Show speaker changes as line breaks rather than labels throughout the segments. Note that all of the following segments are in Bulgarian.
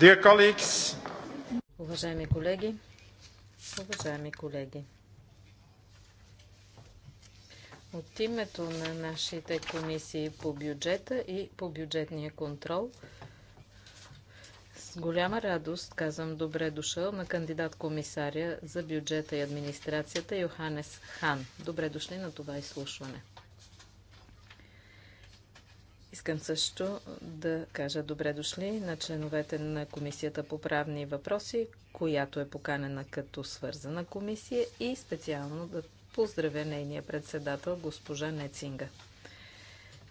Dear colleagues. Уважаеми колеги,
уважаеми колеги, от името на нашите комисии по бюджета и по бюджетния контрол, с голяма радост казвам добре дошъл на кандидат комисаря за бюджета и администрацията Йоханес Хан. Добре дошли на това изслушване. Искам също да кажа добре дошли на членовете на Комисията по правни въпроси, която е поканена като свързана комисия и специално да поздравя нейния председател госпожа Нецинга.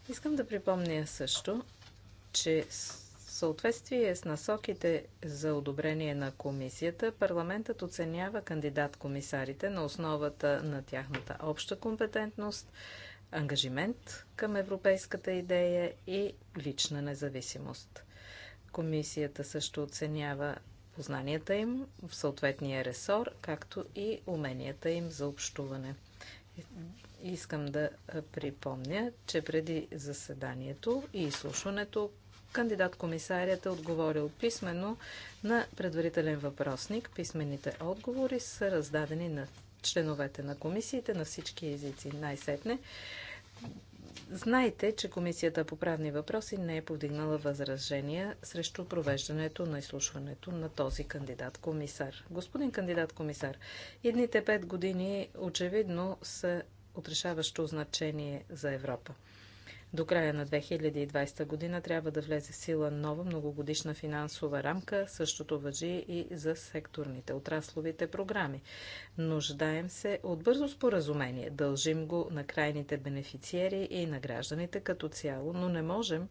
Искам да припомня също, че съответствие с насоките за одобрение на комисията, парламентът оценява кандидат-комисарите на основата на тяхната обща компетентност, ангажимент към европейската идея и лична независимост. Комисията също оценява познанията им в съответния ресор, както и уменията им за общуване. Искам да припомня, че преди заседанието и изслушването кандидат-комисарят е отговорил писменно на предварителен въпросник. Писмените отговори са раздадени на членовете на комисиите на всички езици. Най-сетне. Знаете, че Комисията по правни въпроси не е повдигнала възражения срещу провеждането на изслушването на този кандидат-комисар. Господин кандидат-комисар, едните пет години очевидно са отрешаващо значение за Европа. До края на 2020 година трябва да влезе в сила нова многогодишна финансова рамка. Същото въжи и за секторните, отрасловите програми. Нуждаем се от бързо споразумение. Дължим го на крайните бенефициери и на гражданите като цяло, но не можем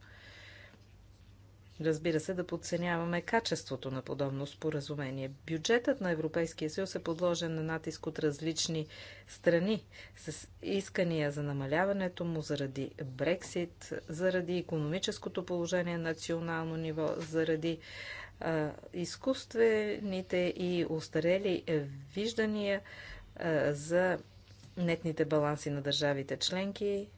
Разбира се, да подценяваме качеството на подобно споразумение. Бюджетът на Европейския съюз е подложен на натиск от различни страни с искания за намаляването му заради Брексит, заради економическото положение на национално ниво, заради а, изкуствените и устарели виждания а, за нетните баланси на държавите членки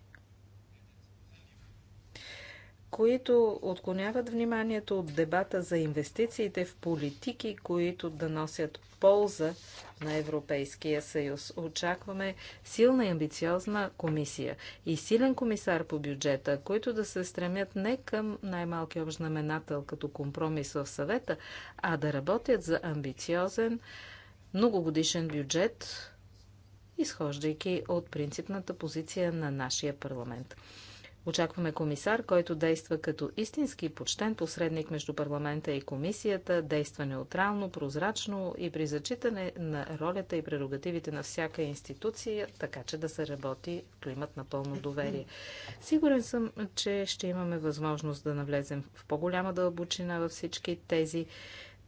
които отклоняват вниманието от дебата за инвестициите в политики, които да носят полза на Европейския съюз. Очакваме силна и амбициозна комисия и силен комисар по бюджета, които да се стремят не към най-малки общ знаменател като компромис в съвета, а да работят за амбициозен многогодишен бюджет, изхождайки от принципната позиция на нашия парламент. Очакваме комисар, който действа като истински почтен посредник между парламента и комисията, действа неутрално, прозрачно и при зачитане на ролята и прерогативите на всяка институция, така че да се работи в климат на пълно доверие. Сигурен съм, че ще имаме възможност да навлезем в по-голяма дълбочина във всички тези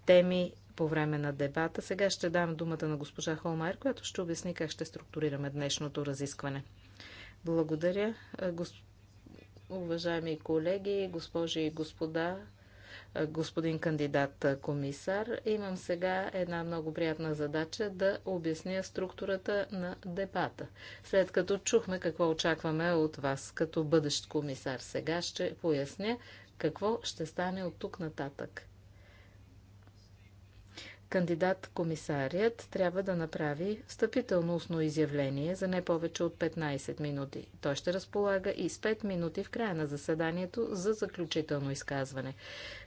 теми по време на дебата. Сега ще дам думата на госпожа Холмайер, която ще обясни как ще структурираме днешното разискване. Благодаря, господин Уважаеми колеги, госпожи и господа, господин кандидат комисар, имам сега една много приятна задача да обясня структурата на дебата. След като чухме какво очакваме от вас като бъдещ комисар, сега ще поясня какво ще стане от тук нататък кандидат-комисарият трябва да направи встъпително устно изявление за не повече от 15 минути. Той ще разполага и с 5 минути в края на заседанието за заключително изказване.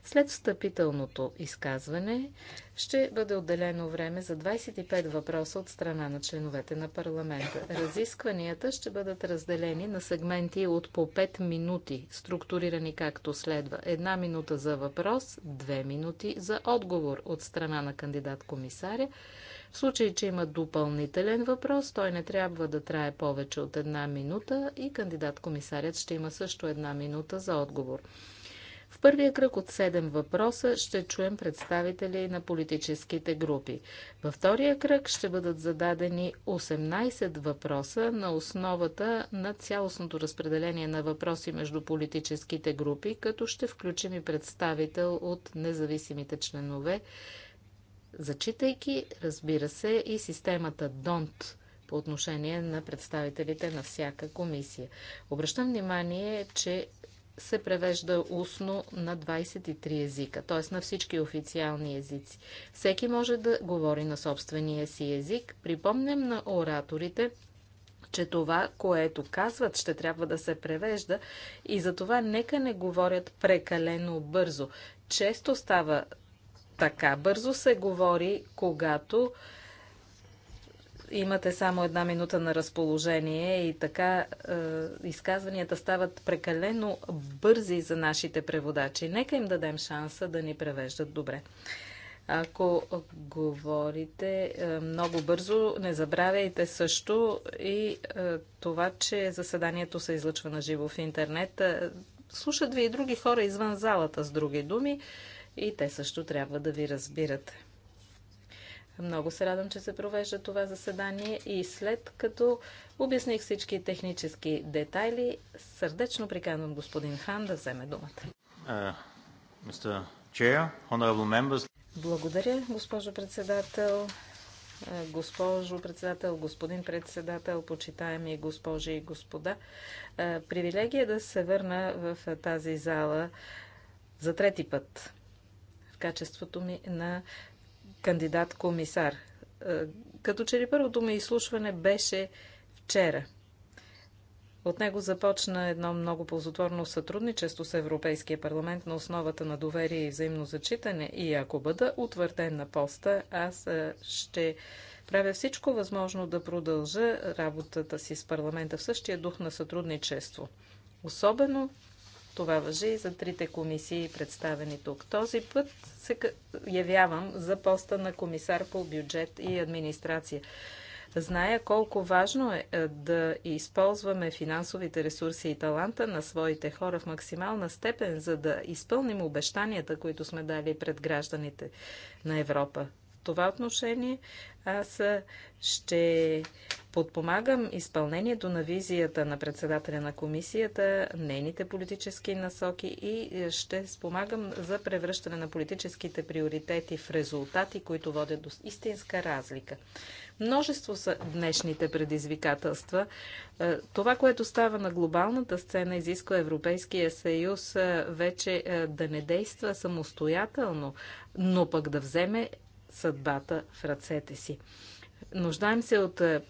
След встъпителното изказване ще бъде отделено време за 25 въпроса от страна на членовете на парламента. Разискванията ще бъдат разделени на сегменти от по 5 минути, структурирани както следва. Една минута за въпрос, две минути за отговор от страна на кандидата кандидат-комисаря. В случай, че има допълнителен въпрос, той не трябва да трае повече от една минута и кандидат-комисарят ще има също една минута за отговор. В първия кръг от 7 въпроса ще чуем представители на политическите групи. Във втория кръг ще бъдат зададени 18 въпроса на основата на цялостното разпределение на въпроси между политическите групи, като ще включим и представител от независимите членове зачитайки, разбира се, и системата ДОНТ по отношение на представителите на всяка комисия. Обръщам внимание, че се превежда устно на 23 езика, т.е. на всички официални езици. Всеки може да говори на собствения си език. Припомням на ораторите, че това, което казват, ще трябва да се превежда и за това нека не говорят прекалено бързо. Често става така бързо се говори, когато имате само една минута на разположение и така е, изказванията стават прекалено бързи за нашите преводачи. Нека им дадем шанса да ни превеждат добре. Ако говорите е, много бързо, не забравяйте също и е, това, че заседанието се излъчва на живо в интернет. Е, слушат ви и други хора извън залата, с други думи и те също трябва да ви разбират. Много се радвам, че се провежда това заседание и след като обясних всички технически детайли, сърдечно приканвам господин Хан да вземе думата.
Uh, Chair,
Благодаря, госпожо председател. Госпожо председател, господин председател, почитаеми госпожи и господа, привилегия е да се върна в тази зала за трети път качеството ми на кандидат-комисар. Е, като че ли първото ми изслушване беше вчера. От него започна едно много ползотворно сътрудничество с Европейския парламент на основата на доверие и взаимно зачитане. И ако бъда утвърден на поста, аз е, ще правя всичко възможно да продължа работата си с парламента в същия дух на сътрудничество. Особено това въжи и за трите комисии, представени тук. Този път се явявам за поста на комисар по бюджет и администрация. Зная колко важно е, е да използваме финансовите ресурси и таланта на своите хора в максимална степен, за да изпълним обещанията, които сме дали пред гражданите на Европа това отношение аз ще подпомагам изпълнението на визията на председателя на комисията, нейните политически насоки и ще спомагам за превръщане на политическите приоритети в резултати, които водят до истинска разлика. Множество са днешните предизвикателства. Е, това, което става на глобалната сцена, изисква Европейския съюз е, вече е, да не действа самостоятелно, но пък да вземе съдбата в ръцете си. Нуждаем се от е,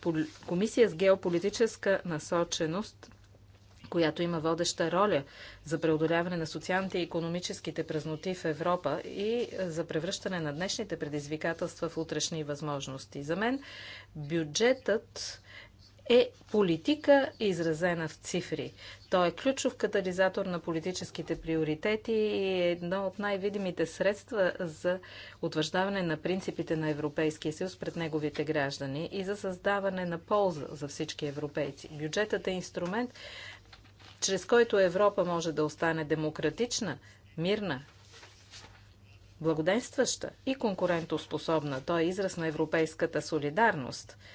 комисия с геополитическа насоченост, която има водеща роля за преодоляване на социалните и економическите празноти в Европа и за превръщане на днешните предизвикателства в утрешни възможности. За мен бюджетът е политика, изразена в цифри. Той е ключов катализатор на политическите приоритети и е едно от най-видимите средства за утвърждаване на принципите на Европейския съюз пред неговите граждани и за създаване на полза за всички европейци. Бюджетът е инструмент, чрез който Европа може да остане демократична, мирна, благоденстваща и конкурентоспособна. Той е израз на европейската солидарност –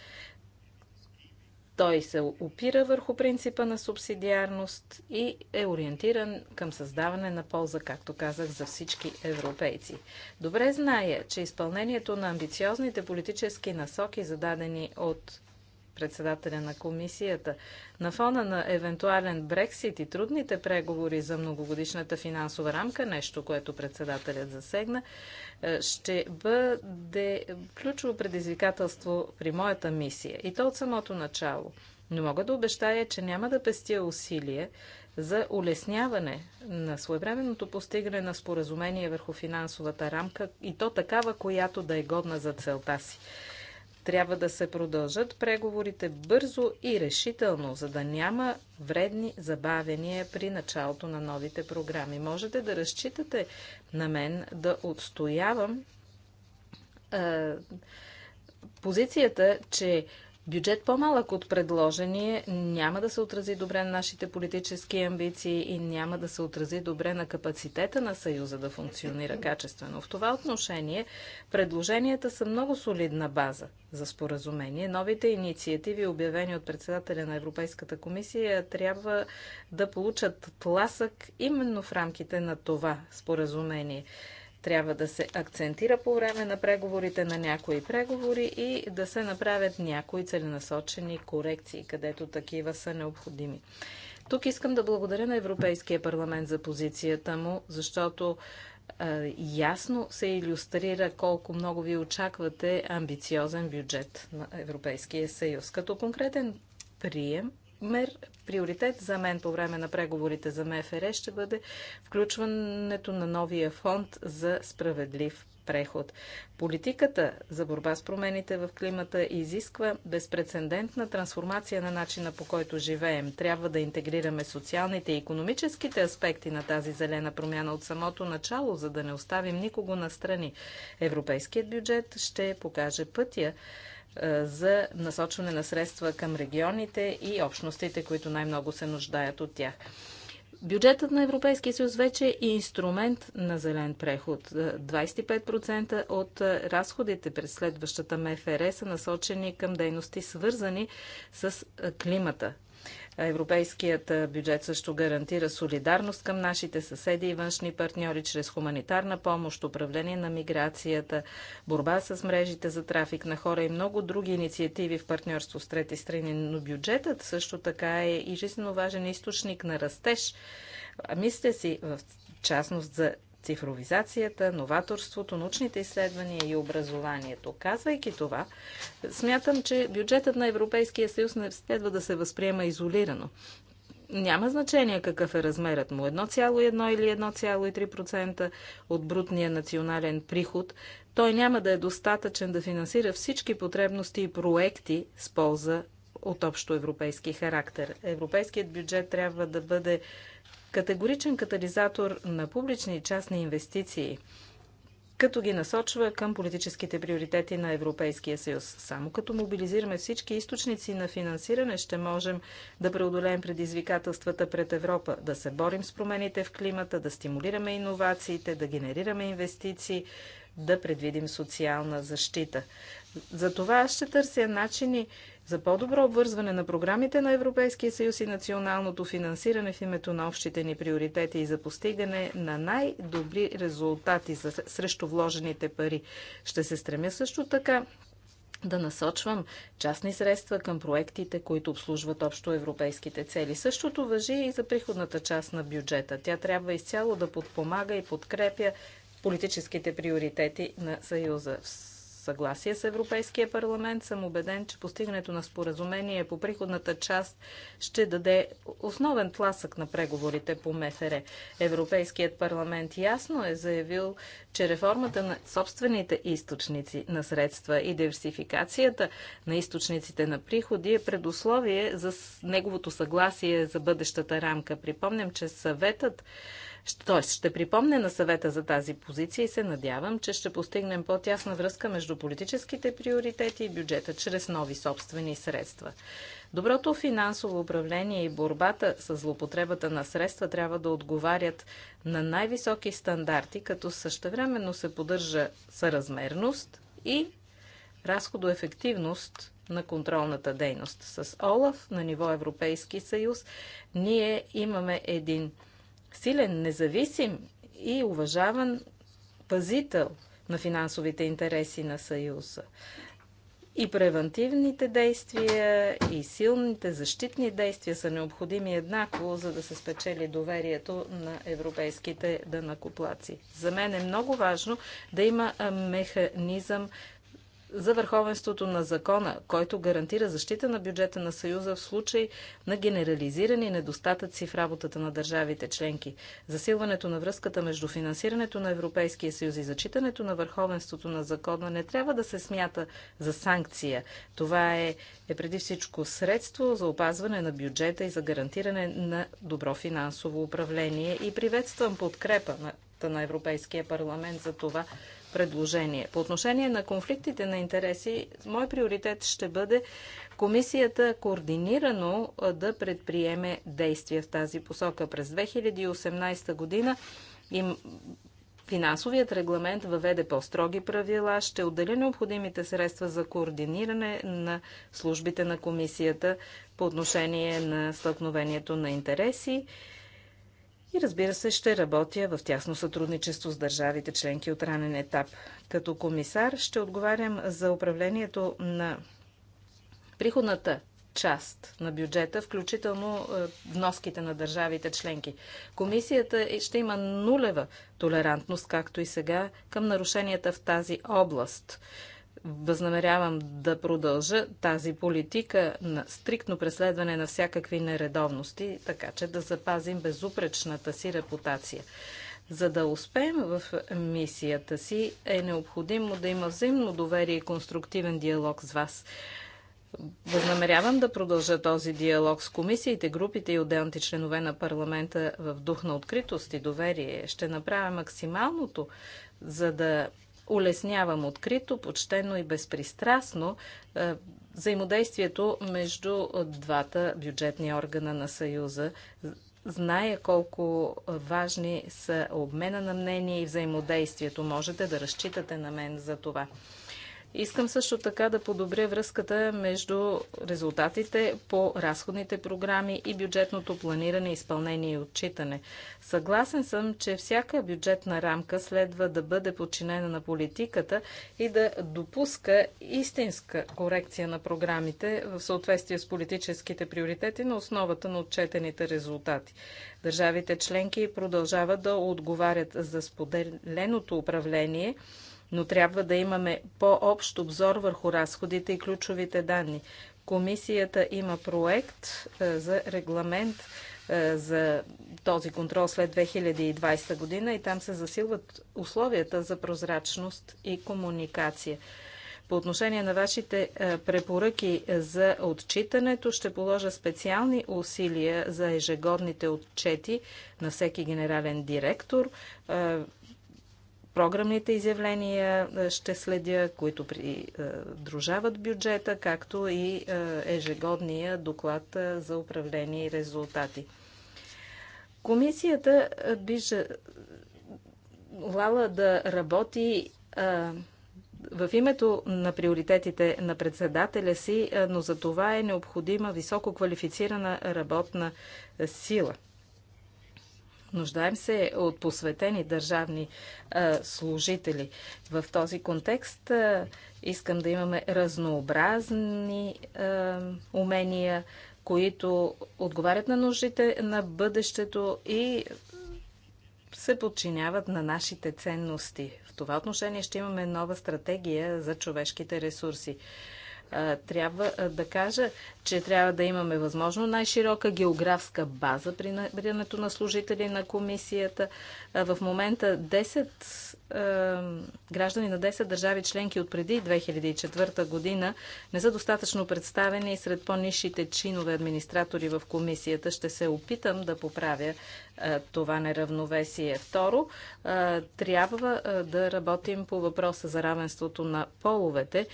той се опира върху принципа на субсидиарност и е ориентиран към създаване на полза, както казах, за всички европейци. Добре зная, че изпълнението на амбициозните политически насоки, зададени от председателя на комисията. На фона на евентуален Брексит и трудните преговори за многогодишната финансова рамка, нещо, което председателят засегна, е, ще бъде ключово предизвикателство при моята мисия. И то от самото начало. Но мога да обещая, че няма да пестия усилие за улесняване на своевременното постигане на споразумение върху финансовата рамка и то такава, която да е годна за целта си. Трябва да се продължат преговорите бързо и решително, за да няма вредни забавения при началото на новите програми. Можете да разчитате на мен да отстоявам е, позицията, че Бюджет по-малък от предложение няма да се отрази добре на нашите политически амбиции и няма да се отрази добре на капацитета на Съюза да функционира качествено. В това отношение предложенията са много солидна база за споразумение. Новите инициативи, обявени от председателя на Европейската комисия, трябва да получат тласък именно в рамките на това споразумение трябва да се акцентира по време на преговорите на някои преговори и да се направят някои целенасочени корекции, където такива са необходими. Тук искам да благодаря на Европейския парламент за позицията му, защото е, ясно се иллюстрира колко много ви очаквате амбициозен бюджет на Европейския съюз. Като конкретен прием Пример, приоритет за мен по време на преговорите за МФР ще бъде включването на новия фонд за справедлив преход. Политиката за борба с промените в климата изисква безпредседентна трансформация на начина по който живеем. Трябва да интегрираме социалните и економическите аспекти на тази зелена промяна от самото начало, за да не оставим никого настрани. Европейският бюджет ще покаже пътя е, за насочване на средства към регионите и общностите, които най-много се нуждаят от тях. Бюджетът на Европейския съюз вече е инструмент на зелен преход. 25% е, от е, разходите през следващата МФР са насочени към дейности, свързани с климата. Европейският бюджет също гарантира солидарност към нашите съседи и външни партньори чрез хуманитарна помощ, управление на миграцията, борба с мрежите за трафик на хора и много други инициативи в партньорство с трети страни. Но бюджетът също така е и жизненно важен източник на растеж. Мисля си в частност за цифровизацията, новаторството, научните изследвания и образованието. Казвайки това, смятам, че бюджетът на Европейския съюз не следва да се възприема изолирано. Няма значение какъв е размерът му 1,1 или 1,3% от брутния национален приход. Той няма да е достатъчен да финансира всички потребности и проекти с полза от общо европейски характер. Европейският бюджет трябва да бъде категоричен катализатор на публични и частни инвестиции, като ги насочва към политическите приоритети на Европейския съюз. Само като мобилизираме всички източници на финансиране, ще можем да преодолеем предизвикателствата пред Европа, да се борим с промените в климата, да стимулираме иновациите, да генерираме инвестиции, да предвидим социална защита. За това ще търся начини за по-добро обвързване на програмите на Европейския съюз и националното финансиране в името на общите ни приоритети и за постигане на най-добри резултати срещу вложените пари. Ще се стремя също така да насочвам частни средства към проектите, които обслужват общо европейските цели. Същото въжи и за приходната част на бюджета. Тя трябва изцяло да подпомага и подкрепя политическите приоритети на Съюза съгласие с Европейския парламент. Съм убеден, че постигането на споразумение по приходната част ще даде основен тласък на преговорите по МФР. Европейският парламент ясно е заявил, че реформата на собствените източници на средства и диверсификацията на източниците на приходи е предусловие за неговото съгласие за бъдещата рамка. Припомням, че съветът т.е. ще припомня на съвета за тази позиция и се надявам, че ще постигнем по-тясна връзка между политическите приоритети и бюджета чрез нови собствени средства. Доброто финансово управление и борбата с злопотребата на средства трябва да отговарят на най-високи стандарти, като същевременно се поддържа съразмерност и разходоефективност на контролната дейност. С ОЛАФ на ниво Европейски съюз ние имаме един силен, независим и уважаван пазител на финансовите интереси на Съюза. И превентивните действия, и силните защитни действия са необходими еднакво, за да се спечели доверието на европейските данакоплаци. За мен е много важно да има механизъм за върховенството на закона, който гарантира защита на бюджета на Съюза в случай на генерализирани недостатъци в работата на държавите членки. Засилването на връзката между финансирането на Европейския съюз и зачитането на върховенството на закона не трябва да се смята за санкция. Това е, е преди всичко средство за опазване на бюджета и за гарантиране на добро финансово управление. И приветствам подкрепа на на Европейския парламент за това предложение. По отношение на конфликтите на интереси, мой приоритет ще бъде комисията координирано да предприеме действия в тази посока. През 2018 година им Финансовият регламент въведе по-строги правила, ще отдели необходимите средства за координиране на службите на комисията по отношение на стълкновението на интереси. И разбира се, ще работя в тясно сътрудничество с държавите членки от ранен етап. Като комисар ще отговарям за управлението на приходната част на бюджета, включително е, вноските на държавите членки. Комисията е, ще има нулева толерантност, както и сега, към нарушенията в тази област възнамерявам да продължа тази политика на стриктно преследване на всякакви нередовности, така че да запазим безупречната си репутация. За да успеем в мисията си, е необходимо да има взаимно доверие и конструктивен диалог с вас. Възнамерявам да продължа този диалог с комисиите, групите и отделните членове на парламента в дух на откритост и доверие. Ще направя максималното, за да улеснявам открито, почтено и безпристрастно е, взаимодействието между двата бюджетни органа на Съюза. Зная колко важни са обмена на мнение и взаимодействието. Можете да разчитате на мен за това. Искам също така да подобря връзката между резултатите по разходните програми и бюджетното планиране, изпълнение и отчитане. Съгласен съм, че всяка бюджетна рамка следва да бъде подчинена на политиката и да допуска истинска корекция на програмите в съответствие с политическите приоритети на основата на отчетените резултати. Държавите членки продължават да отговарят за споделеното управление – но трябва да имаме по-общ обзор върху разходите и ключовите данни. Комисията има проект е, за регламент е, за този контрол след 2020 година и там се засилват условията за прозрачност и комуникация. По отношение на вашите е, препоръки за отчитането, ще положа специални усилия за ежегодните отчети на всеки генерален директор програмните изявления е, ще следя, които придружават е, бюджета, както и е, ежегодния доклад за управление и резултати. Комисията би желала да работи в името на приоритетите на председателя си, но за това е необходима високо квалифицирана работна сила – Нуждаем се от посветени държавни а, служители. В този контекст а, искам да имаме разнообразни а, умения, които отговарят на нуждите на бъдещето и се подчиняват на нашите ценности. В това отношение ще имаме нова стратегия за човешките ресурси трябва да кажа, че трябва да имаме възможно най-широка географска база при набирането на служители на комисията. В момента 10 граждани на 10 държави членки от преди 2004 година не са достатъчно представени и сред по-низшите чинове администратори в комисията. Ще се опитам да поправя това неравновесие. Второ, трябва да работим по въпроса за равенството на половете.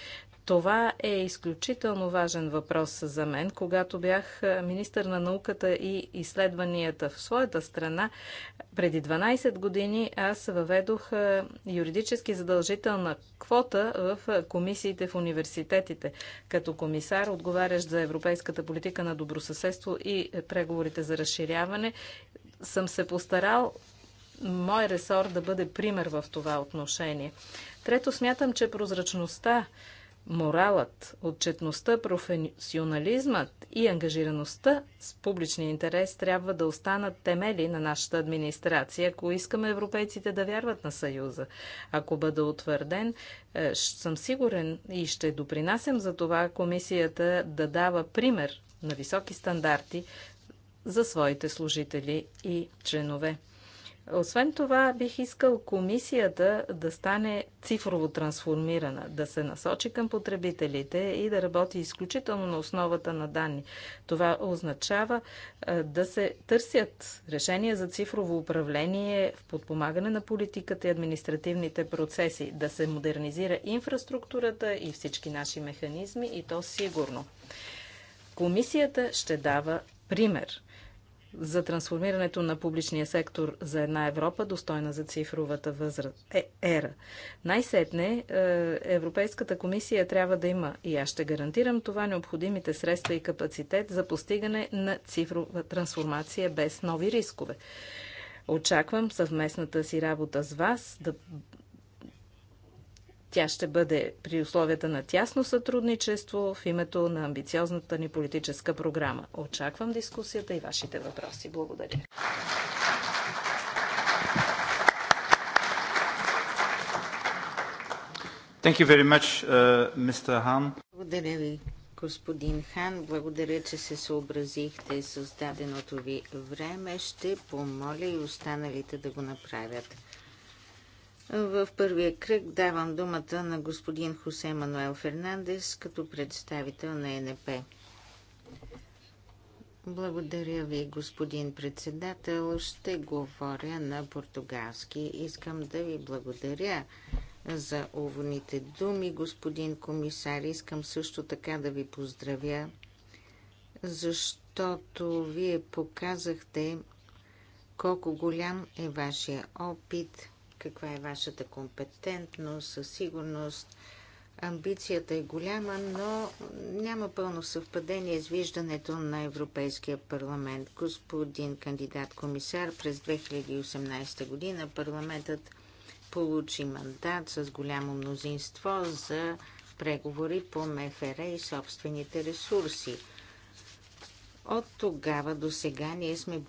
Това е изключително важен въпрос за мен. Когато бях министър на науката и изследванията в своята страна, преди 12 години аз въведох юридически задължителна квота в комисиите в университетите, като комисар, отговарящ за европейската политика на добросъседство и преговорите за разширяване. Съм се постарал мой ресор да бъде пример в това отношение. Трето, смятам, че прозрачността моралът, отчетността, професионализмът и ангажираността с публичния интерес трябва да останат темели на нашата администрация, ако искаме европейците да вярват на Съюза. Ако бъда утвърден, е, съм сигурен и ще допринасям за това комисията да дава пример на високи стандарти за своите служители и членове. Освен това, бих искал комисията да стане цифрово трансформирана, да се насочи към потребителите и да работи изключително на основата на данни. Това означава да се търсят решения за цифрово управление в подпомагане на политиката и административните процеси, да се модернизира инфраструктурата и всички наши механизми и то сигурно. Комисията ще дава пример за трансформирането на публичния сектор за една Европа, достойна за цифровата възраст, е, ера. Най-сетне е, Европейската комисия трябва да има, и аз ще гарантирам това, необходимите средства и капацитет за постигане на цифрова трансформация без нови рискове. Очаквам съвместната си работа с вас да тя ще бъде при условията на тясно сътрудничество в името на амбициозната ни политическа програма. Очаквам дискусията и вашите въпроси. Благодаря.
Thank you very much, uh, Mr. Han.
Благодаря ви, господин Хан. Благодаря, че се съобразихте с даденото ви време. Ще помоля и останалите да го направят. В първия кръг давам думата на господин Хосе Мануел Фернандес като представител на ЕНП. Благодаря ви, господин председател. Ще говоря на португалски. Искам да ви благодаря за увните думи, господин комисар. Искам също така да ви поздравя, защото вие показахте колко голям е вашия опит каква е вашата компетентност, със сигурност амбицията е голяма, но няма пълно съвпадение с виждането на Европейския парламент. Господин кандидат комисар, през 2018 година парламентът получи мандат с голямо мнозинство за преговори по МФР и собствените ресурси. От тогава до сега ние сме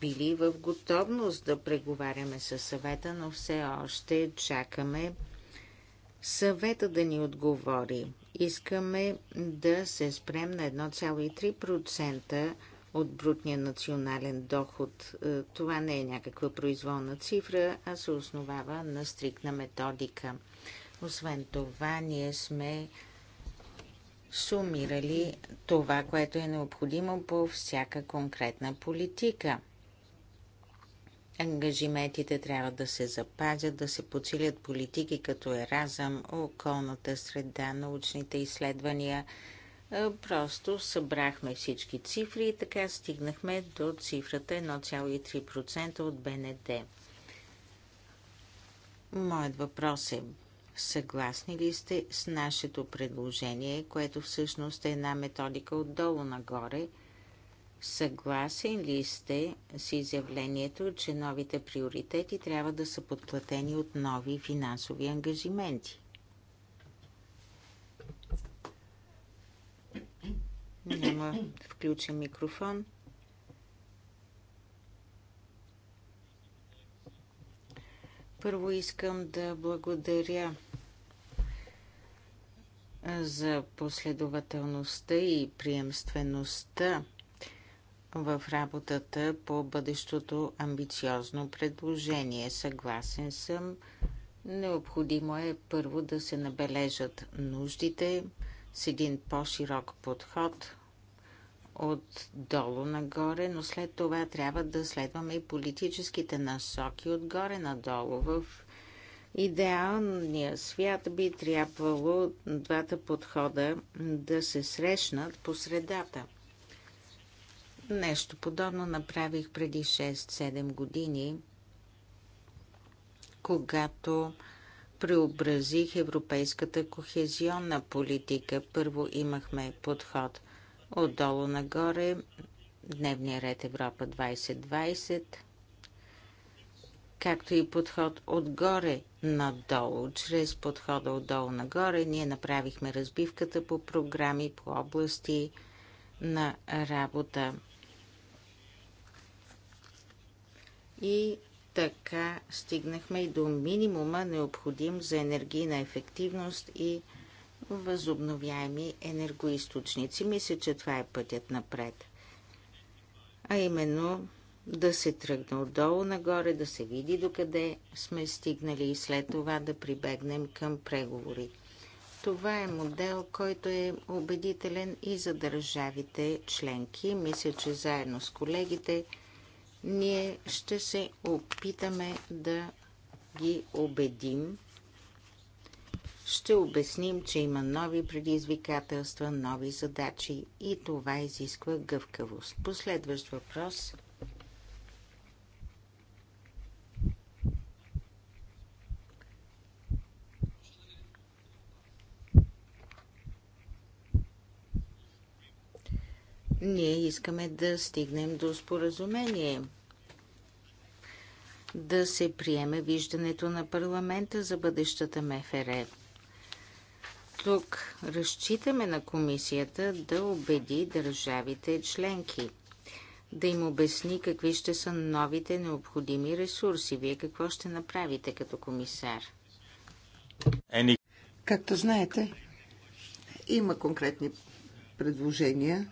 били в готовност да преговаряме с съвета, но все още чакаме съвета да ни отговори. Искаме да се спрем на 1,3% от брутния национален доход. Е, това не е някаква произволна цифра, а се основава на стрикна методика. Освен това, ние сме сумирали това, което е необходимо по всяка конкретна политика. Ангажиментите трябва да се запазят, да се подсилят политики като еразъм, околната среда, научните изследвания. Е, просто събрахме всички цифри и така стигнахме до цифрата 1,3% от БНД. Моят въпрос е Съгласни ли сте с нашето предложение, което всъщност е една методика отдолу нагоре? Съгласен ли сте с изявлението, че новите приоритети трябва да са подплатени от нови финансови ангажименти? Няма включен микрофон. Първо искам да благодаря за последователността и приемствеността в работата по бъдещото амбициозно предложение. Съгласен съм. Необходимо е първо да се набележат нуждите с един по-широк подход отдолу нагоре, но след това трябва да следваме и политическите насоки отгоре надолу. В идеалния свят би трябвало двата подхода да се срещнат по средата. Нещо подобно направих преди 6-7 години, когато преобразих европейската кохезионна политика. Първо имахме подход Отдолу нагоре дневния ред Европа 2020, както и подход отгоре надолу. Чрез подхода отдолу нагоре ние направихме разбивката по програми, по области на работа. И така стигнахме и до минимума необходим за енергийна ефективност и ефективност възобновяеми енергоисточници. Мисля, че това е пътят напред. А именно да се тръгне отдолу нагоре, да се види докъде сме стигнали и след това да прибегнем към преговори. Това е модел, който е убедителен и за държавите членки. Мисля, че заедно с колегите ние ще се опитаме да ги убедим ще обясним, че има нови предизвикателства, нови задачи и това изисква гъвкавост. Последващ въпрос. Ние искаме да стигнем до споразумение да се приеме виждането на парламента за бъдещата МФРФ. Тук разчитаме на комисията да убеди държавите членки, да им обясни какви ще са новите необходими ресурси. Вие какво ще направите като комисар?
Както знаете, има конкретни предложения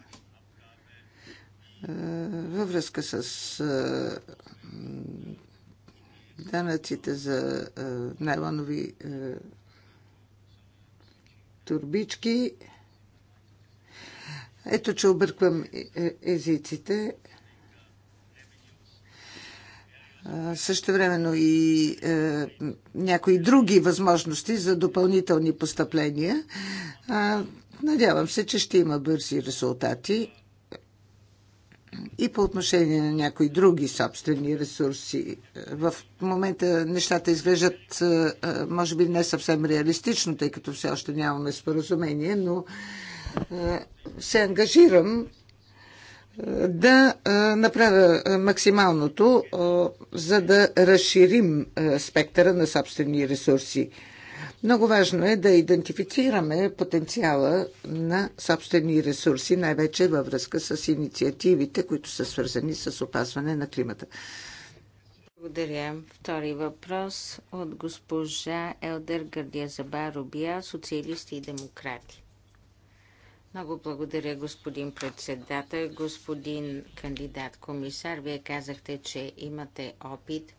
е, във връзка с е, данъците за е, найлонови турбички. Ето, че обърквам е, е, езиците. Също времено и е, някои други възможности за допълнителни постъпления. надявам се, че ще има бързи резултати и по отношение на някои други собствени ресурси. В момента нещата изглеждат, е, е, може би, не съвсем реалистично, тъй като все още нямаме споразумение, но е, се ангажирам да направя максималното, за да разширим спектъра на собствени ресурси. Много важно е да идентифицираме потенциала на собствени ресурси, най-вече във връзка с инициативите, които са свързани с опазване на климата.
Благодаря. Втори въпрос от госпожа Елдер Гардиазаба Рубия, социалисти и демократи. Много благодаря, господин председател. Господин кандидат комисар, вие казахте, че имате опит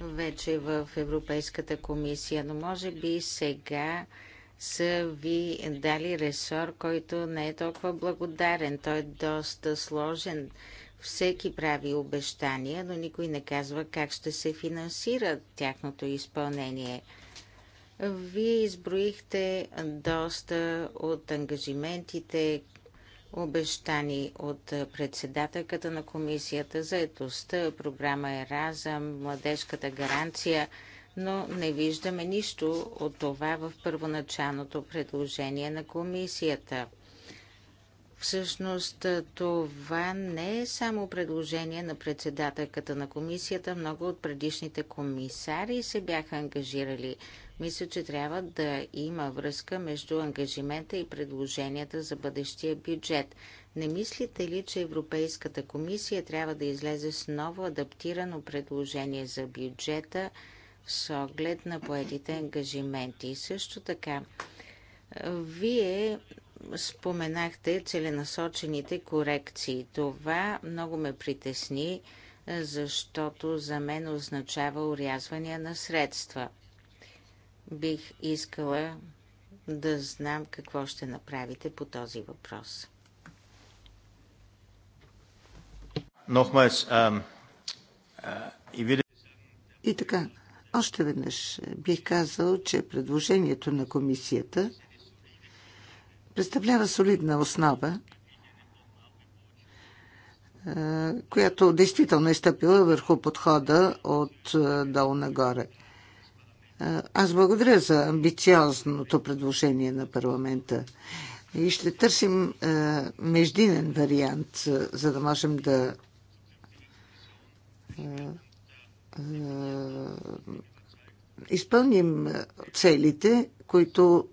вече в Европейската комисия, но може би сега са ви дали ресор, който не е толкова благодарен. Той е доста сложен. Всеки прави обещания, но никой не казва как ще се финансира тяхното изпълнение. Вие изброихте доста от ангажиментите, обещани от председателката на комисията за етостта, програма Еразъм, младежката гаранция, но не виждаме нищо от това в първоначалното предложение на комисията. Всъщност това не е само предложение на председателката на комисията. Много от предишните комисари се бяха ангажирали мисля, че трябва да има връзка между ангажимента и предложенията за бъдещия бюджет. Не мислите ли, че Европейската комисия трябва да излезе с ново адаптирано предложение за бюджета с оглед на поетите ангажименти? И също така, вие споменахте целенасочените корекции. Това много ме притесни, защото за мен означава урязване на средства – Бих искала да знам какво ще направите по този въпрос.
И така, още веднъж бих казал, че предложението на комисията представлява солидна основа, която действително е стъпила върху подхода от долу нагоре – аз благодаря за амбициозното предложение на парламента и ще търсим а, междинен вариант, за да можем да а, а, изпълним целите, които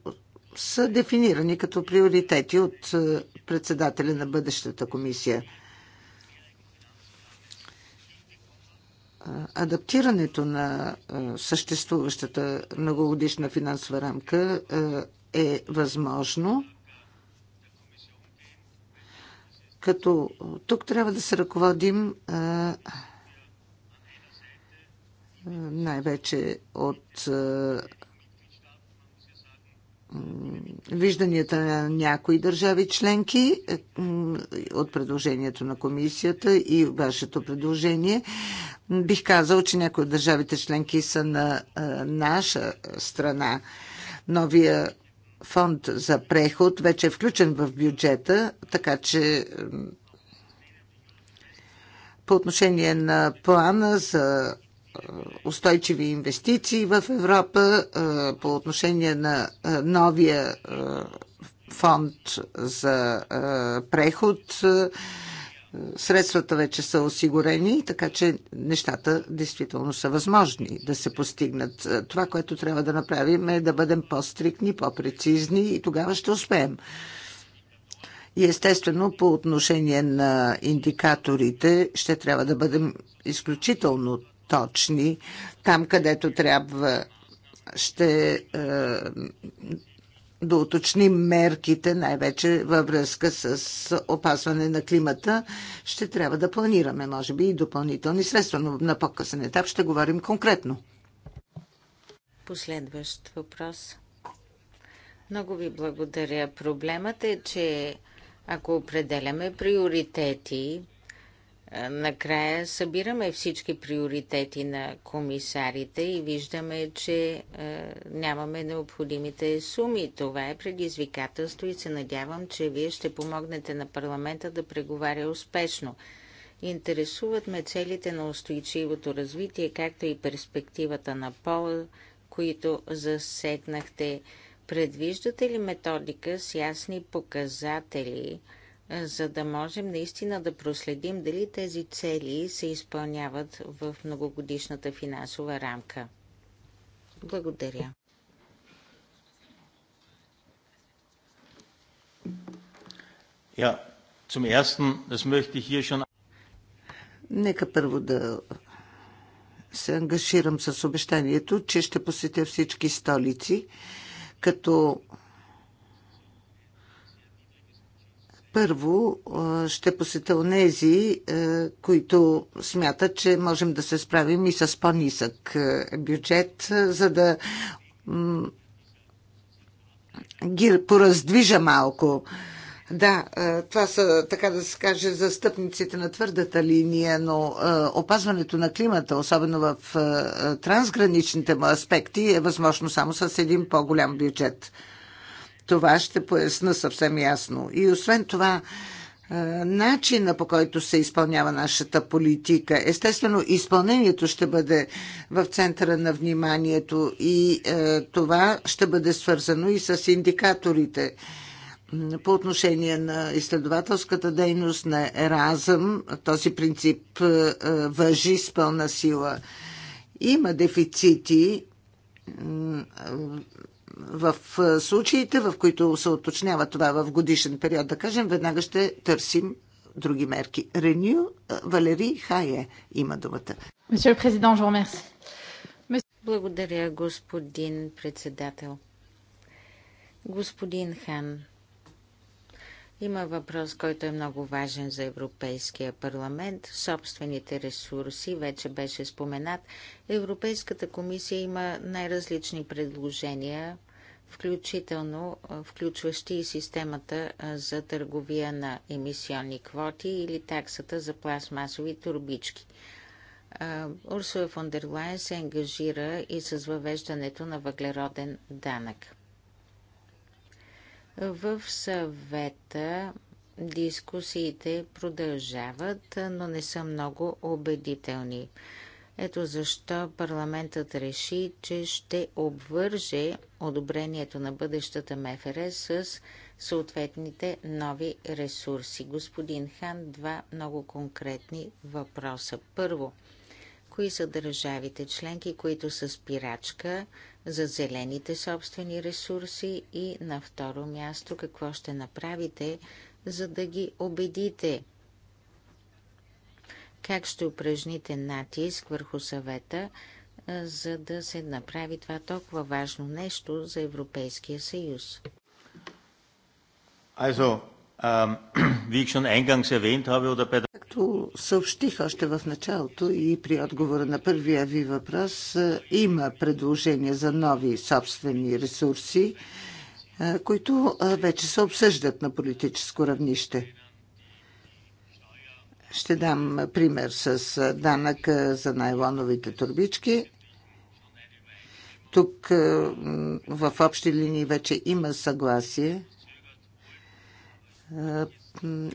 са дефинирани като приоритети от председателя на бъдещата комисия. адаптирането на съществуващата многогодишна финансова рамка е възможно, като тук трябва да се ръководим най-вече от вижданията на някои държави членки е, от предложението на комисията и вашето предложение. Бих казал, че някои от държавите членки са на е, наша страна. Новия фонд за преход вече е включен в бюджета, така че по отношение на плана за устойчиви инвестиции в Европа по отношение на новия фонд за преход. Средствата вече са осигурени, така че нещата действително са възможни да се постигнат. Това, което трябва да направим е да бъдем по-стрикни, по-прецизни и тогава ще успеем. И естествено, по отношение на индикаторите, ще трябва да бъдем изключително точни там, където трябва. Ще е, да уточним мерките, най-вече във връзка с опазване на климата. Ще трябва да планираме, може би, и допълнителни средства, но на по-късен етап ще говорим конкретно.
Последващ въпрос. Много ви благодаря. Проблемът е, че ако определяме приоритети, накрая събираме всички приоритети на комисарите и виждаме, че нямаме необходимите суми. Това е предизвикателство и се надявам, че вие ще помогнете на парламента да преговаря успешно. Интересуват ме целите на устойчивото развитие, както и перспективата на пола, които засегнахте. Предвиждате ли методика с ясни показатели – за да можем наистина да проследим дали тези цели се изпълняват в многогодишната финансова рамка. Благодаря.
Ja, zum ersten, das möchte ich hier schon.
Нека първо да се ангажирам с обещанието, че ще посетя всички столици, като първо ще посета онези, които смятат, че можем да се справим и с по-нисък бюджет, за да ги пораздвижа малко. Да, това са, така да се каже, застъпниците на твърдата линия, но опазването на климата, особено в трансграничните му аспекти, е възможно само с един по-голям бюджет. Това ще поясна съвсем ясно. И освен това, начина по който се изпълнява нашата политика. Естествено, изпълнението ще бъде в центъра на вниманието и е, това ще бъде свързано и с индикаторите по отношение на изследователската дейност на Еразъм. Този принцип е, въжи с пълна сила. Има дефицити в случаите, в които се уточнява това в годишен период, да кажем, веднага ще търсим други мерки. Реню Валери Хае има думата.
Благодаря, господин председател. Господин Хан, има въпрос, който е много важен за Европейския парламент. Собствените ресурси вече беше споменат. Европейската комисия има най-различни предложения включително включващи и системата за търговия на емисионни квоти или таксата за пластмасови турбички. Урсула фон дер се ангажира и с въвеждането на въглероден данък. В съвета дискусиите продължават, но не са много убедителни. Ето защо парламентът реши, че ще обвърже одобрението на бъдещата МФР с съответните нови ресурси. Господин Хан, два много конкретни въпроса. Първо, кои са държавите членки, които са спирачка за зелените собствени ресурси и на второ място какво ще направите, за да ги убедите – как ще упражните натиск върху съвета, за да се направи това толкова важно нещо за
Европейския съюз?
Also, ähm,
Както съобщих още в началото и при отговора на първия ви въпрос, има предложения за нови собствени ресурси, които вече се обсъждат на политическо равнище. Ще дам пример с данък за найлоновите турбички. Тук в общи линии вече има съгласие.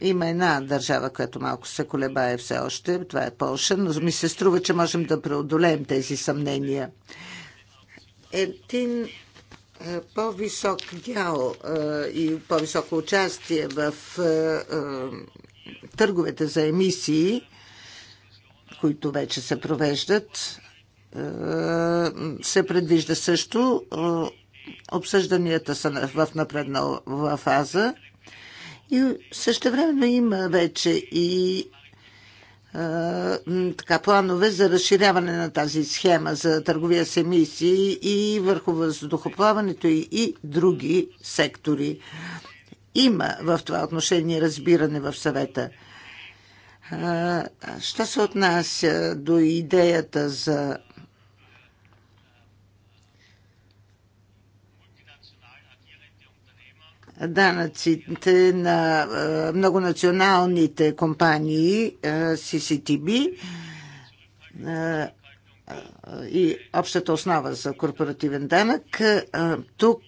Има една държава, която малко се колебае все още. Това е Полша, но ми се струва, че можем да преодолеем тези съмнения. Един по-висок дял и по-високо участие в търговете за емисии, които вече се провеждат, е, се предвижда също. Е, обсъжданията са в напреднала фаза и също времено има вече и е, така, планове за разширяване на тази схема за търговия с емисии и върху въздухоплаването и, и други сектори има в това отношение разбиране в съвета. Що се отнася до идеята за данъците на многонационалните компании CCTB и общата основа за корпоративен данък, тук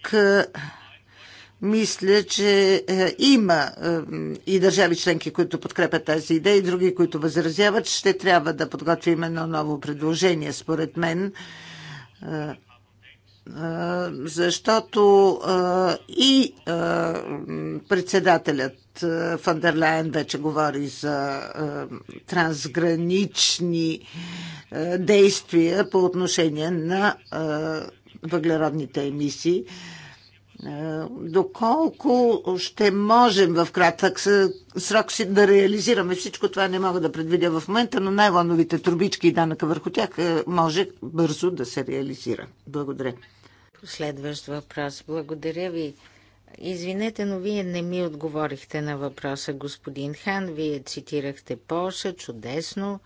мисля, че е, има е, и държави членки, които подкрепят тази идея и други, които възразяват. Ще трябва да подготвим едно ново предложение, според мен е, защото и председателят Фандерлайн вече говори за трансгранични действия по отношение на въглеродните емисии. Доколко ще можем в кратък срок си да реализираме всичко това, не мога да предвидя в момента, но най-лановите трубички и данъка върху тях е, може бързо да се реализира. Благодаря.
Следващ въпрос. Благодаря ви. Извинете, но вие не ми отговорихте на въпроса, господин Хан. Вие цитирахте Польша чудесно.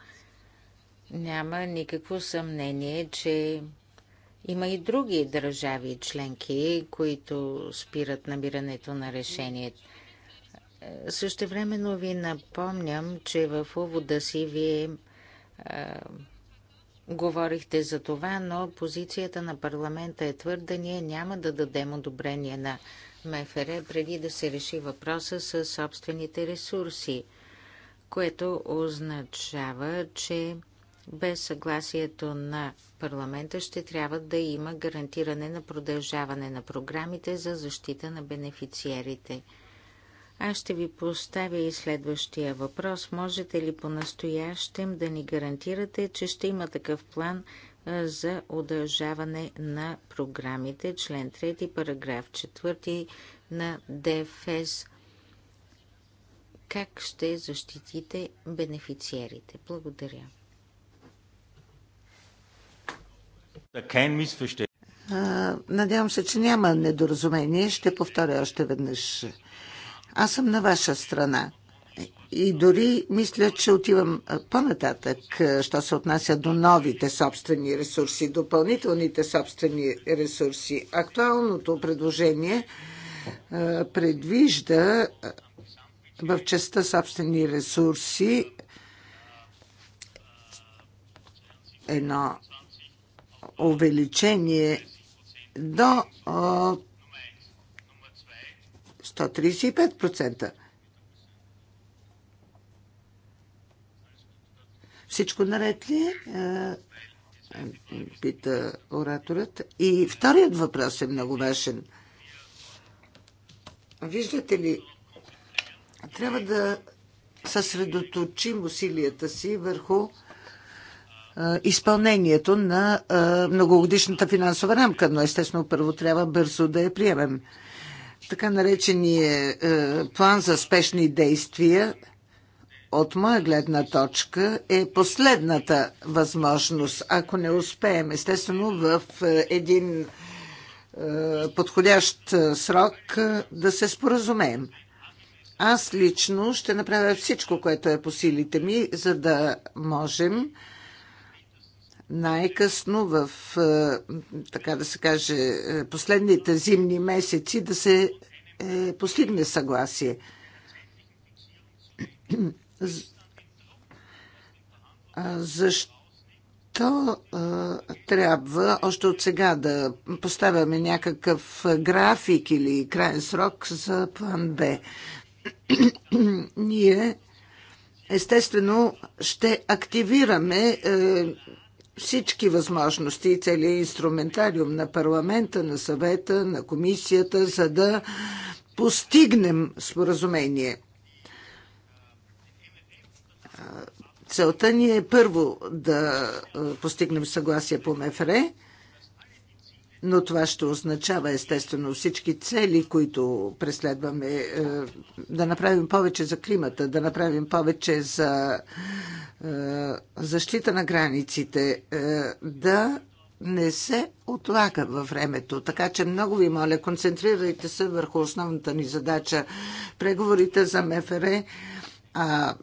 Няма никакво съмнение, че има и други държави членки, които спират набирането на решение. Е, времено ви напомням, че в увода си вие а, е, говорихте за това, но позицията на парламента е твърда. Ние няма да дадем одобрение на МФР преди да се реши въпроса с собствените ресурси, което означава, че без съгласието на парламента ще трябва да има гарантиране на продължаване на програмите за защита на бенефициерите. Аз ще ви поставя и следващия въпрос. Можете ли по-настоящем да ни гарантирате, че ще има такъв план за удължаване на програмите, член 3, параграф 4 на ДФС? Как ще защитите бенефициерите? Благодаря.
Надявам се, че няма недоразумение. Ще повторя още веднъж. Аз съм на ваша страна. И дори мисля, че отивам по-нататък, що се отнася до новите собствени ресурси, допълнителните собствени ресурси. Актуалното предложение предвижда в частта собствени ресурси едно увеличение до 135%. Всичко наред ли е? Пита ораторът. И вторият въпрос е много важен. Виждате ли, трябва да съсредоточим усилията си върху изпълнението на многогодишната финансова рамка, но естествено първо трябва бързо да я приемем. Така наречения е, е, план за спешни действия от моя гледна точка е последната възможност, ако не успеем, естествено, в е, един подходящ срок да се споразумеем. Аз лично ще направя всичко, което е по силите ми, за да можем най-късно в, е, така да се каже, е, последните зимни месеци да се е, постигне съгласие. Защо трябва още от сега да поставяме някакъв график или крайен срок за план Б? Ние естествено ще активираме е, всички възможности и целият инструментариум на парламента, на съвета, на комисията, за да постигнем споразумение. Целта ни е първо да постигнем съгласие по МФР, но това ще означава естествено всички цели, които преследваме, е, да направим повече за климата, да направим повече за е, защита на границите, е, да не се отлага във времето. Така че много ви моля, концентрирайте се върху основната ни задача. Преговорите за МФР, а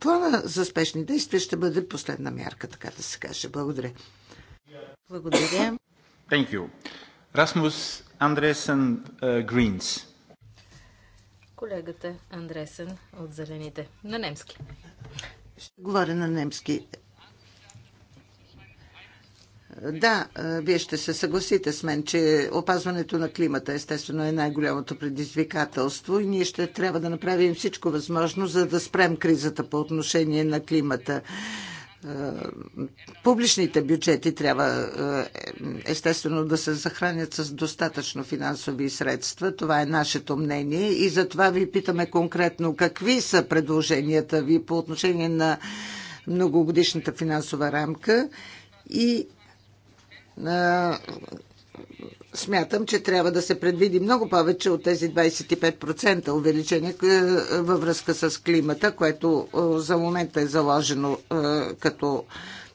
плана за спешни действия ще бъде последна мярка, така да се каже. Благодаря.
Благодаря. Thank you. Андресен,
Гринс. Uh,
Колегата Андресен от Зелените. На немски.
Ще говоря на немски. Да, вие ще се съгласите с мен, че опазването на климата естествено е най-голямото предизвикателство и ние ще трябва да направим всичко възможно, за да спрем кризата по отношение на климата публичните бюджети трябва е, естествено да се захранят с достатъчно финансови средства. Това е нашето мнение и затова ви питаме конкретно какви са предложенията ви по отношение на многогодишната финансова рамка и е, смятам, че трябва да се предвиди много повече от тези 25% увеличение е, във връзка с климата, което е, за момента е заложено е, като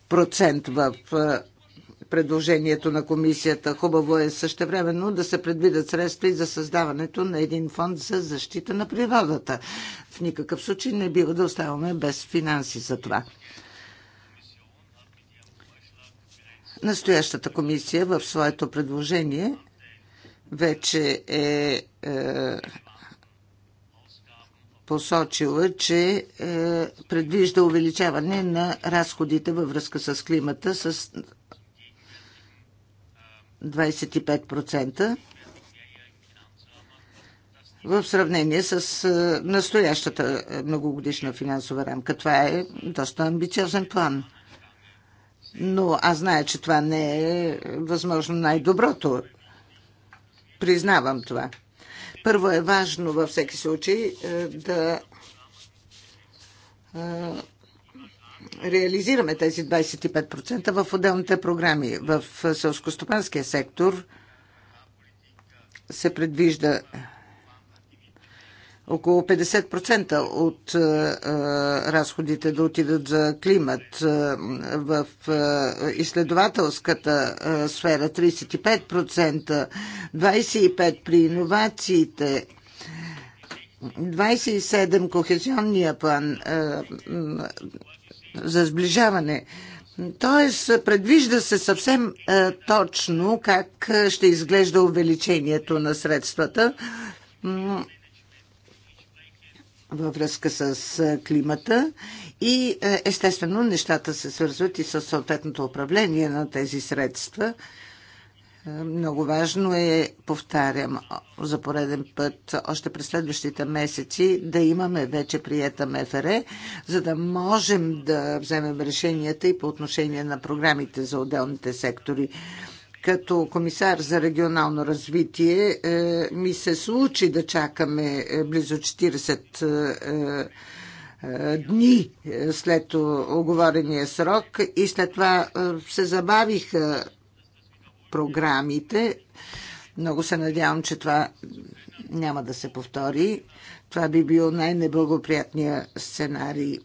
процент в предложението на комисията. Хубаво е също времено да се предвидят средства и за създаването на един фонд за защита на природата. В никакъв случай не бива да оставаме без финанси за това. Настоящата комисия в своето предложение вече е, е посочила, че е, предвижда увеличаване на разходите във връзка с климата с 25% в сравнение с е, настоящата многогодишна финансова рамка. Това е доста амбициозен план – но аз зная, че това не е възможно най-доброто. Признавам това. Първо е важно във всеки случай е, да е, реализираме тези 25% в отделните програми. В селскостопанския сектор се предвижда около 50% от е, е, разходите да отидат за климат. Е, в изследователската сфера 35%, 25% при иновациите, 27% кохезионния план за сближаване. Тоест, предвижда се съвсем а, точно как ще изглежда увеличението на средствата във връзка с климата и естествено нещата се свързват и с съответното управление на тези средства. Много важно е, повтарям за пореден път, още през следващите месеци да имаме вече приета МФР, за да можем да вземем решенията и по отношение на програмите за отделните сектори като комисар за регионално развитие е, ми се случи да чакаме е, близо 40 е, дни след оговорения срок и след това се забавиха програмите. Много се надявам, че това няма да се повтори. Това би бил най-неблагоприятният сценарий.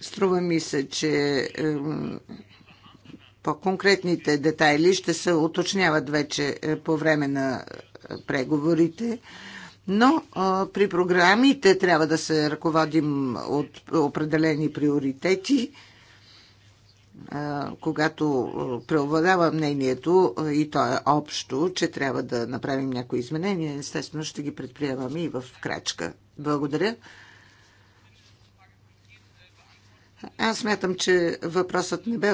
Струва ми се, че по-конкретните детайли ще се уточняват вече е, по време на е, преговорите. Но а, е, при програмите трябва да се ръководим от определени приоритети. А, когато преобладава мнението и то е общо, че трябва да направим някои изменения, естествено ще ги предприемаме и в крачка. Благодаря. Аз смятам, че въпросът не бе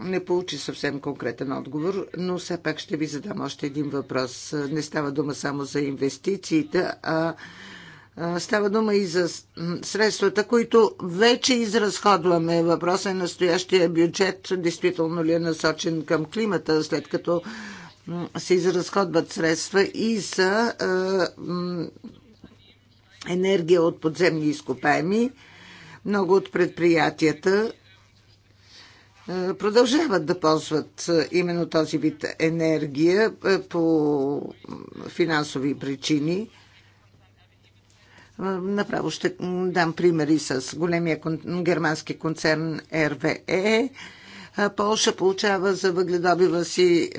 не получи съвсем конкретен отговор, но все пак ще ви задам още един въпрос. Не става дума само за инвестициите, а Става дума и за средствата, които вече изразходваме. Въпросът е настоящия бюджет, действително ли е насочен към климата, след като се изразходват средства и за енергия от подземни изкопаеми. Много от предприятията е, продължават да ползват е, именно този вид енергия е, по финансови причини. Направо ще дам примери с големия германски концерн РВЕ. Полша получава за въгледобива си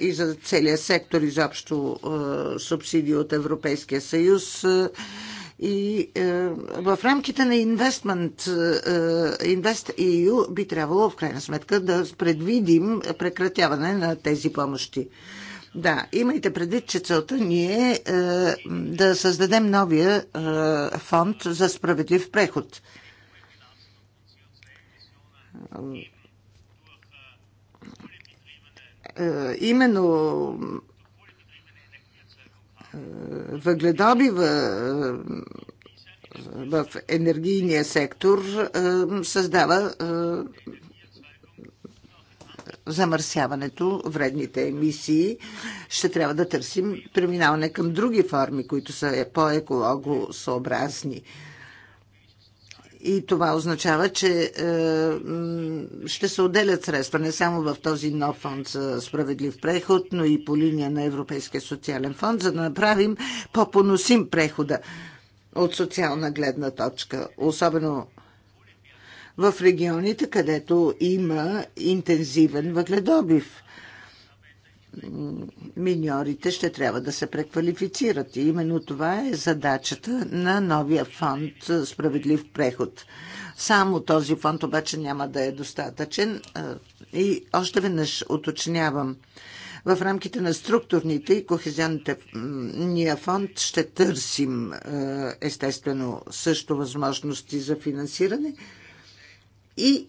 и за целия сектор изобщо субсидии от Европейския съюз. И е, в рамките на Investment, е, е Invest EU би трябвало в крайна сметка да предвидим прекратяване на тези помощи. Да, имайте предвид, че целта ни е, е да създадем новия е, фонд за справедлив преход. Е, именно Въгледоби в енергийния сектор е, създава е, замърсяването, вредните емисии. Ще трябва да търсим преминаване към други форми, които са по-екологосъобразни. И това означава, че е, ще се отделят средства не само в този нов фонд за справедлив преход, но и по линия на Европейския социален фонд, за да направим по-поносим прехода от социална гледна точка. Особено в регионите, където има интензивен въгледобив миньорите ще трябва да се преквалифицират. И именно това е задачата на новия фонд Справедлив преход. Само този фонд обаче няма да е достатъчен. И още веднъж уточнявам. В рамките на структурните и кохезионните ния фонд ще търсим естествено също възможности за финансиране и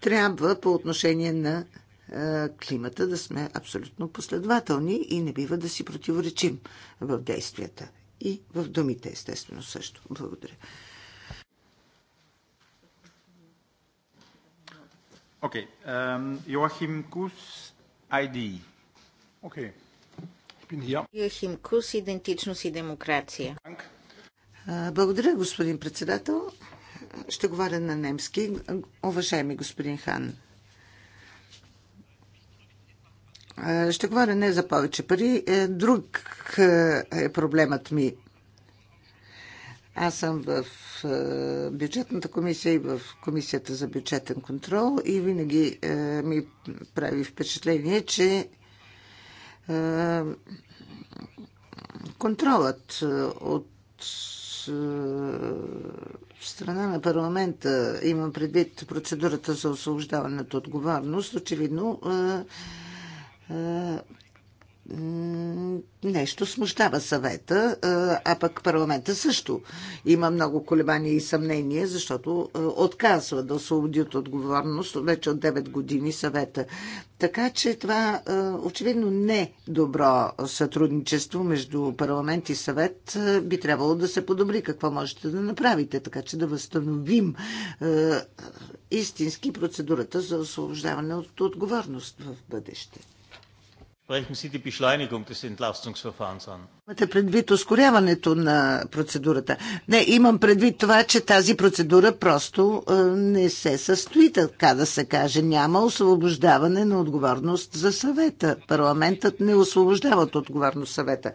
трябва по отношение на е, климата да сме абсолютно последователни и не бива да си противоречим в действията и в думите, естествено също. Благодаря.
Okay. Um, Joachim ID. Okay.
Йохим Кус, идентичност и демокрация.
Благодаря, господин председател. Ще говоря на немски. Уважаеми господин Хан, Е, ще говоря не за повече пари. Е, друг е, е проблемът ми. Аз съм в бюджетната комисия и в комисията за бюджетен контрол и винаги ми прави впечатление, че контролът от страна на парламента, имам предвид процедурата за освобождаване от отговорност, очевидно е, нещо смущава съвета, е, а пък парламента също има много колебания и съмнения, защото е, отказва да освободи от отговорност вече от 9 години съвета. Така че това очевидно не добро сътрудничество между парламент и съвет би трябвало да се подобри. Какво можете да направите, така че да възстановим истински процедурата за освобождаване от отговорност в бъдеще? Имате предвид ускоряването на процедурата. Не, имам предвид това, че тази процедура просто е, не се състои, така да се каже. Няма освобождаване на отговорност за съвета. Парламентът не освобождава от отговорност съвета.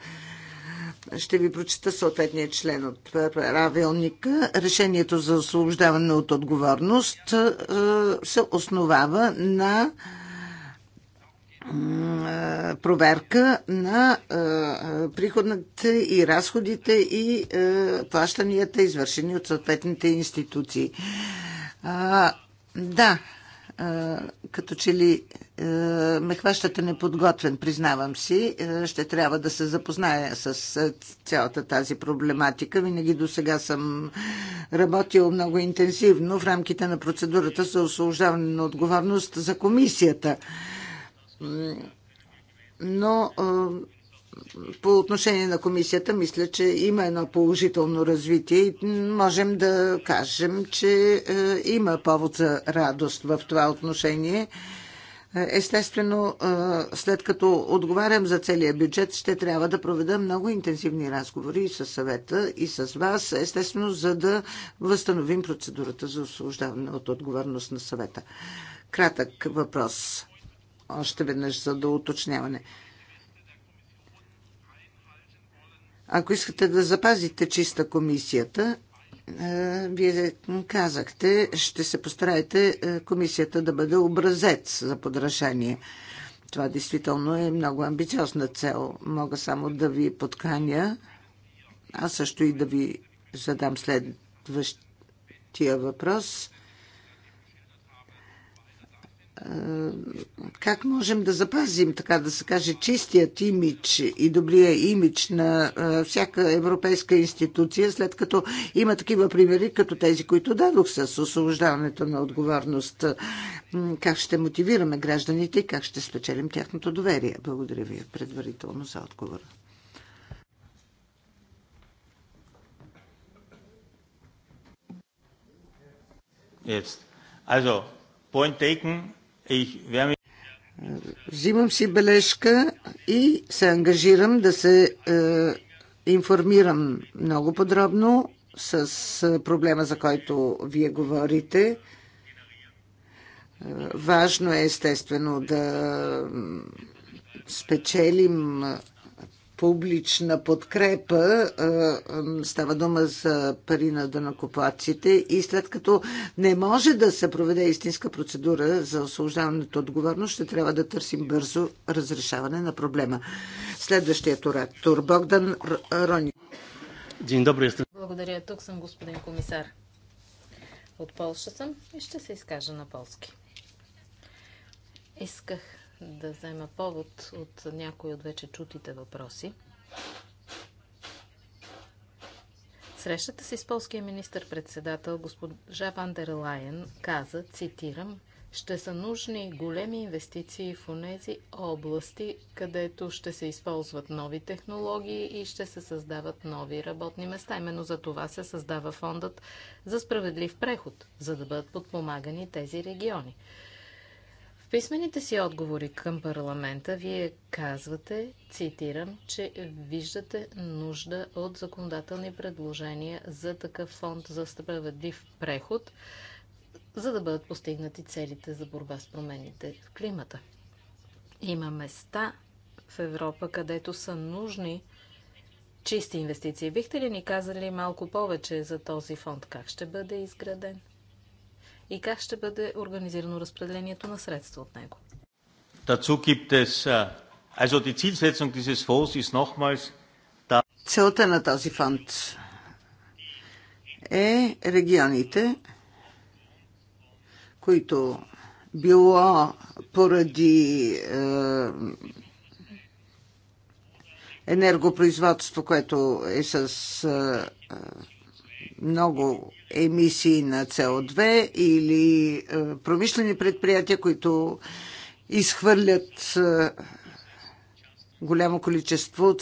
Ще ви прочита съответния член от правилника. Решението за освобождаване от отговорност е, се основава на проверка на приходната и разходите и плащанията, извършени от съответните институции. Да, като че ли ме хващате неподготвен, признавам си. Ще трябва да се запозная с цялата тази проблематика. Винаги до сега съм работил много интенсивно в рамките на процедурата за освобождаване на отговорност за комисията. Но по отношение на комисията, мисля, че има едно положително развитие и можем да кажем, че има повод за радост в това отношение. Естествено, след като отговарям за целия бюджет, ще трябва да проведа много интензивни разговори и с съвета, и с вас, естествено, за да възстановим процедурата за освобождаване от отговорност на съвета. Кратък въпрос още веднъж за уточняване. Ако искате да запазите чиста комисията, е, вие казахте, ще се постараете е, комисията да бъде образец за подражание. Това действително е много амбициозна цел. Мога само да ви подканя, а също и да ви задам следващия въпрос. Е, как можем да запазим, така да се каже, чистият имидж и добрия имидж на е, всяка европейска институция, след като има такива примери, като тези, които дадох с освобождаването на отговорност. Как ще мотивираме гражданите и как ще спечелим тяхното доверие? Благодаря ви предварително за отговора.
Yes. Also, point taken.
Взимам си бележка и се ангажирам да се е, информирам много подробно с е, проблема, за който вие говорите. Е, важно е естествено да спечелим публична подкрепа, става дума за пари на дънакоплаците и след като не може да се проведе истинска процедура за освобождаването отговорност, ще трябва да търсим бързо разрешаване на проблема. Следващият оратор Богдан Рони. Дин добър
Благодаря. Тук съм господин комисар. От Полша съм и ще се изкажа на полски. Исках да взема повод от някои от вече чутите въпроси. Срещата си с полския министр-председател госпожа Вандер Лайен каза, цитирам, ще са нужни големи инвестиции в онези области, където ще се използват нови технологии и ще се създават нови работни места. Именно за това се създава фондът за справедлив преход, за да бъдат подпомагани тези региони писмените си отговори към парламента вие казвате, цитирам, че виждате нужда от законодателни предложения за такъв фонд за справедлив преход, за да бъдат постигнати целите за борба с промените в климата. Има места в Европа, където са нужни чисти инвестиции. Бихте ли ни казали малко повече за този фонд? Как ще бъде изграден? и как ще бъде организирано разпределението на средства от него.
Целта на този фонд е регионите, които било поради е, енергопроизводство, което е с е, много емисии на CO2 или е, промишлени предприятия, които изхвърлят е, голямо количество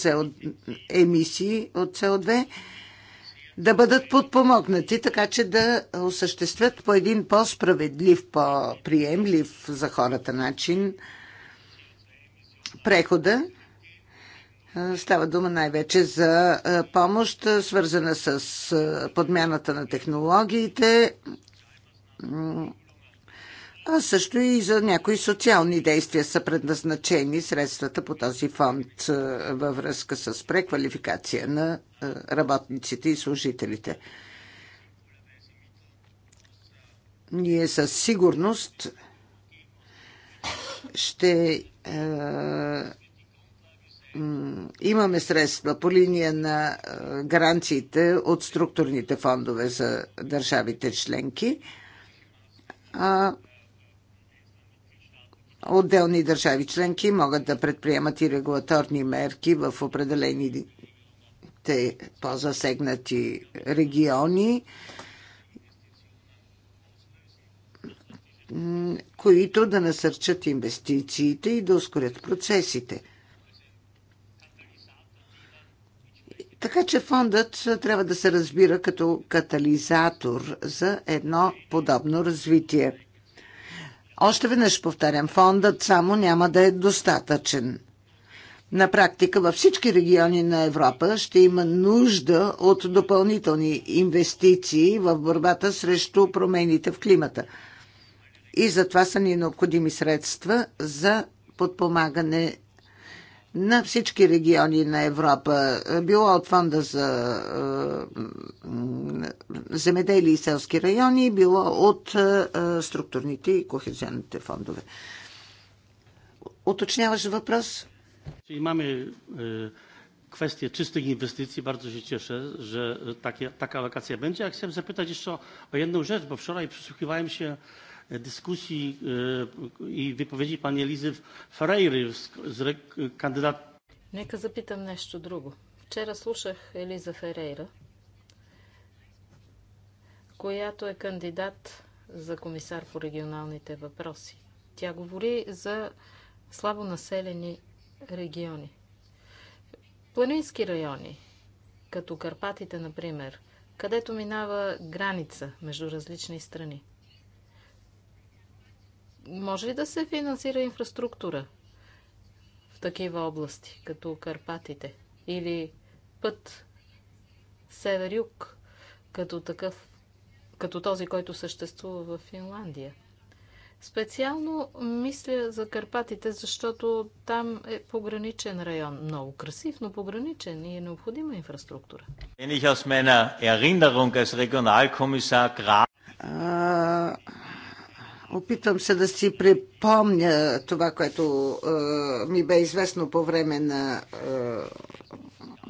емисии от CO2, да бъдат подпомогнати, така че да осъществят по един по-справедлив, по-приемлив за хората начин прехода Става дума най-вече за помощ, свързана с подмяната на технологиите, а също и за някои социални действия са предназначени средствата по този фонд във връзка с преквалификация на работниците и служителите. Ние със сигурност ще имаме средства по линия на гаранциите от структурните фондове за държавите членки. А отделни държави членки могат да предприемат и регулаторни мерки в определените по-засегнати региони, които да насърчат инвестициите и да ускорят процесите. Така че фондът трябва да се разбира като катализатор за едно подобно развитие. Още веднъж повтарям, фондът само няма да е достатъчен. На практика във всички региони на Европа ще има нужда от допълнителни инвестиции в борбата срещу промените в климата. И затова са ни необходими средства за подпомагане на всички региони на Европа, било от фонда за земеделие и селски райони, било от структурните и кохезионните фондове. Уточняваш въпрос?
Имаме kwestię czystych inwestycji. Bardzo się cieszę, że takie, taka lokacja będzie. A chciałem zapytać jeszcze o jedną rzecz, bo wczoraj przysłuchiwałem się dyskusji i wypowiedzi pani Elizy Ferreiry, z kandydat...
Нека запитам нещо друго. Вчера слушах Елиза Ферейра, която е кандидат за комисар по регионалните въпроси. Тя говори за слабо населени региони. Планински райони, като Карпатите, например, където минава граница между различни страни. Може ли да се финансира инфраструктура в такива области, като Карпатите? Или път север-юг, като такъв, като този, който съществува в Финландия? Специално мисля за Карпатите, защото там е пограничен район. Много красив, но пограничен и е необходима инфраструктура.
А, Опитвам се да си припомня това, което е, ми бе известно по време на е,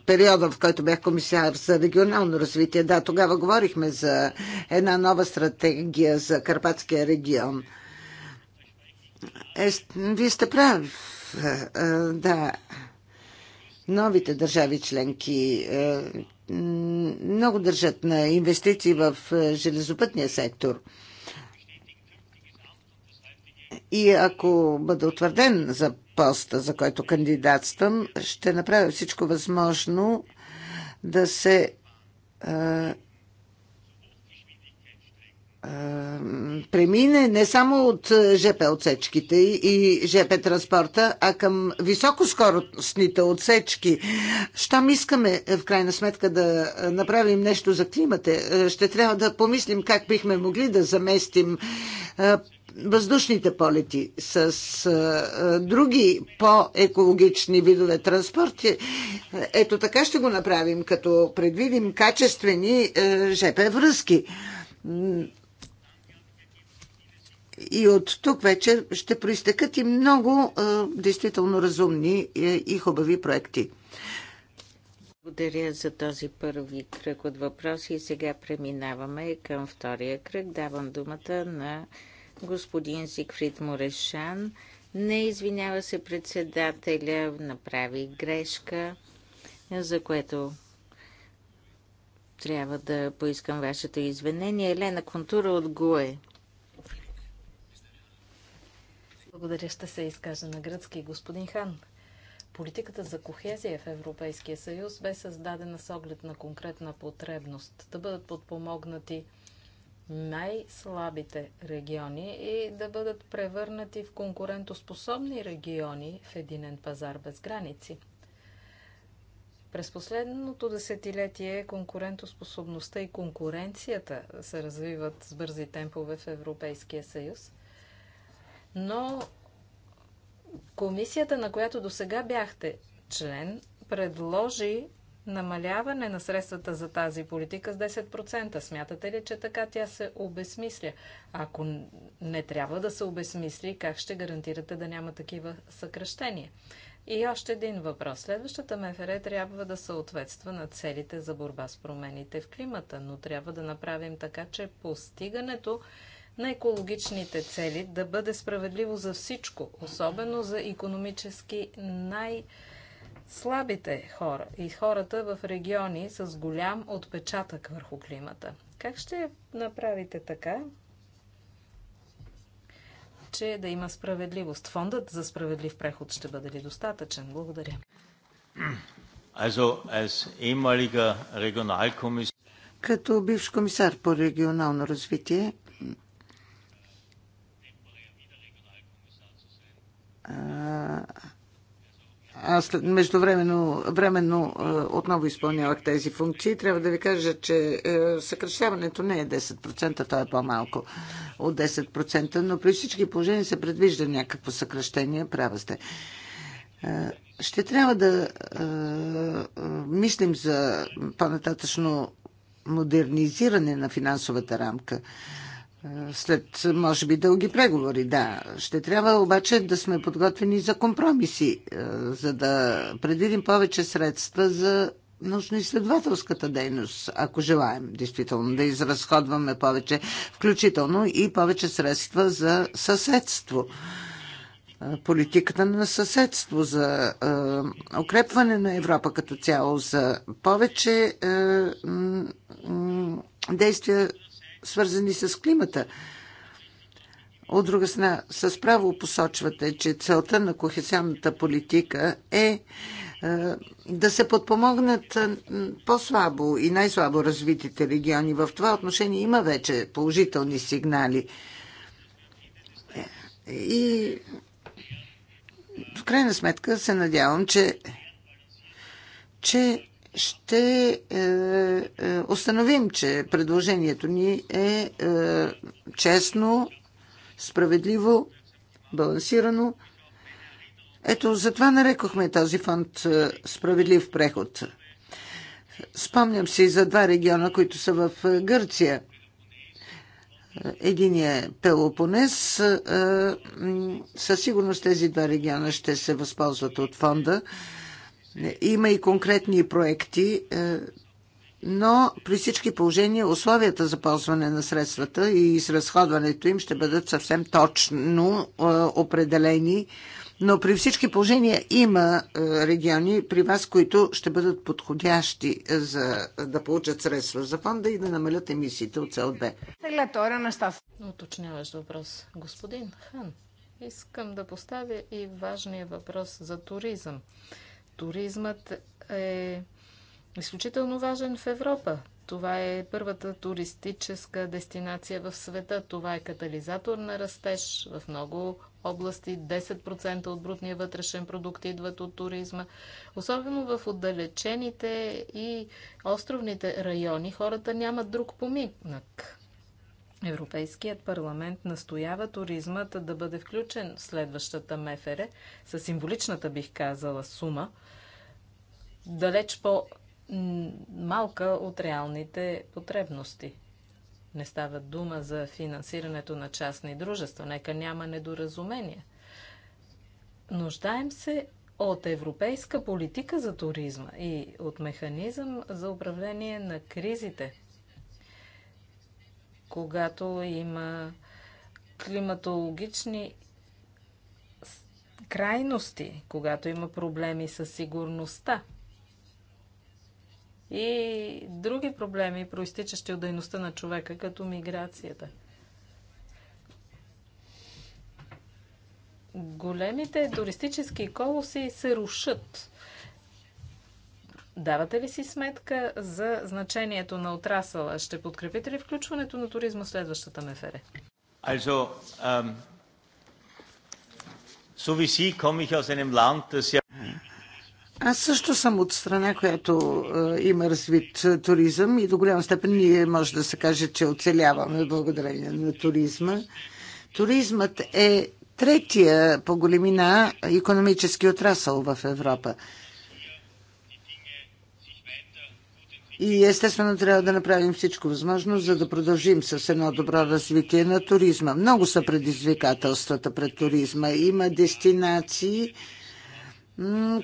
периода, в който бях комисар за регионално развитие. Да, тогава говорихме за една нова стратегия за Карпатския регион. Е, вие сте прави. Е, е, да. Новите държави членки е, много държат на инвестиции в е, железопътния сектор. Е, и ако бъда утвърден за поста, за който кандидатствам, ще направя всичко възможно да се премине не само от ЖП отсечките и ЖП транспорта, а към високоскоростните отсечки. Щом искаме в крайна сметка да направим нещо за климата, е, ще трябва да помислим как бихме могли да заместим е, въздушните полети, с а, други по-екологични видове транспорт. Е, ето така ще го направим, като предвидим качествени а, е, ЖП връзки. И от тук вече ще проистекат и много а, е, действително разумни и хубави проекти.
Благодаря за този първи кръг от въпроси. Сега преминаваме към втория кръг. Давам думата на господин Зигфрид Морешан. Не извинява се председателя, направи грешка, за което трябва да поискам вашето извинение. Елена Контура от ГУЕ.
Благодаря, ще се изкажа на гръцки господин Хан. Политиката за кохезия в Европейския съюз бе създадена с оглед на конкретна потребност да бъдат подпомогнати най-слабите региони и да бъдат превърнати в конкурентоспособни региони в единен пазар без граници. През последното десетилетие конкурентоспособността и конкуренцията се развиват с бързи темпове в Европейския съюз, но комисията, на която до сега бяхте член, предложи намаляване на средствата за тази политика с 10%. Смятате ли, че така тя се обесмисля? Ако не трябва да се обесмисли, как ще гарантирате да няма такива съкръщения? И още един въпрос. Следващата МФР трябва да съответства на целите за борба с промените в климата, но трябва да направим така, че постигането на екологичните цели да бъде справедливо за всичко, особено за економически най- слабите хора и хората в региони с голям отпечатък върху климата. Как ще направите така, че да има справедливост? Фондът за справедлив преход ще бъде ли достатъчен? Благодаря.
Also, als ehemaliger Regionalkommissar...
Като бивш комисар по регионално развитие, а, аз междувременно временно отново изпълнявах тези функции. Трябва да ви кажа, че съкръщаването не е 10%, то е по-малко от 10%, но при всички положения се предвижда някакво съкръщение, права сте. Ще трябва да мислим за по-нататъчно модернизиране на финансовата рамка след, може би, дълги преговори, да. Ще трябва обаче да сме подготвени за компромиси, е, за да предвидим повече средства за научно-изследователската дейност, ако желаем действително да изразходваме повече, включително и повече средства за съседство. Е, политиката на съседство, за е, укрепване на Европа като цяло, за повече е, действия свързани с климата. От друга страна, с право посочвате, че целта на кохесионната политика е, е да се подпомогнат е, по-слабо и най-слабо развитите региони. В това отношение има вече положителни сигнали. И в крайна сметка се надявам, че, че ще е, е, установим, че предложението ни е, е честно, справедливо, балансирано. Ето, затова нарекохме този фонд е, справедлив преход. Спомням си за два региона, които са в е, Гърция. Единият е Пелопонес. Е, със сигурност тези два региона ще се възползват от фонда. Е, има и конкретни проекти, е, но при всички положения условията за ползване на средствата и изразходването им ще бъдат съвсем точно е, определени. Но при всички положения има региони при вас, които ще бъдат подходящи за да получат средства за фонда и да намалят емисиите от СО2.
Уточняваш
въпрос. Господин Хан, искам да поставя и важния въпрос за туризъм. Туризмът е изключително важен в Европа. Това е първата туристическа дестинация в света. Това е катализатор на растеж в много области. 10% от брутния вътрешен продукт идват от туризма. Особено в отдалечените и островните райони хората нямат друг поминък. Европейският парламент настоява туризмът да бъде включен в следващата мефере с символичната, бих казала, сума, далеч по-малка от реалните потребности. Не става дума за финансирането на частни дружества. Нека няма недоразумение. Нуждаем се от европейска политика за туризма и от механизъм за управление на кризите – когато има климатологични крайности, когато има проблеми с сигурността и други проблеми, проистичащи от дейността на човека, като миграцията. Големите туристически колоси се рушат Давате ли си сметка за значението на отрасъла? Ще подкрепите ли включването на туризма следващата МФР?
Also, um, so wie Sie komme ich aus einem Land, das ja
аз също съм от страна, която е, има развит е, туризъм и до голяма степен ние може да се каже, че оцеляваме благодарение на туризма. Туризмът е третия по големина економически отрасъл в Европа. И естествено трябва да направим всичко възможно, за да продължим с едно добро развитие на туризма. Много са предизвикателствата пред туризма. Има дестинации,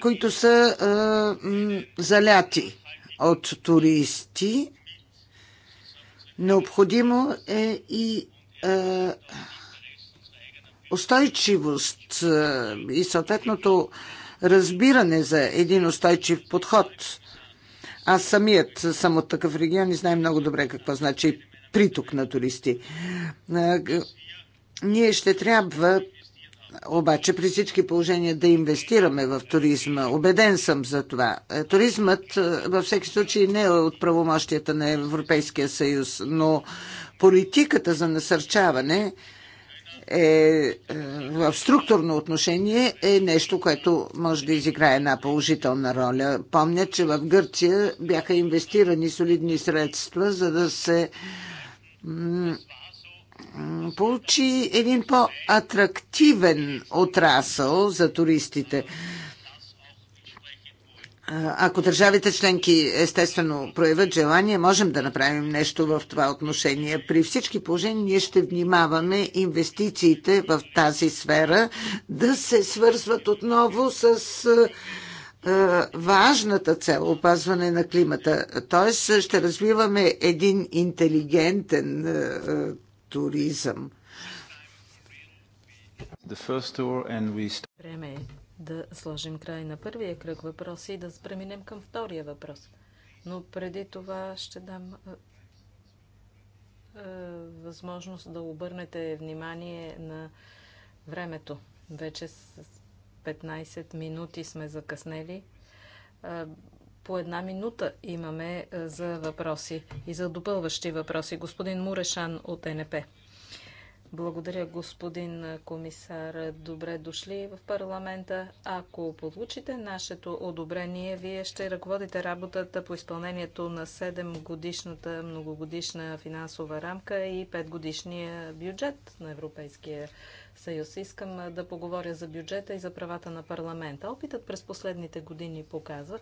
които са а, заляти от туристи. Необходимо е и а, устойчивост а, и съответното разбиране за един устойчив подход аз самият съм от такъв регион и знае много добре какво значи приток на туристи. Ние ще трябва обаче при всички положения да инвестираме в туризма. Обеден съм за това. Е, туризмът е, във всеки случай не е от правомощията на Европейския съюз, но политиката за насърчаване е, е, в структурно отношение е нещо, което може да изиграе една положителна роля. Помня, че в Гърция бяха инвестирани солидни средства, за да се получи един по-атрактивен отрасъл за туристите. Ако държавите членки естествено проявят желание, можем да направим нещо в това отношение. При всички положения ние ще внимаваме инвестициите в тази сфера да се свързват отново с важната цел опазване на климата. Т.е. ще развиваме един интелигентен туризъм.
Време е да сложим край на първия кръг въпроси и да преминем към втория въпрос. Но преди това ще дам възможност да обърнете внимание на времето. Вече с 15 минути сме закъснели. По една минута имаме за въпроси и за допълващи въпроси. Господин Мурешан от НП. Благодаря, господин комисар. Добре дошли в парламента. Ако получите нашето одобрение, вие ще ръководите работата по изпълнението на 7-годишната многогодишна финансова рамка и 5-годишния бюджет на Европейския съюз съюз. Искам да поговоря за бюджета и за правата на парламента. Опитът през последните години показва,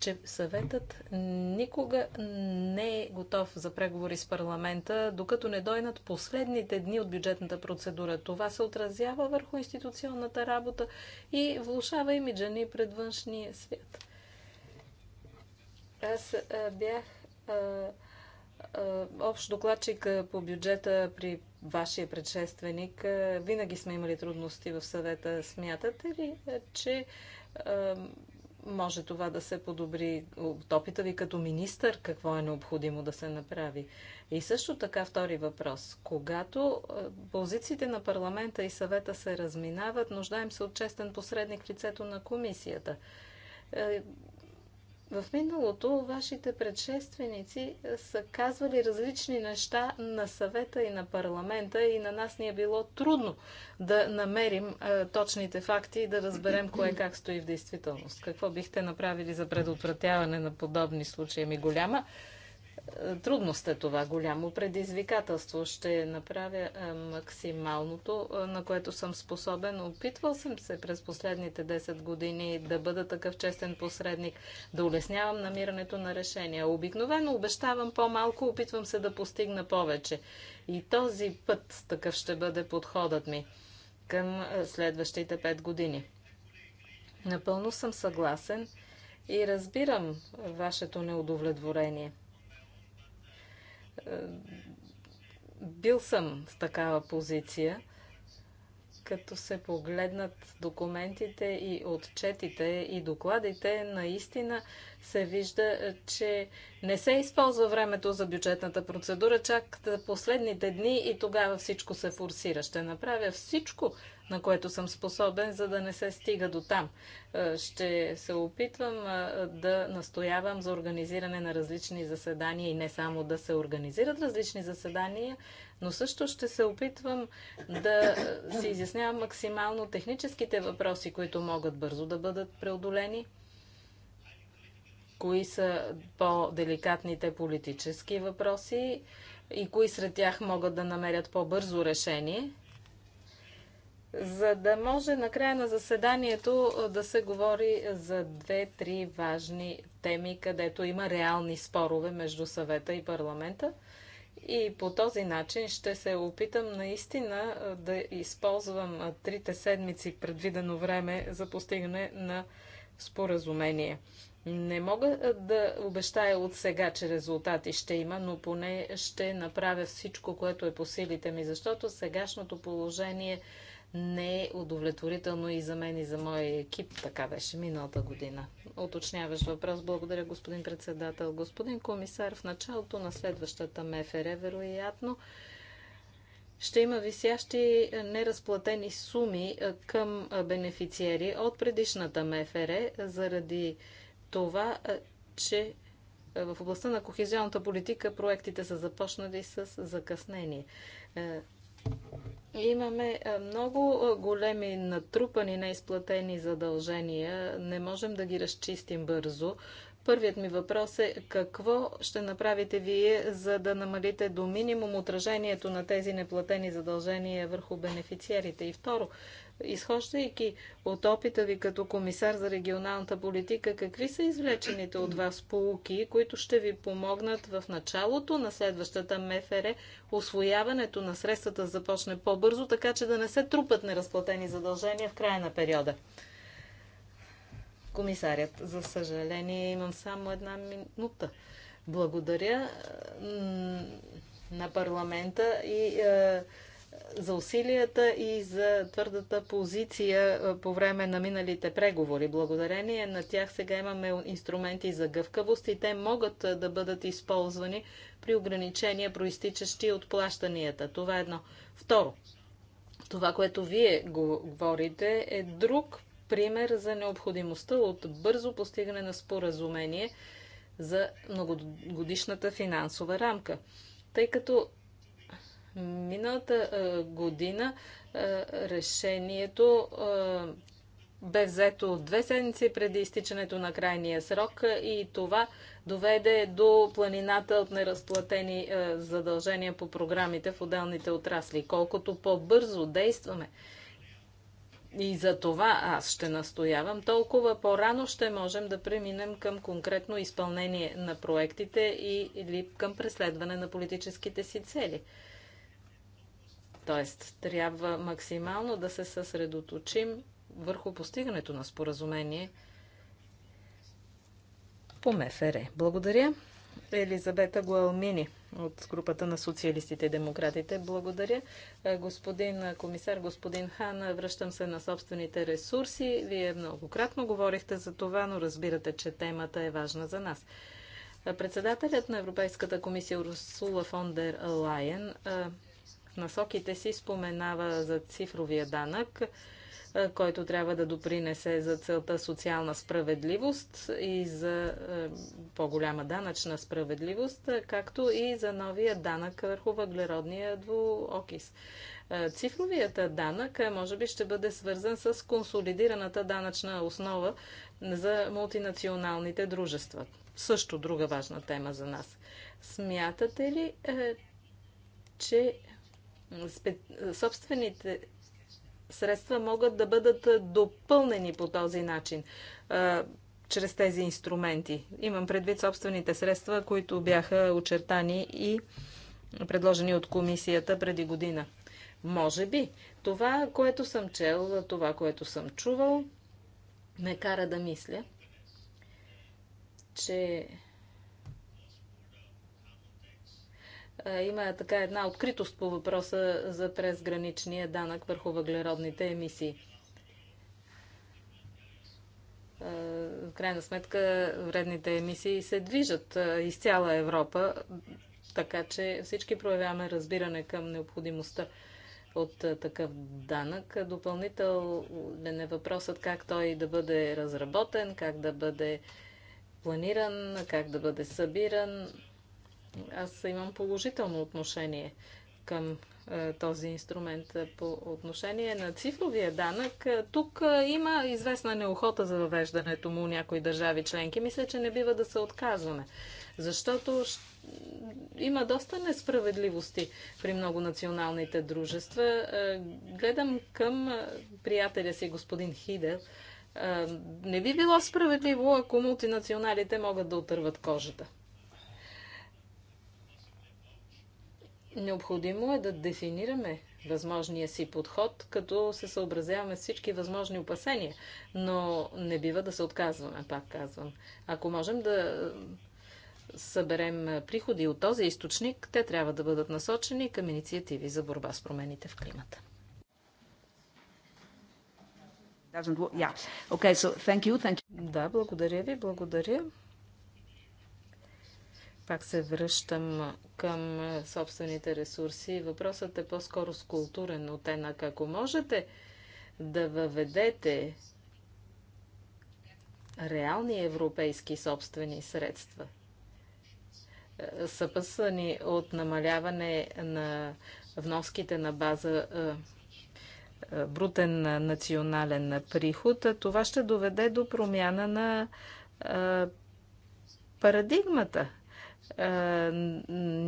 че съветът никога не е готов за преговори с парламента, докато не дойнат последните дни от бюджетната процедура. Това се отразява върху институционната работа и влушава имиджа ни пред външния свят. Аз бях общ докладчик по бюджета при вашия предшественик, винаги сме имали трудности в съвета. Смятате ли, че може това да се подобри от опита ви като министър, какво е необходимо да се направи. И също така втори въпрос. Когато позициите на парламента и съвета се разминават, нуждаем се от честен посредник в лицето на комисията. Е, в миналото вашите предшественици е, са казвали различни неща на съвета и на парламента и на нас ни е било трудно да намерим е, точните факти и да разберем кое как стои в действителност. Какво бихте направили за предотвратяване на подобни случаи ми голяма? трудност е това, голямо предизвикателство. Ще направя максималното, на което съм способен. Опитвал съм се през последните 10 години да бъда такъв честен посредник, да улеснявам намирането на решения. Обикновено обещавам по-малко, опитвам се да постигна повече. И този път такъв ще бъде подходът ми към следващите 5 години. Напълно съм съгласен и разбирам вашето неудовлетворение – бил съм в такава позиция, като се погледнат документите и отчетите и докладите, наистина се вижда, че не се използва времето за бюджетната процедура чак последните дни и тогава всичко се форсира. Ще направя всичко на което съм способен, за да не се стига до там. Е, ще се опитвам е, да настоявам за организиране на различни заседания и не само да се организират различни заседания, но също ще се опитвам да е, си изяснявам максимално техническите въпроси, които могат бързо да бъдат преодолени кои са по-деликатните политически въпроси и кои сред тях могат да намерят по-бързо решение за да може на края на заседанието да се говори за две-три важни теми, където има реални спорове между съвета и парламента. И по този начин ще се опитам наистина да използвам трите седмици предвидено време за постигане на споразумение. Не мога да обещая от сега, че резултати ще има, но поне ще направя всичко, което е по силите ми, защото сегашното положение не е удовлетворително и за мен, и за моя екип. Така беше миналата година. Оточняваш въпрос. Благодаря, господин председател. Господин комисар, в началото на следващата МФР, вероятно, ще има висящи неразплатени суми към бенефициери от предишната МФР заради това, че в областта на кохезионната политика проектите са започнали с закъснение. Имаме много големи натрупани неизплатени задължения. Не можем да ги разчистим бързо. Първият ми въпрос е какво ще направите вие, за да намалите до минимум отражението на тези неплатени задължения върху бенефициерите? И второ, Изхождайки от опита ви като комисар за регионалната политика, какви са извлечените от вас полуки, които ще ви помогнат в началото на следващата МФР освояването на средствата да започне по-бързо, така че да не се трупат неразплатени задължения в края на периода? Комисарят, за съжаление, имам само една минута. Благодаря на парламента и е, за усилията и за твърдата позиция по време на миналите преговори. Благодарение на тях сега имаме инструменти за гъвкавост и те могат да бъдат използвани при ограничения, проистичащи от плащанията. Това е едно. Второ, това, което вие говорите, е друг пример за необходимостта от бързо постигане на споразумение за многогодишната финансова рамка. Тъй като Миналата година решението бе взето две седмици преди изтичането на крайния срок и това доведе до планината от неразплатени задължения по програмите в отделните отрасли. Колкото по-бързо действаме, и за това аз ще настоявам. Толкова по-рано ще можем да преминем към конкретно изпълнение на проектите и, или към преследване на политическите си цели. Тоест, трябва максимално да се съсредоточим върху постигането на споразумение по МФР. Благодаря. Елизабета Гуалмини от групата на социалистите и демократите. Благодаря. Господин комисар, господин Хан, връщам се на собствените ресурси. Вие многократно говорихте за това, но разбирате, че темата е важна за нас. Председателят на Европейската комисия Урсула фон дер Лайен в насоките си споменава за цифровия данък, е, който трябва да допринесе за целта социална справедливост и за е, по-голяма данъчна справедливост, е, както и за новия данък върху въглеродния двуокис. Цифровият данък може би ще бъде свързан с консолидираната данъчна основа за мултинационалните дружества. Също друга важна тема за нас. Смятате ли, че спе... собствените средства могат да бъдат допълнени по този начин чрез тези инструменти. Имам предвид собствените средства, които бяха очертани и предложени от комисията преди година. Може би. Това, което съм чел, това, което съм чувал, ме кара да мисля, че Е, има така една откритост по въпроса за презграничния данък върху въглеродните емисии. Е, в крайна сметка вредните емисии се движат е, из цяла Европа, така че всички проявяваме разбиране към необходимостта от такъв данък. Допълнителен е въпросът как той да бъде разработен, как да бъде планиран, как да бъде събиран аз имам положително отношение към е, този инструмент е, по отношение на цифровия данък. Е, тук има известна неохота за въвеждането му някои държави членки. Мисля, че не бива да се отказваме, защото има доста несправедливости при много националните дружества. Гледам към приятеля си господин Хидел. Не би било справедливо, ако мултинационалите могат да отърват кожата. Необходимо е да дефинираме възможния си подход, като се съобразяваме с всички възможни опасения, но не бива да се отказваме, пак казвам. Ако можем да съберем приходи от този източник, те трябва да бъдат насочени към инициативи за борба с промените в климата. Yeah. Okay, so thank you, thank you. Да, благодаря ви, благодаря. Пак се връщам към собствените ресурси. Въпросът е по-скоро с културен една. Ако можете да въведете реални европейски собствени средства, съпъсвани от намаляване на вноските на база брутен национален приход, това ще доведе до промяна на парадигмата е,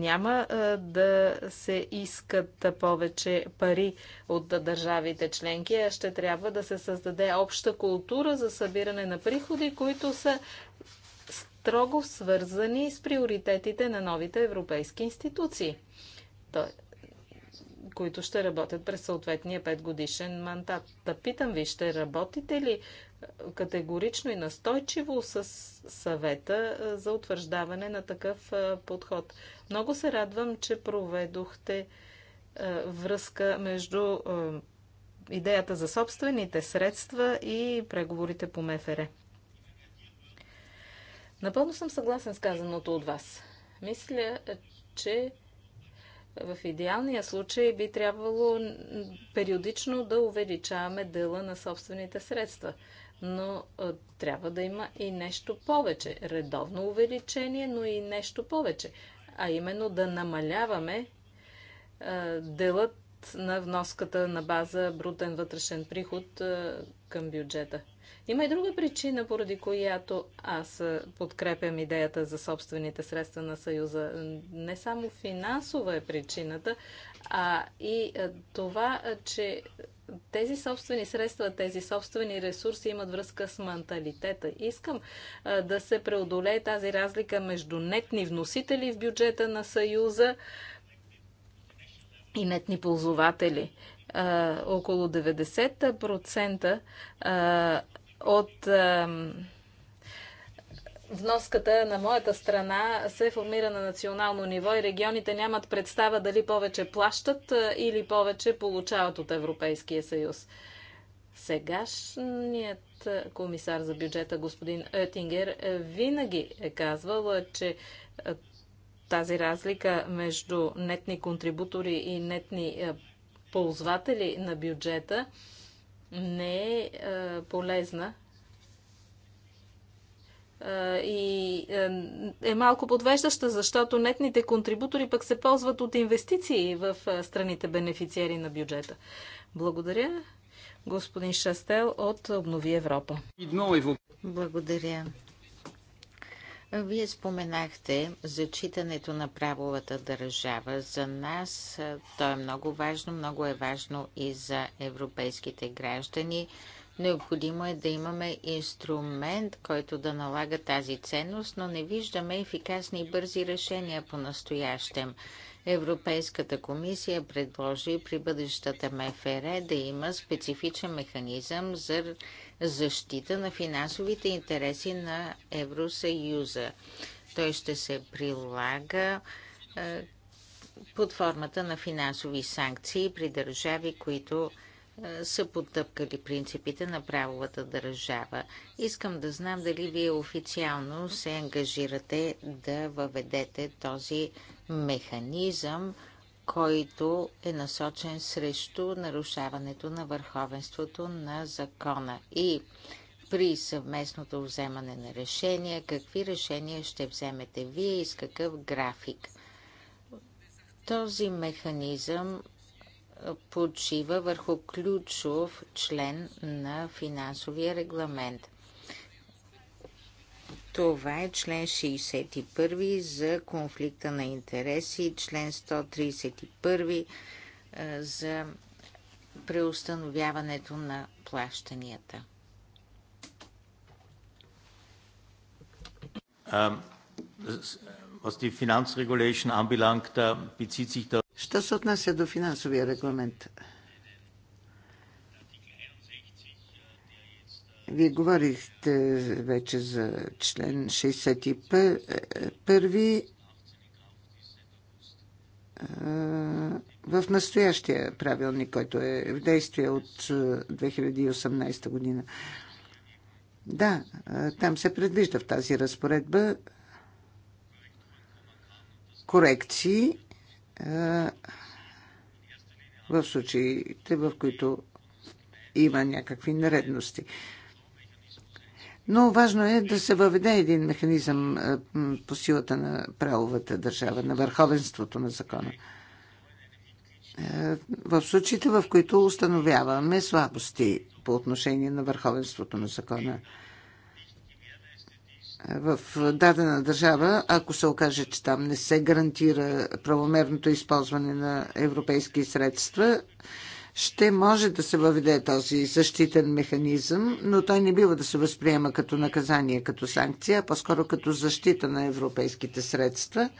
няма е, да се искат повече пари от държавите членки, а ще трябва да се създаде обща култура за събиране на приходи, които са строго свързани с приоритетите на новите европейски институции, които ще работят през съответния петгодишен мандат. Да питам ви, ще работите ли категорично и настойчиво с съвета за утвърждаване на такъв подход. Много се радвам, че проведохте връзка между идеята за собствените средства и преговорите по МФР. Напълно съм съгласен с казаното от вас. Мисля, че в идеалния случай би трябвало периодично да увеличаваме дела на собствените средства но а, трябва да има и нещо повече. Редовно увеличение, но и нещо повече. А именно да намаляваме а, делът на вноската на база брутен вътрешен приход а, към бюджета. Има и друга причина, поради която аз подкрепям идеята за собствените средства на Съюза. Не само финансова е причината, а и това, че тези собствени средства, тези собствени ресурси имат връзка с менталитета. Искам а, да се преодолее тази разлика между нетни вносители в бюджета на Съюза и нетни ползователи. А, около 90% а, от вноската на моята страна се формира на национално ниво и регионите нямат представа дали повече плащат или повече получават от Европейския съюз. Сегашният комисар за бюджета, господин Оетингер, винаги е казвал, че тази разлика между нетни контрибутори и нетни ползватели на бюджета не е полезна и е, е малко подвеждаща, защото нетните контрибутори пък се ползват от инвестиции в страните бенефициери на бюджета. Благодаря, господин Шастел от
Обнови Европа. Благодаря. Вие споменахте зачитането на правовата държава. За нас то е много важно, много е важно и за европейските граждани. Необходимо е да имаме инструмент, който да налага тази ценност, но не виждаме ефикасни и бързи решения по настоящем. Европейската комисия предложи при бъдещата МФР да има специфичен механизъм за защита на финансовите интереси на Евросъюза. Той ще се прилага е, под формата на финансови санкции при държави, които е, са потъпкали принципите на правовата държава. Искам да знам дали вие официално се ангажирате да въведете този механизъм, който е насочен срещу нарушаването на върховенството на закона. И при съвместното вземане на решения, какви решения ще вземете вие и с какъв график? Този механизъм почива върху ключов член на финансовия регламент. Това е член 61 за конфликта на интереси, член 131 е, за преустановяването на плащанията.
Um, was die Finanzregulation anbelangt, bezieht sich da
Що се отнася до финансовия регламент? Вие говорихте вече за член 61 е, в настоящия правилник, който е в действие от 2018 е, година. Да, е, там се предвижда в тази разпоредба корекции в случаите, в които има някакви наредности. Но важно е да се въведе един механизъм по силата на правовата държава, на върховенството на закона. В случаите, в които установяваме слабости по отношение на върховенството на закона, в дадена държава, ако се окаже, че там не се гарантира правомерното използване на европейски средства, ще може да се въведе този защитен механизъм, но той не бива да се възприема като наказание, като санкция, а по-скоро като защита на европейските средства,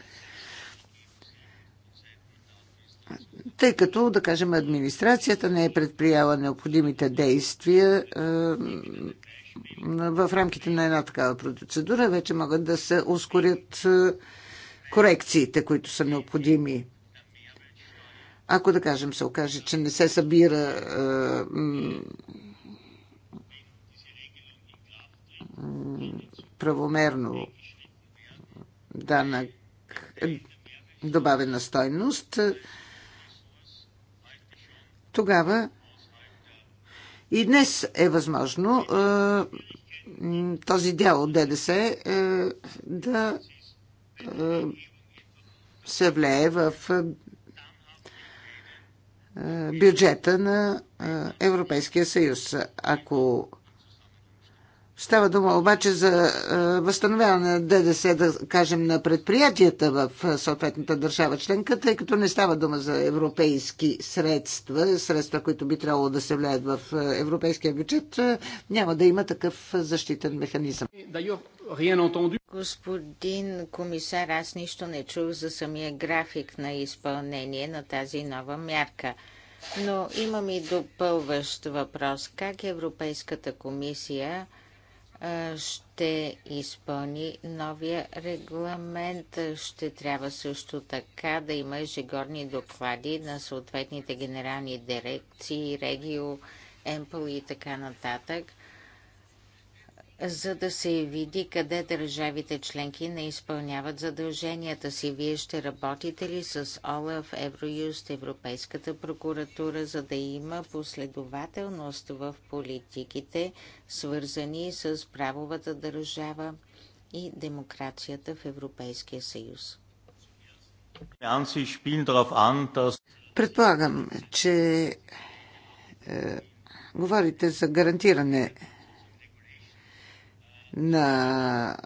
тъй като, да кажем, администрацията не е предприяла необходимите действия в рамките на една такава процедура вече могат да се ускорят е, корекциите, които са необходими. Ако да кажем се окаже, че не се събира е, правомерно данък е, добавена стойност, тогава и днес е възможно е, този дял от ДДС е, да е, се влее в бюджета на Европейския съюз. Ако Става дума обаче за е, възстановяване на ДДС, да кажем, на предприятията в е, съответната държава членка, тъй като не става дума за европейски средства, средства, които би трябвало да се влияят в е, европейския бюджет, няма да има такъв защитен механизъм.
Господин комисар, аз нищо не чух за самия график на изпълнение на тази нова мярка. Но имам и допълващ въпрос. Как Европейската комисия ще изпълни новия регламент. Ще трябва също така да има ежегодни доклади на съответните генерални дирекции, регио, ЕМПЛ и така нататък за да се види къде държавите членки не изпълняват задълженията си. Вие ще работите ли с ОЛАФ, Евроюст, Европейската прокуратура, за да има последователност в политиките, свързани с правовата държава и демокрацията в Европейския съюз?
Предполагам, че е, говорите за гарантиране на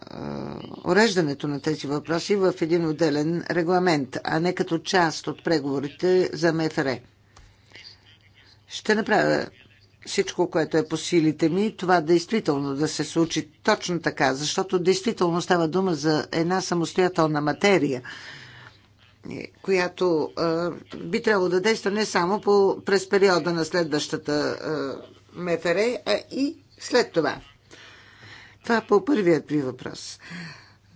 уреждането на тези въпроси в един отделен регламент, а не като част от преговорите за МФР. Ще направя всичко, което е по силите ми, това действително да се случи точно така, защото действително става дума за една самостоятелна материя, която а, би трябвало да действа не само по, през периода на следващата а, МФР, а и след това. Това е по първият ми въпрос.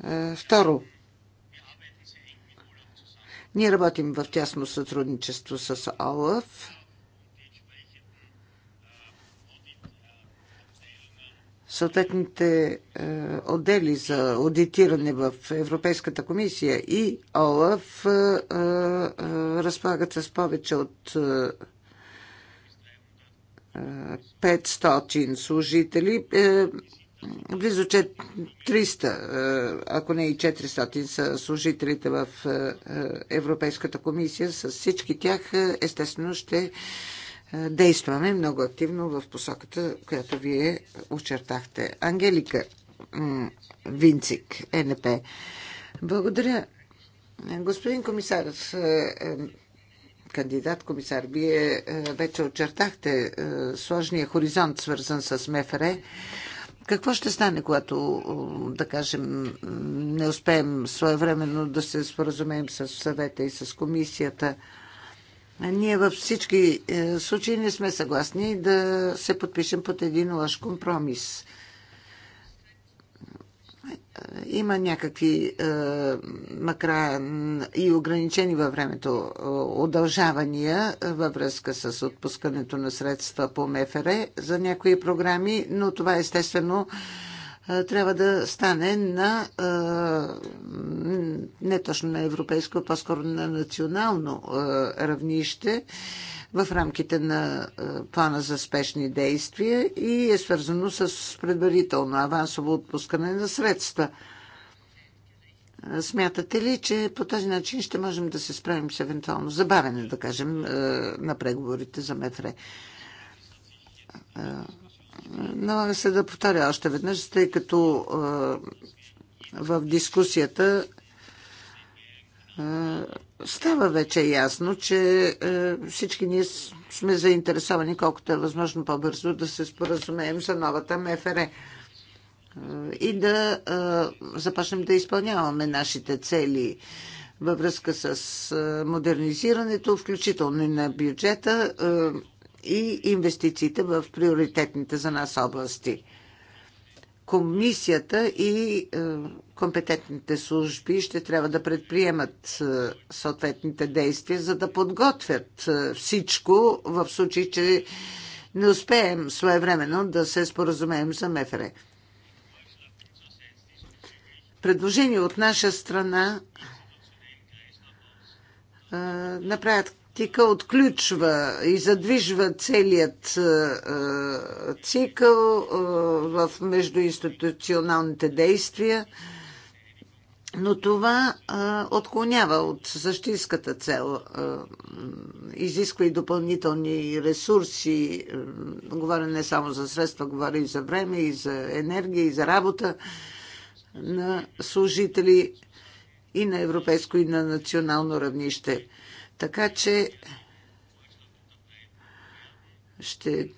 Е, второ. Ние работим в тясно сътрудничество с ОЛАФ. Съответните е, отдели за аудитиране в Европейската комисия и ОЛАФ разполагат с повече от 500 служители близо 300, е, ако не и 400 са служителите в е, е, Европейската комисия. С всички тях, естествено, ще действаме много активно в посоката, която вие очертахте. Ангелика Винцик, НП. Благодаря. Господин комисар, кандидат комисар, вие вече очертахте сложния хоризонт, свързан с МФР. Какво ще стане, когато, да кажем, не успеем своевременно да се споразумеем с съвета и с комисията? Ние във всички е, случаи не сме съгласни да се подпишем под един лъж компромис – има някакви е, и ограничени във времето е, удължавания е, във връзка с отпускането на средства по МФР за някои програми, но това естествено е, трябва да стане на е, не точно на европейско, а по-скоро на национално е, равнище в рамките на е, плана за спешни действия и е свързано с предварително авансово отпускане на средства. Е, смятате ли, че по този начин ще можем да се справим с евентуално забавене, да кажем, е, на преговорите за МФР? Налага се да повторя още веднъж, тъй като в дискусията става вече ясно, че всички ние сме заинтересовани колкото е възможно по-бързо да се споразумеем за новата МФР и да започнем да изпълняваме нашите цели във връзка с модернизирането, включително и на бюджета и инвестициите в приоритетните за нас области. Комисията и компетентните служби ще трябва да предприемат е, съответните действия, за да подготвят е, всичко в случай, че не успеем своевременно да се споразумеем за МФР. Предложение от наша страна е, на практика отключва и задвижва целият цикъл в междуинституционалните действия – но това а, отклонява от същинската цел, а, изисква и допълнителни ресурси. А, говоря не само за средства, говоря и за време, и за енергия, и за работа на служители и на европейско, и на национално равнище. Така че ще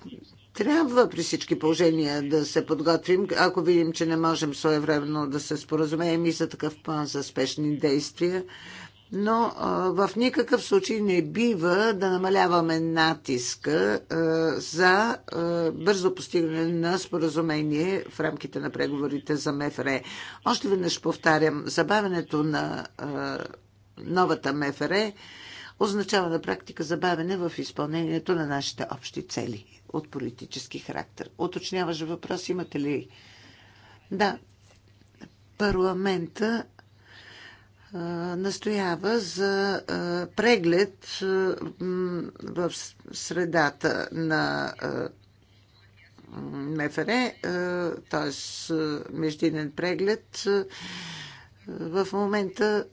трябва при всички положения да се подготвим, ако видим, че не можем своевременно да се споразумеем и за такъв план за спешни действия. Но а, в никакъв случай не бива да намаляваме натиска а, за а, бързо постигане на споразумение в рамките на преговорите за МФР. Още веднъж повтарям, забавянето на а, новата МФР означава на практика забавене в изпълнението на нашите общи цели от политически характер. Оточняваш въпрос имате ли? Да, парламента настоява за преглед в средата на МФР, т.е. междинен преглед. В момента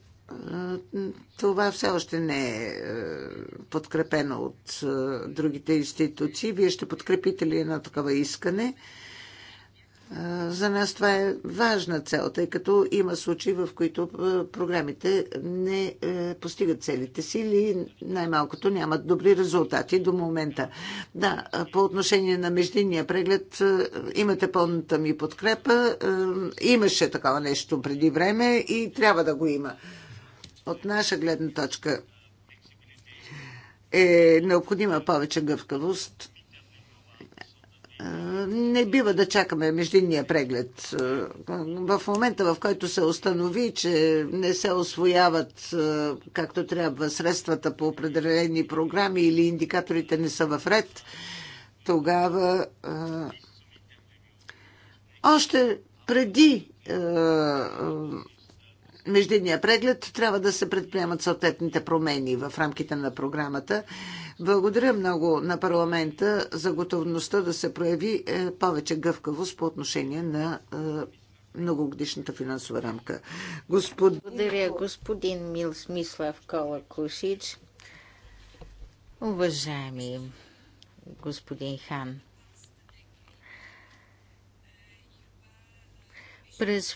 това все още не е, е подкрепено от е, другите институции. Вие ще подкрепите ли едно такова искане? Е, за нас това е важна цел, тъй като има случаи, в които програмите не постигат целите си или най-малкото нямат добри резултати до момента. Да, по отношение на междинния преглед имате пълната ми подкрепа. Имаше такова нещо преди време и трябва да го има от наша гледна точка е необходима повече гъвкавост. Не бива да чакаме междинния преглед. В момента, в който се установи, че не се освояват както трябва средствата по определени програми или индикаторите не са в ред, тогава още преди междинния преглед трябва да се предприемат съответните промени в рамките на програмата. Благодаря много на парламента за готовността да се прояви е, повече гъвкавост по отношение на е, многогодишната финансова рамка. Господин...
Благодаря, господин Мил Смислав Кола Кушич. Уважаеми господин Хан, през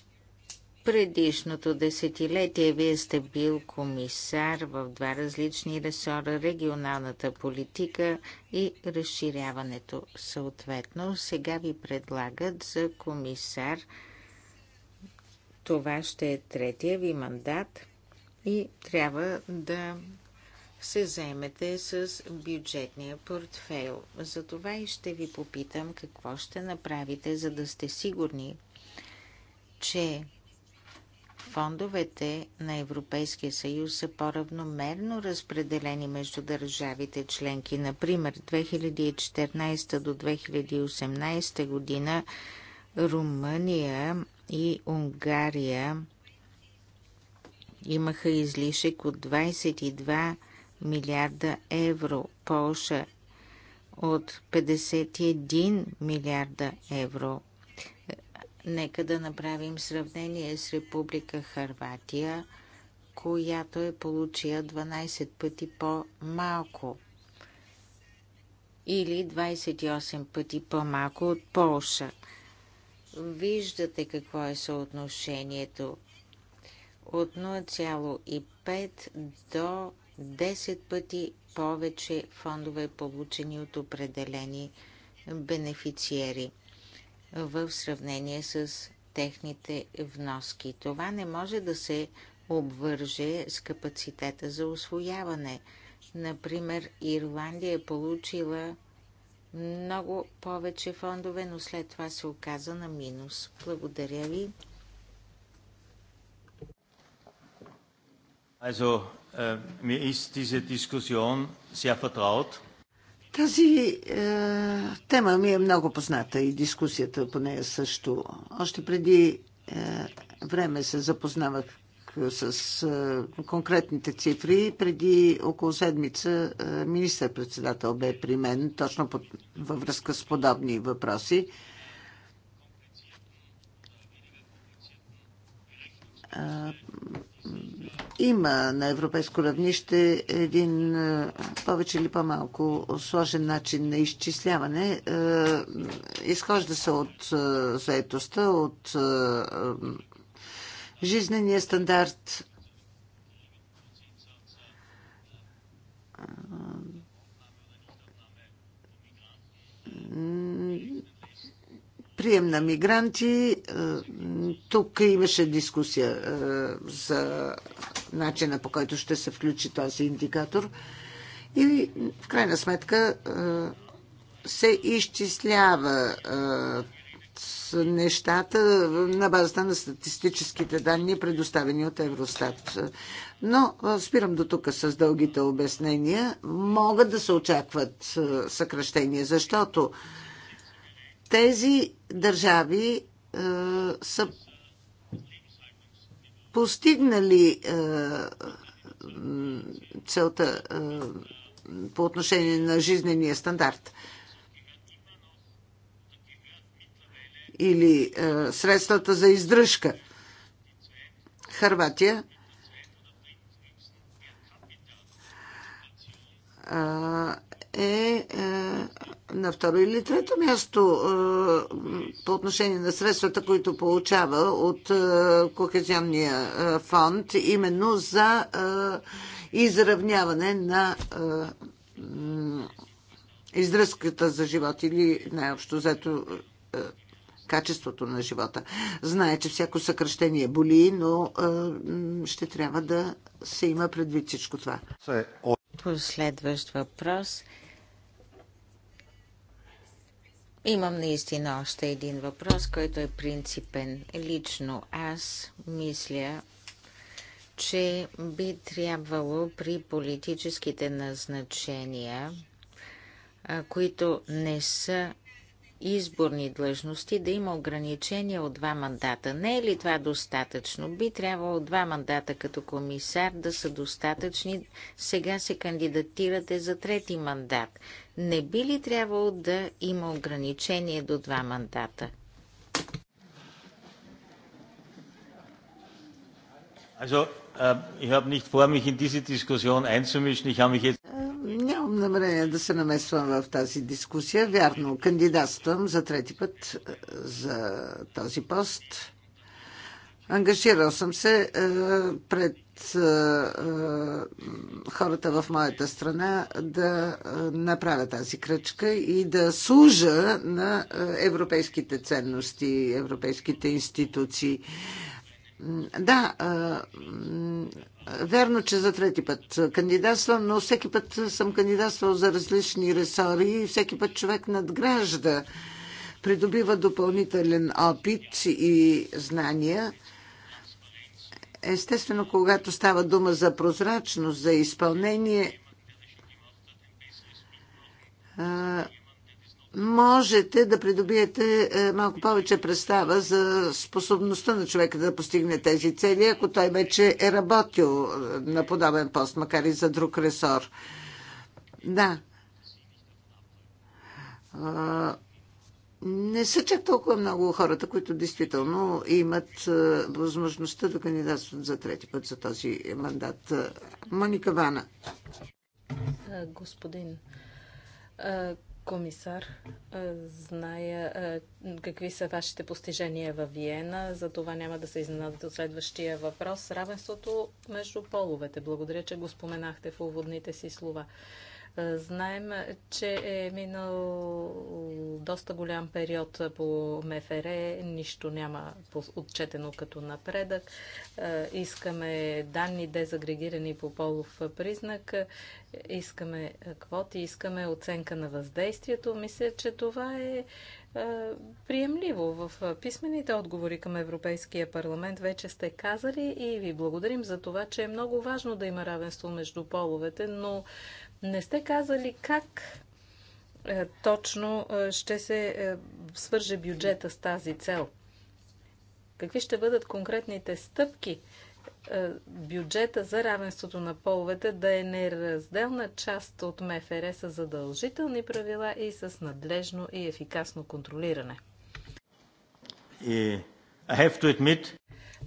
предишното десетилетие вие сте бил комисар в два различни ресора регионалната политика и разширяването съответно. Сега ви предлагат за комисар. Това ще е третия ви мандат и трябва да се заемете с бюджетния портфейл. Затова и ще ви попитам какво ще направите, за да сте сигурни, че фондовете на Европейския съюз са по-равномерно разпределени между държавите членки. Например, 2014 до 2018 година Румъния и Унгария имаха излишък от 22 милиарда евро, Полша от 51 милиарда евро, Нека да направим сравнение с Република Харватия, която е получила 12 пъти по-малко или 28 пъти по-малко от Полша. Виждате какво е съотношението от 0,5 до 10 пъти повече фондове получени от определени бенефициери в сравнение с техните вноски. Това не може да се обвърже с капацитета за освояване. Например, Ирландия е получила много повече фондове, но след това се оказа на минус. Благодаря ви.
Also, äh, mir ist diese Diskussion sehr vertraut.
Тази е, тема ми е много позната и дискусията по нея също. Още преди е, време се запознавах е, с е, конкретните цифри. Преди около седмица е, министър-председател бе при мен, точно под, във връзка с подобни въпроси. Е, има на европейско равнище един повече или по-малко сложен начин на изчисляване. Изхожда се от заетостта, от жизнения стандарт прием на мигранти. Е, тук имаше дискусия е, за начина по който ще се включи този индикатор. И в крайна сметка е, се изчислява нещата на базата на статистическите данни, предоставени от Евростат. Но спирам до тук с дългите обяснения. Могат да се очакват съкръщения, защото тези държави е, са постигнали е, целта е, по отношение на жизнения стандарт. Или е, средствата за издръжка. Харватия е, е на второ или трето място е, по отношение на средствата, които получава от е, Кохезионния е, фонд, именно за изравняване на издръзката за живот или най-общо взето качеството на живота. Знае, че всяко съкръщение боли, но ще трябва да се има предвид всичко това. Последващ въпрос
– Имам наистина още един въпрос, който е принципен. Лично аз мисля, че би трябвало при политическите назначения, които не са изборни длъжности да има ограничения от два мандата. Не е ли това достатъчно? Би трябвало два мандата като комисар да са достатъчни. Сега се кандидатирате за трети мандат. Не би ли трябвало да има ограничение до два мандата?
Also, äh, ich habe nicht vor, mich in diese Diskussion einzumischen. Ich habe mich jetzt
äh, намерение да се намесвам в тази дискусия. Вярно, кандидатствам за трети път е, за този пост. Ангажирал съм се е, пред е, е хората в моята страна да е, направя тази кръчка и да служа на европейските ценности, европейските институции. Да, верно, че за трети път кандидатствам, но всеки път съм кандидатствал за различни ресори и всеки път човек надгражда, придобива допълнителен опит и знания. Естествено, когато става дума за прозрачност, за изпълнение, можете да придобиете е, малко повече представа за способността на човека да постигне тези цели, ако той вече е работил е, на подобен пост, макар и за друг ресор. Да. Е, не са чак толкова много хората, които действително имат възможността да кандидатстват за трети път за този мандат. Моника Вана.
Господин комисар, зная какви са вашите постижения във Виена, за това няма да се изненадате от следващия въпрос. Равенството между половете. Благодаря, че го споменахте в уводните си слова. Знаем, че е минал доста голям период по МФР, нищо няма отчетено като напредък. Е, искаме данни дезагрегирани по полов признак, искаме квоти, искаме оценка на въздействието. Мисля, че това е, е приемливо. В писмените отговори към Европейския парламент вече сте казали и ви благодарим за това, че е много важно да има равенство между половете, но не сте казали как е, точно е, ще се е, свърже бюджета с тази цел. Какви ще бъдат конкретните стъпки бюджета за равенството на половете да е неразделна част от МФР с задължителни правила и с надлежно и ефикасно контролиране?
Admit...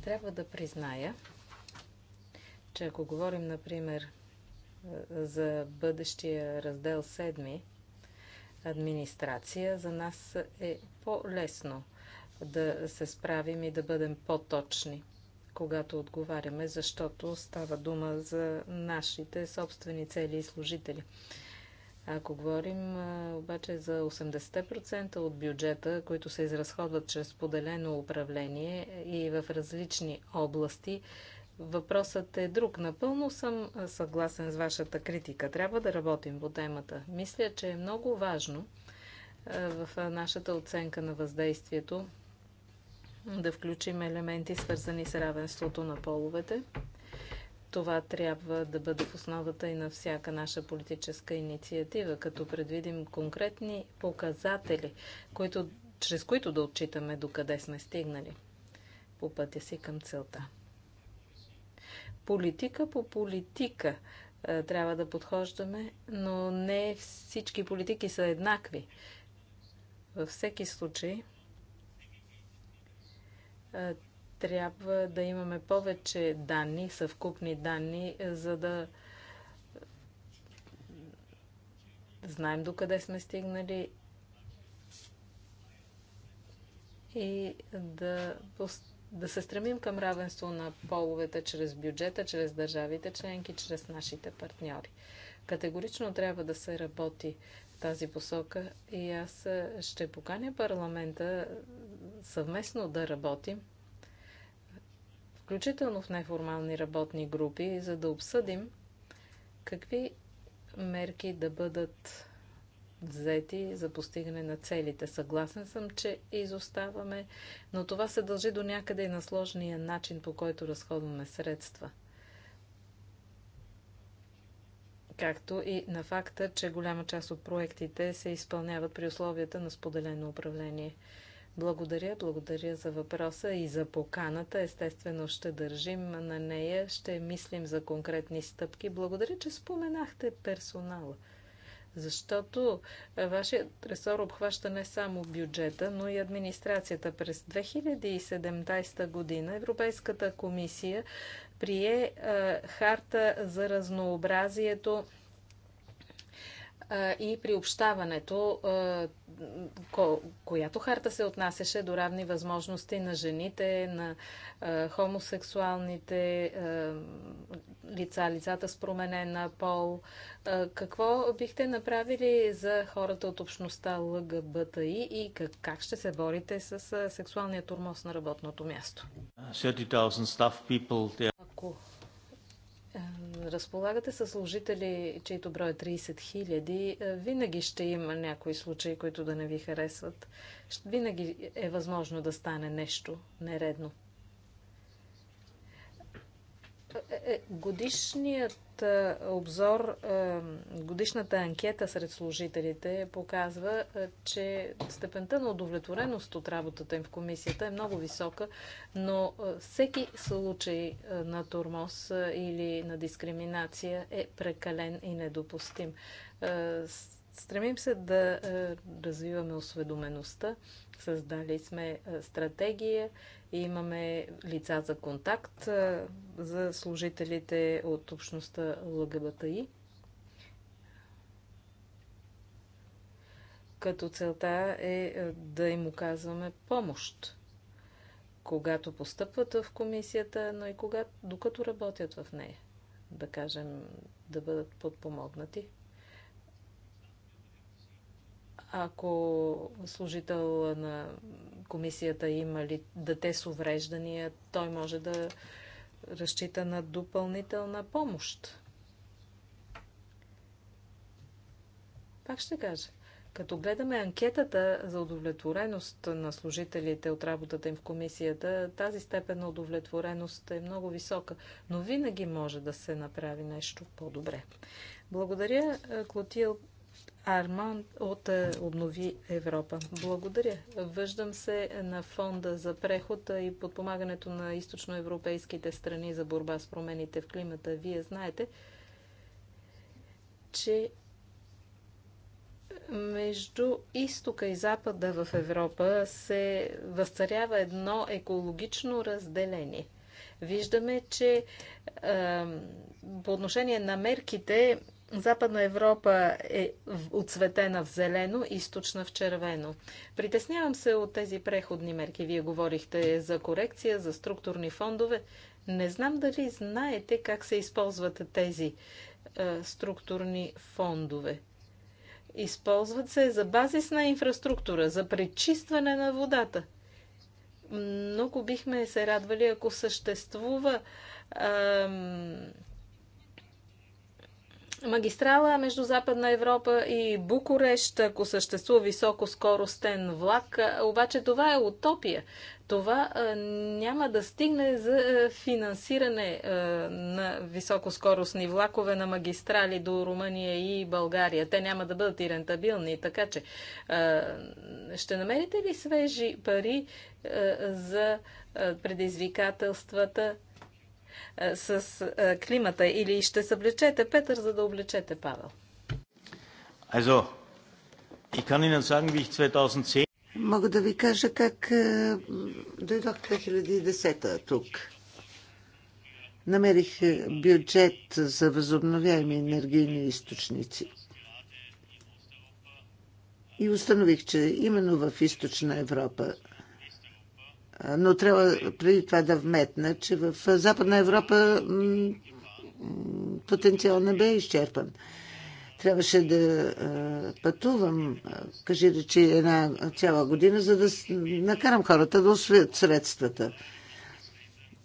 Трябва да призная, че ако говорим, например, за бъдещия раздел 7 администрация, за нас е по-лесно да се справим и да бъдем по-точни, когато отговаряме, защото става дума за нашите собствени цели и служители. Ако говорим обаче за 80% от бюджета, които се изразходват чрез поделено управление и в различни области, Въпросът е друг. Напълно съм съгласен с вашата критика. Трябва да работим по темата. Мисля, че е много важно в нашата оценка на въздействието да включим елементи, свързани с равенството на половете. Това трябва да бъде в основата и на всяка наша политическа инициатива, като предвидим конкретни показатели, които, чрез които да отчитаме докъде сме стигнали по пътя си към целта политика по политика е, трябва да подхождаме, но не всички политики са еднакви. Във всеки случай е, трябва да имаме повече данни, съвкупни данни, е, за да знаем докъде сме стигнали и да поставим да се стремим към равенство на половете чрез бюджета, чрез държавите членки, чрез нашите партньори. Категорично трябва да се работи в тази посока и аз ще поканя парламента съвместно да работим, включително в неформални работни групи, за да обсъдим какви мерки да бъдат взети за постигане на целите. Съгласен съм, че изоставаме, но това се дължи до някъде и на сложния начин, по който разходваме средства. Както и на факта, че голяма част от проектите се изпълняват при условията на споделено управление. Благодаря, благодаря за въпроса и за поканата. Естествено ще държим на нея, ще мислим за конкретни стъпки. Благодаря, че споменахте персонала. Защото е, вашият ресор обхваща не само бюджета, но и администрацията. През 2017 година Европейската комисия прие е, харта за разнообразието и приобщаването, която харта се отнасяше до равни възможности на жените, на хомосексуалните лица, лицата с променена пол. Какво бихте направили за хората от общността ЛГБТИ и как ще се борите с сексуалния турмоз на работното място? Ако разполагате с служители, чието брой е 30 хиляди, е, винаги ще има някои случаи, които да не ви харесват. Винаги е възможно да стане нещо нередно. Е, е, годишният е, обзор, годишната анкета сред служителите показва, че степента на удовлетвореност от работата им в комисията е много висока, но всеки случай на тормоз или на дискриминация е прекален и недопустим. Стремим се да развиваме осведомеността Създали сме стратегия, имаме лица за контакт за служителите от общността ЛГБТИ. Като целта е да им оказваме помощ, когато постъпват в комисията, но и когато, докато работят в нея. Да кажем, да бъдат подпомогнати. Ако служител на комисията има ли дете с увреждания, той може да разчита на допълнителна помощ. Пак ще кажа. Като гледаме анкетата за удовлетвореност на служителите от работата им в комисията, тази степен на удовлетвореност е много висока, но винаги може да се направи нещо по-добре. Благодаря, Клотил Арман от е, Обнови Европа. Благодаря. Въждам се на фонда за преход и подпомагането на източноевропейските страни за борба с промените в климата. Вие знаете, че между изтока и запада в Европа се възцарява едно екологично разделение. Виждаме, че е, по отношение на мерките Западна Европа е отцветена в зелено, източна в червено. Притеснявам се от тези преходни мерки. Вие говорихте за корекция, за структурни фондове. Не знам дали знаете как се използват тези е, структурни фондове. Използват се за базисна инфраструктура, за пречистване на водата. Много бихме се радвали, ако съществува. Е, магистрала между Западна Европа и Букурещ, ако съществува високоскоростен влак. Обаче това е утопия. Това няма да стигне за финансиране на високоскоростни влакове на магистрали до Румъния и България. Те няма да бъдат и рентабилни, така че ще намерите ли свежи пари за предизвикателствата е, с е, климата или ще съблечете Петър, за да облечете Павел?
Also, ich kann Ihnen sagen, wie ich 2010
Мога да ви кажа как е, дойдох 2010 тук. Намерих бюджет за възобновяеми енергийни източници. И установих, че именно в източна Европа но трябва преди това да вметна, че в Западна Европа потенциал не бе изчерпан. Трябваше да пътувам, кажи речи, една цяла година, за да накарам хората да освят средствата.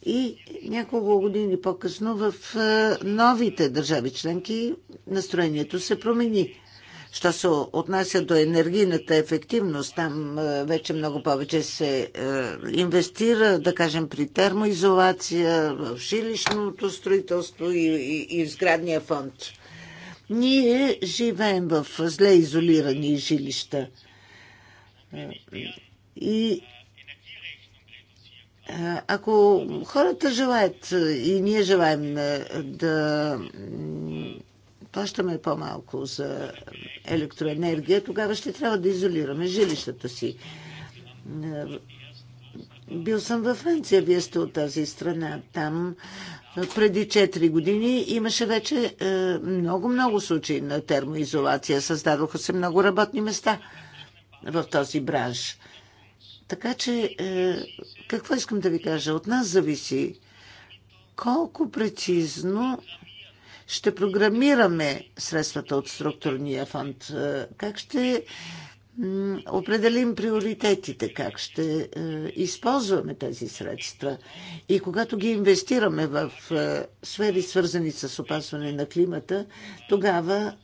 И няколко години по-късно в новите държави членки настроението се промени. Що се отнася до енергийната ефективност, там е, вече много повече се е, инвестира, да кажем, при термоизолация, в жилищното строителство и, и, и в сградния фонд. Ние живеем в зле изолирани жилища. И е, ако хората желаят и ние желаем да плащаме по-малко за електроенергия, тогава ще трябва да изолираме жилищата си. Бил съм във Франция, вие сте от тази страна. Там преди 4 години имаше вече много-много случаи на термоизолация. Създадоха се много работни места в този бранш. Така че, какво искам да ви кажа? От нас зависи колко прецизно ще програмираме средствата от структурния фонд? Е, как ще определим приоритетите, как ще е, използваме тези средства. И когато ги инвестираме в е, сфери, свързани с опасване на климата, тогава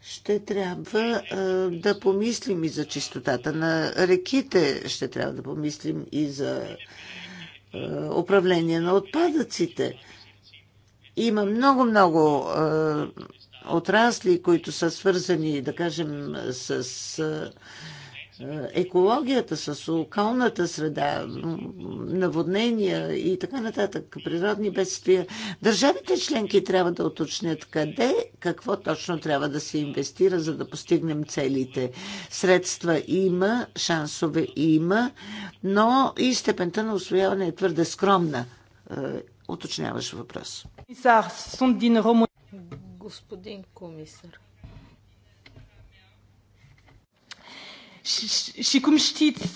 ще трябва да помислим и за чистотата на реките, ще трябва да помислим и за управление на отпадъците. Има много-много е, отрасли, които са свързани, да кажем, с е, екологията, с околната среда, наводнения и така нататък, природни бедствия. Държавите членки трябва да уточнят къде, какво точно трябва да се инвестира, за да постигнем целите. Средства има, шансове има, но и степента на освояване е твърде скромна. Е, уточняваш въпрос.
Господин комисар. Și cum
știți,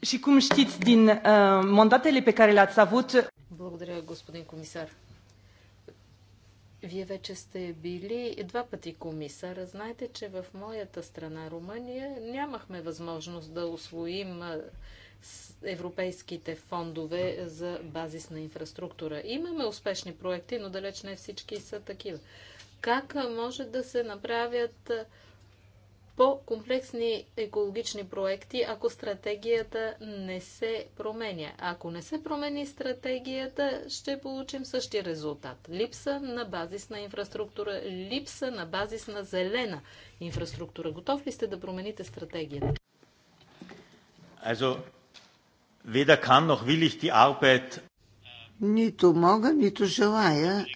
și cum știți din uh, mandatele pe care le-ați avut...
Благодаря, господин комисар. Вие вече сте били два пъти комисар. Знаете, че в моята страна, Румъния, нямахме възможност да освоим европейските фондове за базисна инфраструктура. Имаме успешни проекти, но далеч не всички са такива. Как може да се направят по-комплексни екологични проекти, ако стратегията не се променя. Ако не се промени стратегията, ще получим същия резултат. Липса на базисна инфраструктура, липса на базисна зелена инфраструктура. Готов ли сте да промените стратегията?
Also, Weder kann noch will ich die Arbeit.
Нито мога, нито желая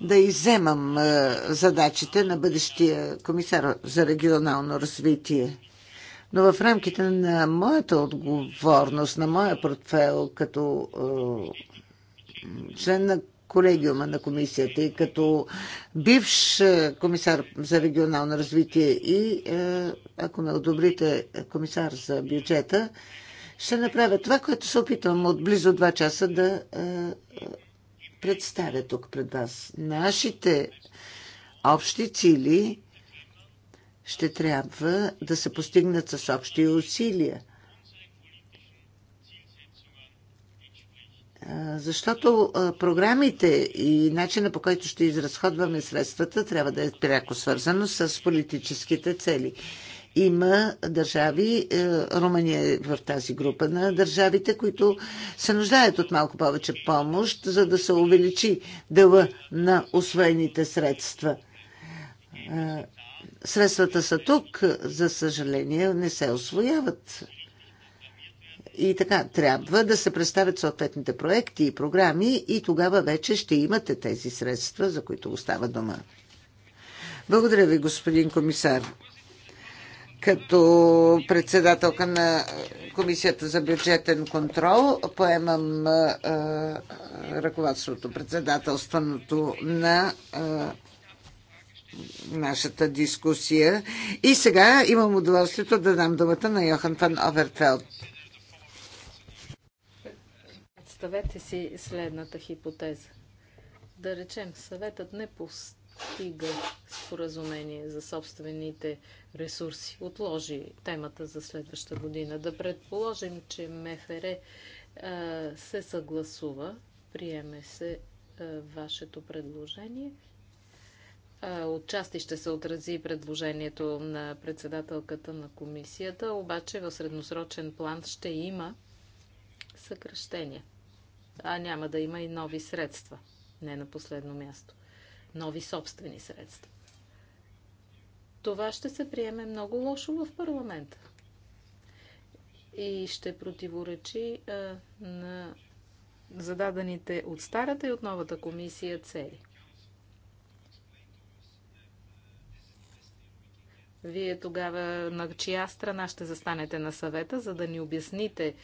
да иземам е, задачите на бъдещия комисар за регионално развитие. Но в рамките на моята отговорност, на моя портфел като е, член на колегиума на комисията и като бивш е, комисар за регионално развитие и, е, ако ме одобрите, комисар за бюджета, е, ще направя това, което се опитвам от близо 2 часа да представя тук пред вас. Нашите общи цели ще трябва да се постигнат с общи усилия. Защото програмите и начина по който ще изразходваме средствата трябва да е пряко свързано с политическите цели. Има държави, е, Румъния е в тази група на държавите, които се нуждаят от малко повече помощ, за да се увеличи дела на освоените средства. Е, средствата са тук, за съжаление, не се освояват. И така, трябва да се представят съответните проекти и програми и тогава вече ще имате тези средства, за които остава дома. Благодаря ви, господин комисар като председателка на Комисията за бюджетен контрол поемам а, ръководството, председателството на а, нашата дискусия. И сега имам удоволствието да дам думата на Йохан Фан Овертфелд.
Представете си следната хипотеза. Да речем, съветът не пост стига споразумение за собствените ресурси. Отложи темата за следваща година. Да предположим, че МФР а, се съгласува, приеме се а, вашето предложение. Отчасти ще се отрази предложението на председателката на комисията, обаче в средносрочен план ще има съкръщения, а няма да има и нови средства, не на последно място нови собствени средства. Това ще се приеме много лошо в парламента и ще противоречи а, на зададените от старата и от новата комисия цели. Вие тогава на чия страна ще застанете на съвета, за да ни обясните,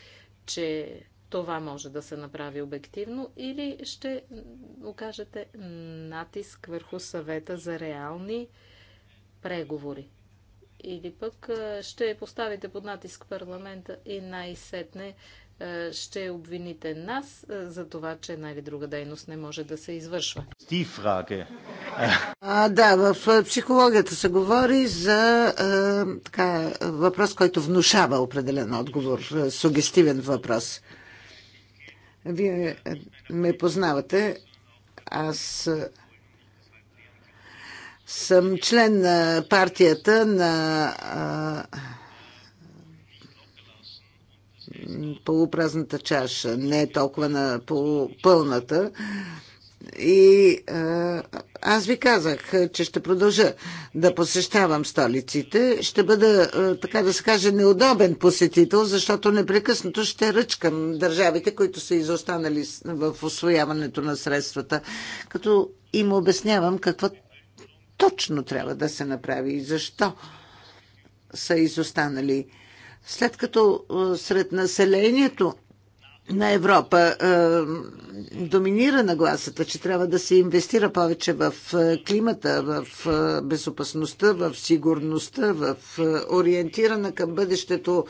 че това може да се направи обективно или ще окажете натиск върху съвета за реални преговори. Или пък ще поставите под натиск парламента и най-сетне ще обвините нас за това, че една или друга дейност не може да се извършва.
А, да, в психологията се говори за а, така, въпрос, който внушава определен отговор, сугестивен въпрос. Вие е, ме познавате. Аз е, съм член на партията на е, полупразната чаша, не толкова на полупълната. И аз ви казах, че ще продължа да посещавам столиците. Ще бъда, така да се каже, неудобен посетител, защото непрекъснато ще ръчкам държавите, които са изостанали в освояването на средствата, като им обяснявам какво точно трябва да се направи и защо са изостанали. След като сред населението на Европа е, доминира нагласата, че трябва да се инвестира повече в е, климата, в е, безопасността, в сигурността, в ориентирана към бъдещето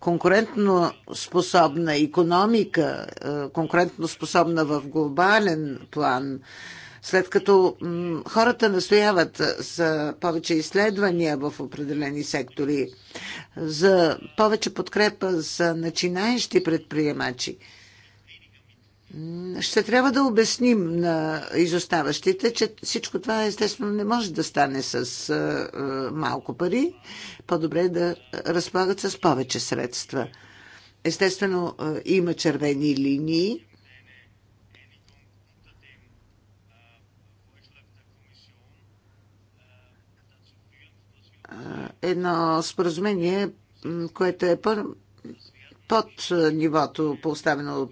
конкурентно способна економика, конкурентно способна в глобален план – след като хората настояват за повече изследвания в определени сектори, за повече подкрепа за начинаещи предприемачи, ще трябва да обясним на изоставащите, че всичко това естествено не може да стане с малко пари. По-добре е да разполагат с повече средства. Естествено, има червени линии, едно споразумение, което е под нивото поставено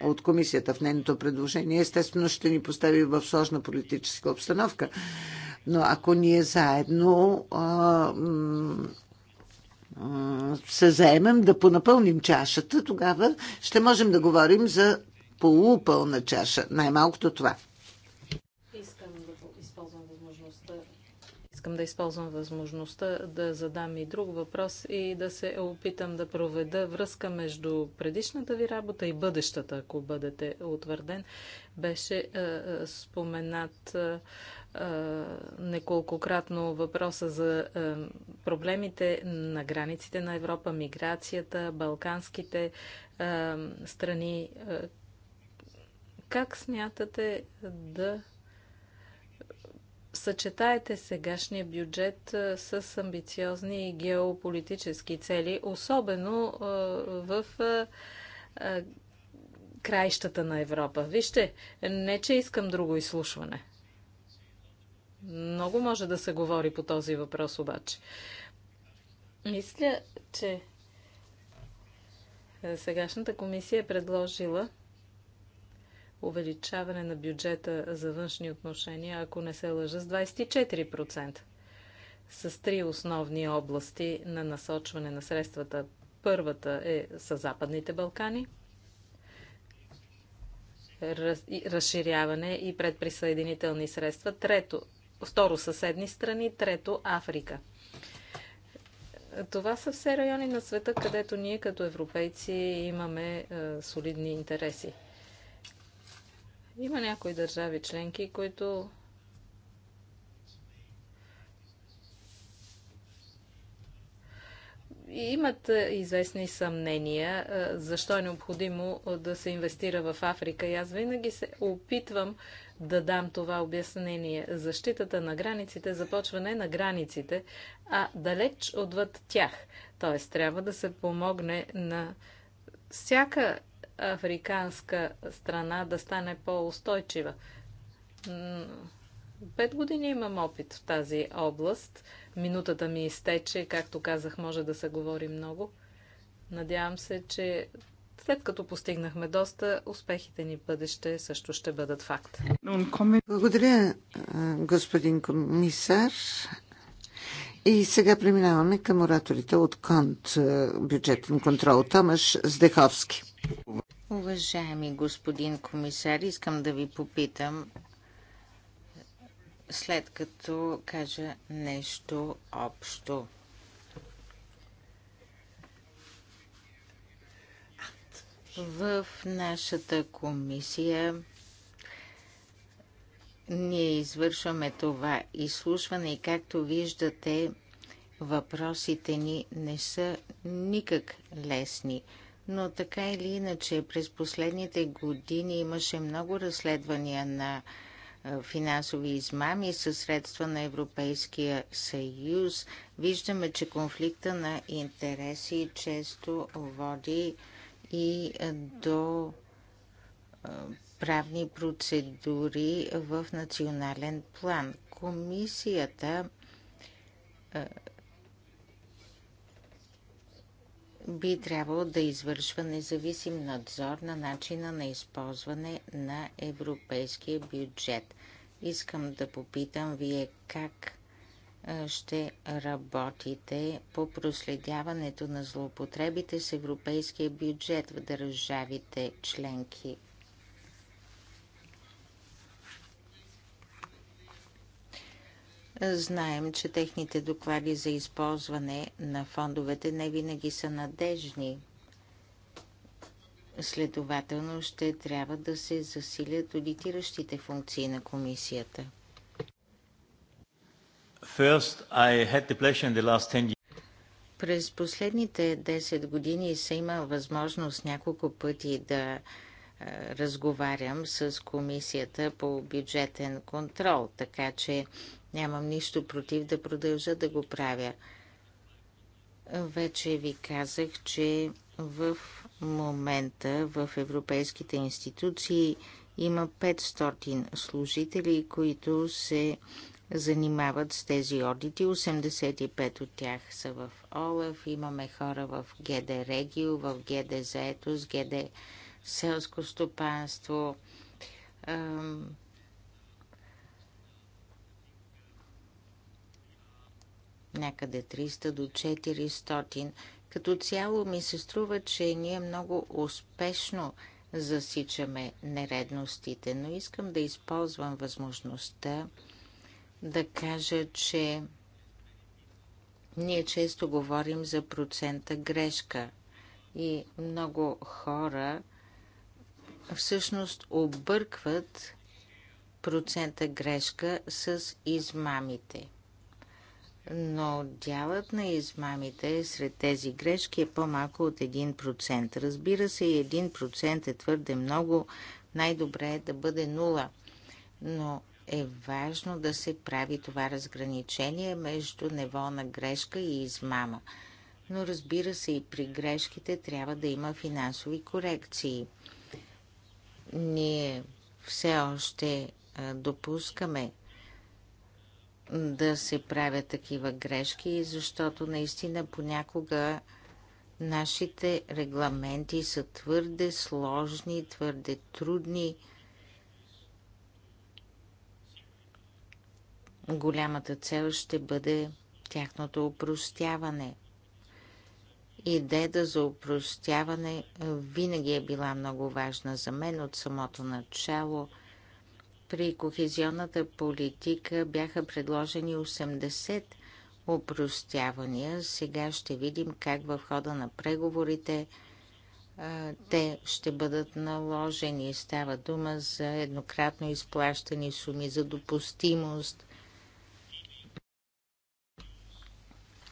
от комисията в нейното предложение, естествено ще ни постави в сложна политическа обстановка. Но ако ние заедно а, а, се заемем да понапълним чашата, тогава ще можем да говорим за полупълна чаша. Най-малкото това.
Искам да използвам възможността да задам и друг въпрос и да се опитам да проведа връзка между предишната ви работа и бъдещата, ако бъдете утвърден. Беше е, споменат е, неколкократно въпроса за проблемите на границите на Европа, миграцията, балканските страни. Как смятате да съчетаете сегашния бюджет с амбициозни геополитически цели, особено в краищата на Европа. Вижте, не че искам друго изслушване. Много може да се говори по този въпрос обаче. Мисля, че сегашната комисия е предложила увеличаване на бюджета за външни отношения, ако не се лъжа, с 24%. С три основни области на насочване на средствата. Първата е са Западните Балкани, раз, разширяване и предприсъединителни средства. Трето, второ съседни страни, трето Африка. Това са все райони на света, където ние като европейци имаме е, солидни интереси. Има някои държави членки, които имат е, известни съмнения е, защо е необходимо е, да се инвестира в Африка. И аз винаги се опитвам да дам това обяснение. Защитата на границите започва не на границите, а далеч отвъд тях. Тоест, трябва да се помогне на всяка африканска страна да стане по-устойчива. Пет години имам опит в тази област. Минутата ми изтече, както казах, може да се говори много. Надявам се, че след като постигнахме доста, успехите ни в бъдеще също ще бъдат факт.
Благодаря, господин комисар. И сега преминаваме към ораторите от КОНТ бюджетен контрол. Томаш Здеховски.
Уважаеми господин комисар, искам да ви попитам, след като кажа нещо общо. В нашата комисия ние извършваме това изслушване и както виждате, въпросите ни не са никак лесни но така или иначе през последните години имаше много разследвания на финансови измами със средства на Европейския съюз. Виждаме, че конфликта на интереси често води и до правни процедури в национален план. Комисията би трябвало да извършва независим надзор на начина на използване на европейския бюджет. Искам да попитам вие как ще работите по проследяването на злоупотребите с европейския бюджет в държавите членки. Знаем, че техните доклади за използване на фондовете не винаги са надежни. Следователно ще трябва да се засилят аудитиращите функции на комисията.
First,
През последните 10 години се имал възможност няколко пъти да разговарям с комисията по бюджетен контрол, така че Нямам нищо против да продължа да го правя. Вече ви казах, че в момента в европейските институции има 500 служители, които се занимават с тези одити. 85 от тях са в ОЛАФ. Имаме хора в ГД Регио, в ГД Заетос, ГД Селско стопанство. някъде 300 до 400. Като цяло ми се струва, че ние много успешно засичаме нередностите, но искам да използвам възможността да кажа, че ние често говорим за процента грешка и много хора всъщност объркват процента грешка с измамите но дялът на измамите сред тези грешки е по-малко от 1%. Разбира се, и 1% е твърде много. Най-добре е да бъде 0. Но е важно да се прави това разграничение между ниво на грешка и измама. Но разбира се, и при грешките трябва да има финансови корекции. Ние все още допускаме да се правят такива грешки, защото наистина понякога нашите регламенти са твърде сложни, твърде трудни. Голямата цел ще бъде тяхното упростяване. Идеята за упростяване винаги е била много важна за мен от самото начало – при кохезионната политика бяха предложени 80 упростявания. Сега ще видим как в хода на преговорите те ще бъдат наложени. Става дума за еднократно изплащани суми за допустимост.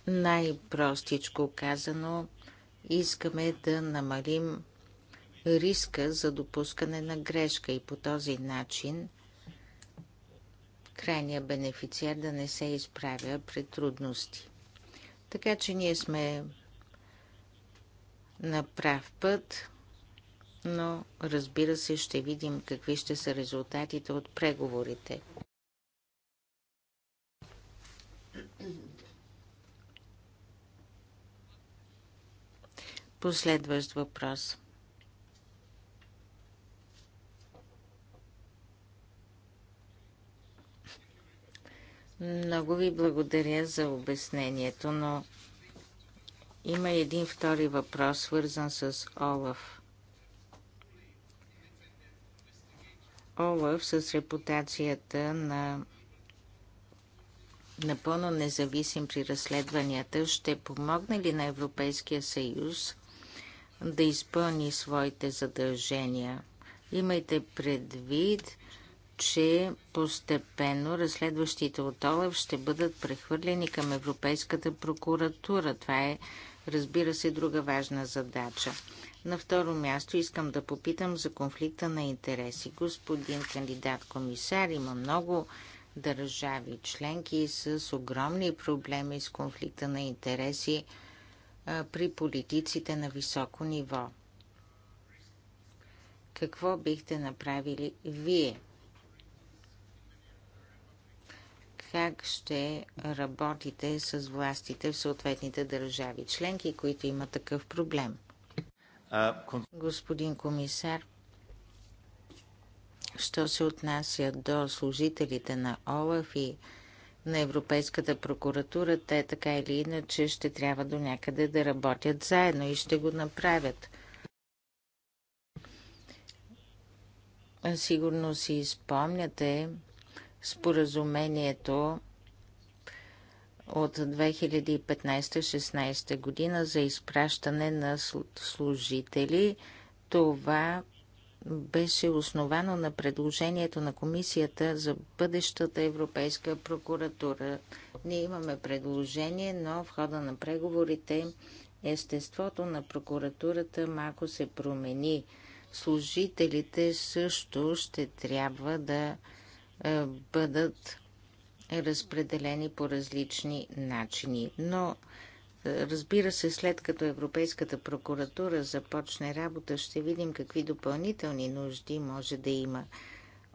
Най-простичко казано, искаме да намалим риска за допускане на грешка и по този начин – крайния бенефициер да не се изправя пред трудности. Така че ние сме на прав път, но разбира се ще видим какви ще са резултатите от преговорите. Последващ въпрос – Много ви благодаря за обяснението, но има един втори въпрос, свързан с Олаф. Олаф с репутацията на напълно независим при разследванията, ще помогне ли на Европейския съюз да изпълни своите задължения? Имайте предвид, че постепенно разследващите от ОЛАФ ще бъдат прехвърлени към Европейската прокуратура. Това е, разбира се, друга важна задача. На второ място искам да попитам за конфликта на интереси. Господин кандидат комисар, има много държави членки с огромни проблеми с конфликта на интереси при политиците на високо ниво. Какво бихте направили вие как ще работите с властите в съответните държави членки, които имат такъв проблем? Господин комисар, що се отнася до служителите на ОЛАФ и на Европейската прокуратура, те така или иначе ще трябва до някъде да работят заедно и ще го направят. Сигурно си спомняте, споразумението от 2015-16 година за изпращане на служители. Това беше основано на предложението на Комисията за бъдещата Европейска прокуратура. Ние имаме предложение, но в хода на преговорите естеството на прокуратурата малко се промени. Служителите също ще трябва да е, бъдат разпределени по различни начини. Но е, Разбира се, след като Европейската прокуратура започне работа, ще видим какви допълнителни нужди може да има.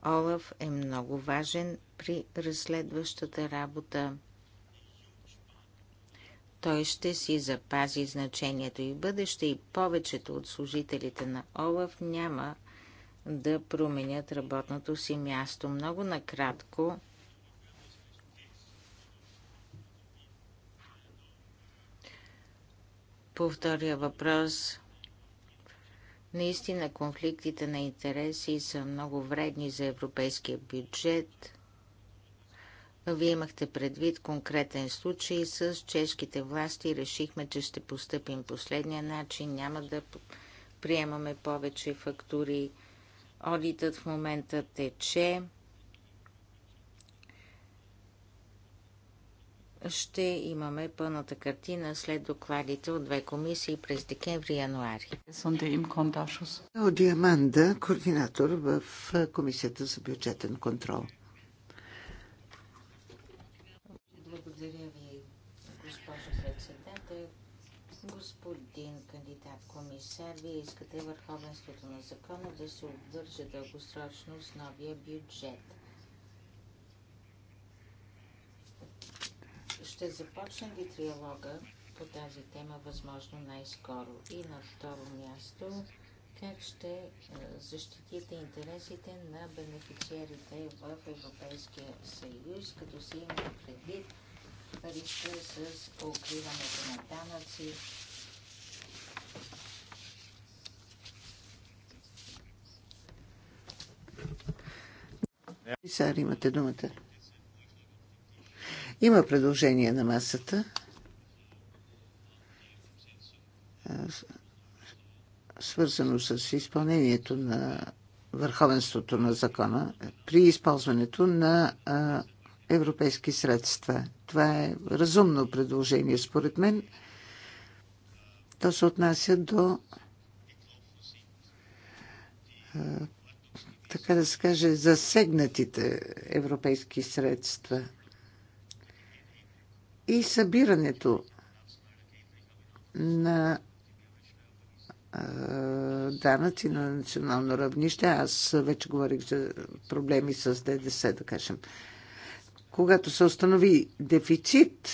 Олаф е много важен при разследващата работа. Той ще си запази значението и в бъдеще и повечето от служителите на Олаф няма да променят работното си място. Много накратко по втория въпрос Наистина конфликтите на интереси са много вредни за европейския бюджет. Вие имахте предвид конкретен случай с чешките власти. Решихме, че ще поступим последния начин. Няма да приемаме повече фактури Одитът в момента тече. ще имаме пълната картина след докладите от две комисии през декември и януари.
Клаудия Манда, координатор в Комисията за бюджетен контрол.
комисар, вие искате върховенството на закона да се обдържа дългосрочно с новия бюджет. Ще започнем ли триалога по тази тема възможно най-скоро? И на второ място, как ще е, защитите интересите на бенефициарите в Европейския съюз, като си има предвид парите с укриването на данъци,
Комисар, имате думата. Има предложение на масата. Свързано с изпълнението на върховенството на закона при използването на европейски средства. Това е разумно предложение, според мен. То се отнася до така да се каже, засегнатите европейски средства и събирането на данъци на национално равнище. Аз вече говорих за проблеми с ДДС, да кажем. Когато се установи дефицит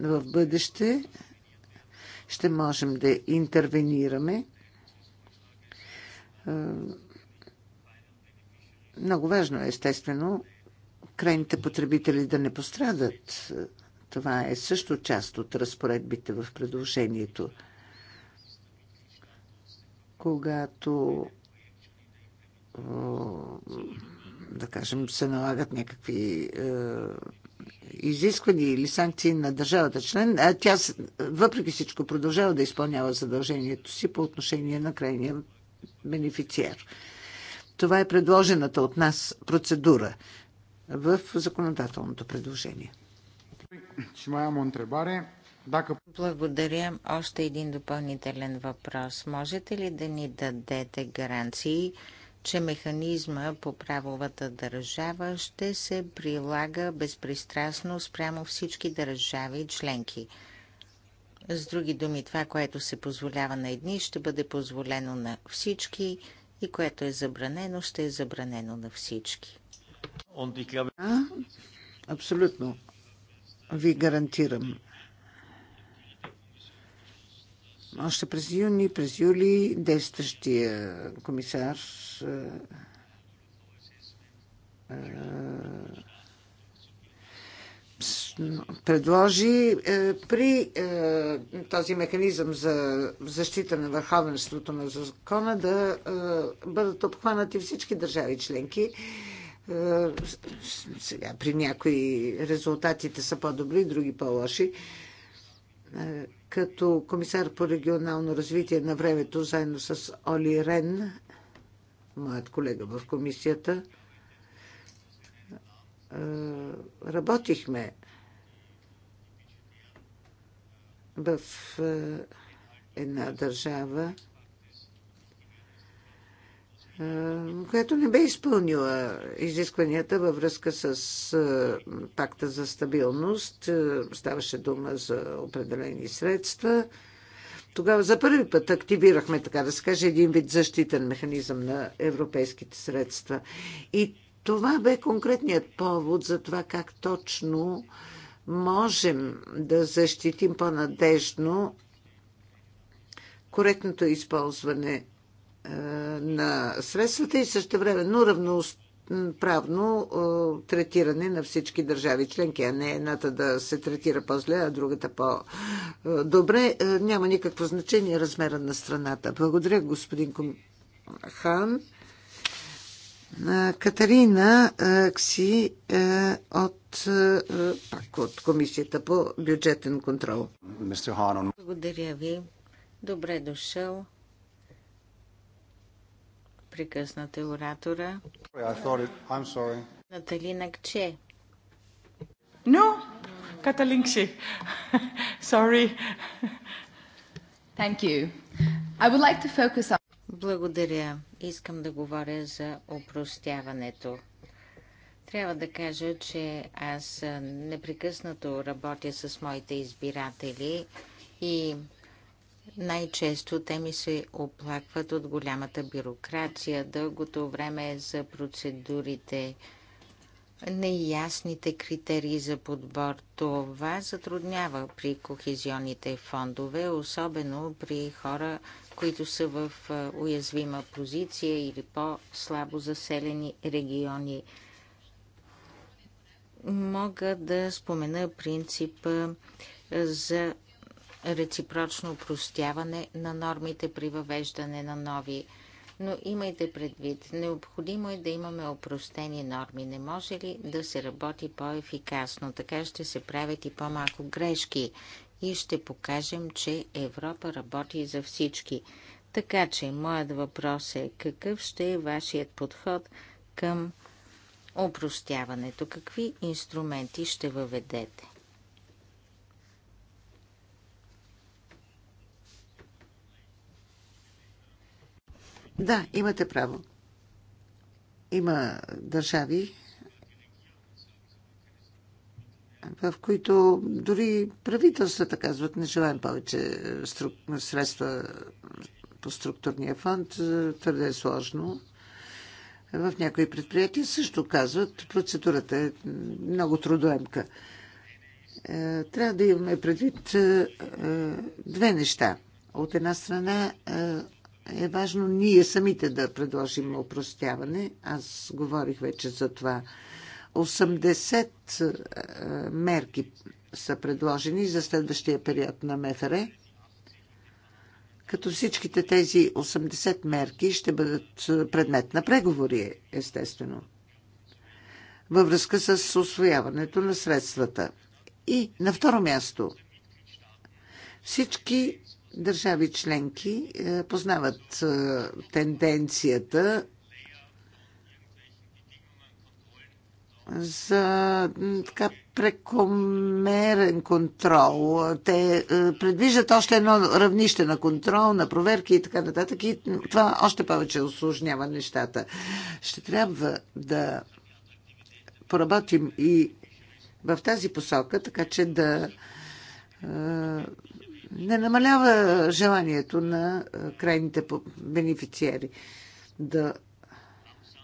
в бъдеще, ще можем да интервенираме много важно е, естествено, крайните потребители да не пострадат. Това е също част от разпоредбите в предложението. Когато да кажем, се налагат някакви е, изисквания или санкции на държавата член, а тя въпреки всичко продължава да изпълнява задължението си по отношение на крайния бенефициер. Това е предложената от нас процедура в законодателното предложение. Благодаря. Още един допълнителен
въпрос. Можете ли да ни дадете гаранции, че механизма по правовата държава ще се прилага безпристрастно спрямо всички държави и членки? С други думи, това, което се позволява на едни, ще бъде позволено на всички и което е забранено, ще е забранено
на всички. А, абсолютно. Ви гарантирам. Още през юни, през юли действащия комисар предложи е, при е, този механизъм за защита на върховенството на закона да е, бъдат обхванати всички държави членки. Сега при някои резултатите са по-добри, други по-лоши. Като комисар по регионално развитие на времето, заедно с Оли Рен, моят колега в комисията, работихме в е, една държава, е, която не бе изпълнила изискванията във връзка с е, пакта за стабилност. Ставаше дума за определени средства. Тогава за първи път активирахме, така да се каже, един вид защитен механизъм на европейските средства. И това бе конкретният повод за това как точно можем да защитим по-надежно коректното използване е, на средствата и също но равноправно е, третиране на всички държави членки, а не едната да се третира по-зле, а другата по-добре. Е, няма никакво значение размера на страната. Благодаря, господин Хан. Катерина Кси от, пак от Комисията по бюджетен контрол.
Благодаря ви. Добре дошъл. Прекъснате оратора. Наталина Кче. Но, Каталин Кши. Sorry. Thank you. I would like to focus on... Благодаря искам да говоря за опростяването. Трябва да кажа, че аз непрекъснато работя с моите избиратели и най-често те ми се оплакват от голямата бюрокрация, дългото време за процедурите, неясните критерии за подбор. Това затруднява при кохезионните фондове, особено при хора които са в уязвима позиция или по-слабо заселени региони. Мога да спомена принципа за реципрочно упростяване на нормите при въвеждане на нови. Но имайте предвид, необходимо е да имаме опростени норми. Не може ли да се работи по-ефикасно? Така ще се правят и по-малко грешки и ще покажем, че Европа работи за всички. Така че, моят въпрос е какъв ще е вашият подход към опростяването? Какви инструменти ще въведете?
Да, имате право. Има държави, в които дори правителствата казват, не желаем повече средства по структурния фонд, е, твърде е сложно. В някои предприятия също казват, процедурата е много трудоемка. Е, трябва да имаме предвид е, две неща. От една страна е важно ние самите да предложим опростяване. Аз говорих вече за това 80 е, мерки са предложени за следващия период на МФР, като всичките тези 80 мерки ще бъдат е, предмет на преговори, естествено, във връзка с освояването на средствата. И на второ място, всички държави членки е, познават тенденцията за така прекомерен контрол. Те е, предвиждат още едно равнище на контрол, на проверки и така нататък. И това още повече осложнява нещата. Ще трябва да поработим и в тази посока, така че да е, не намалява желанието на е, крайните бенефициери да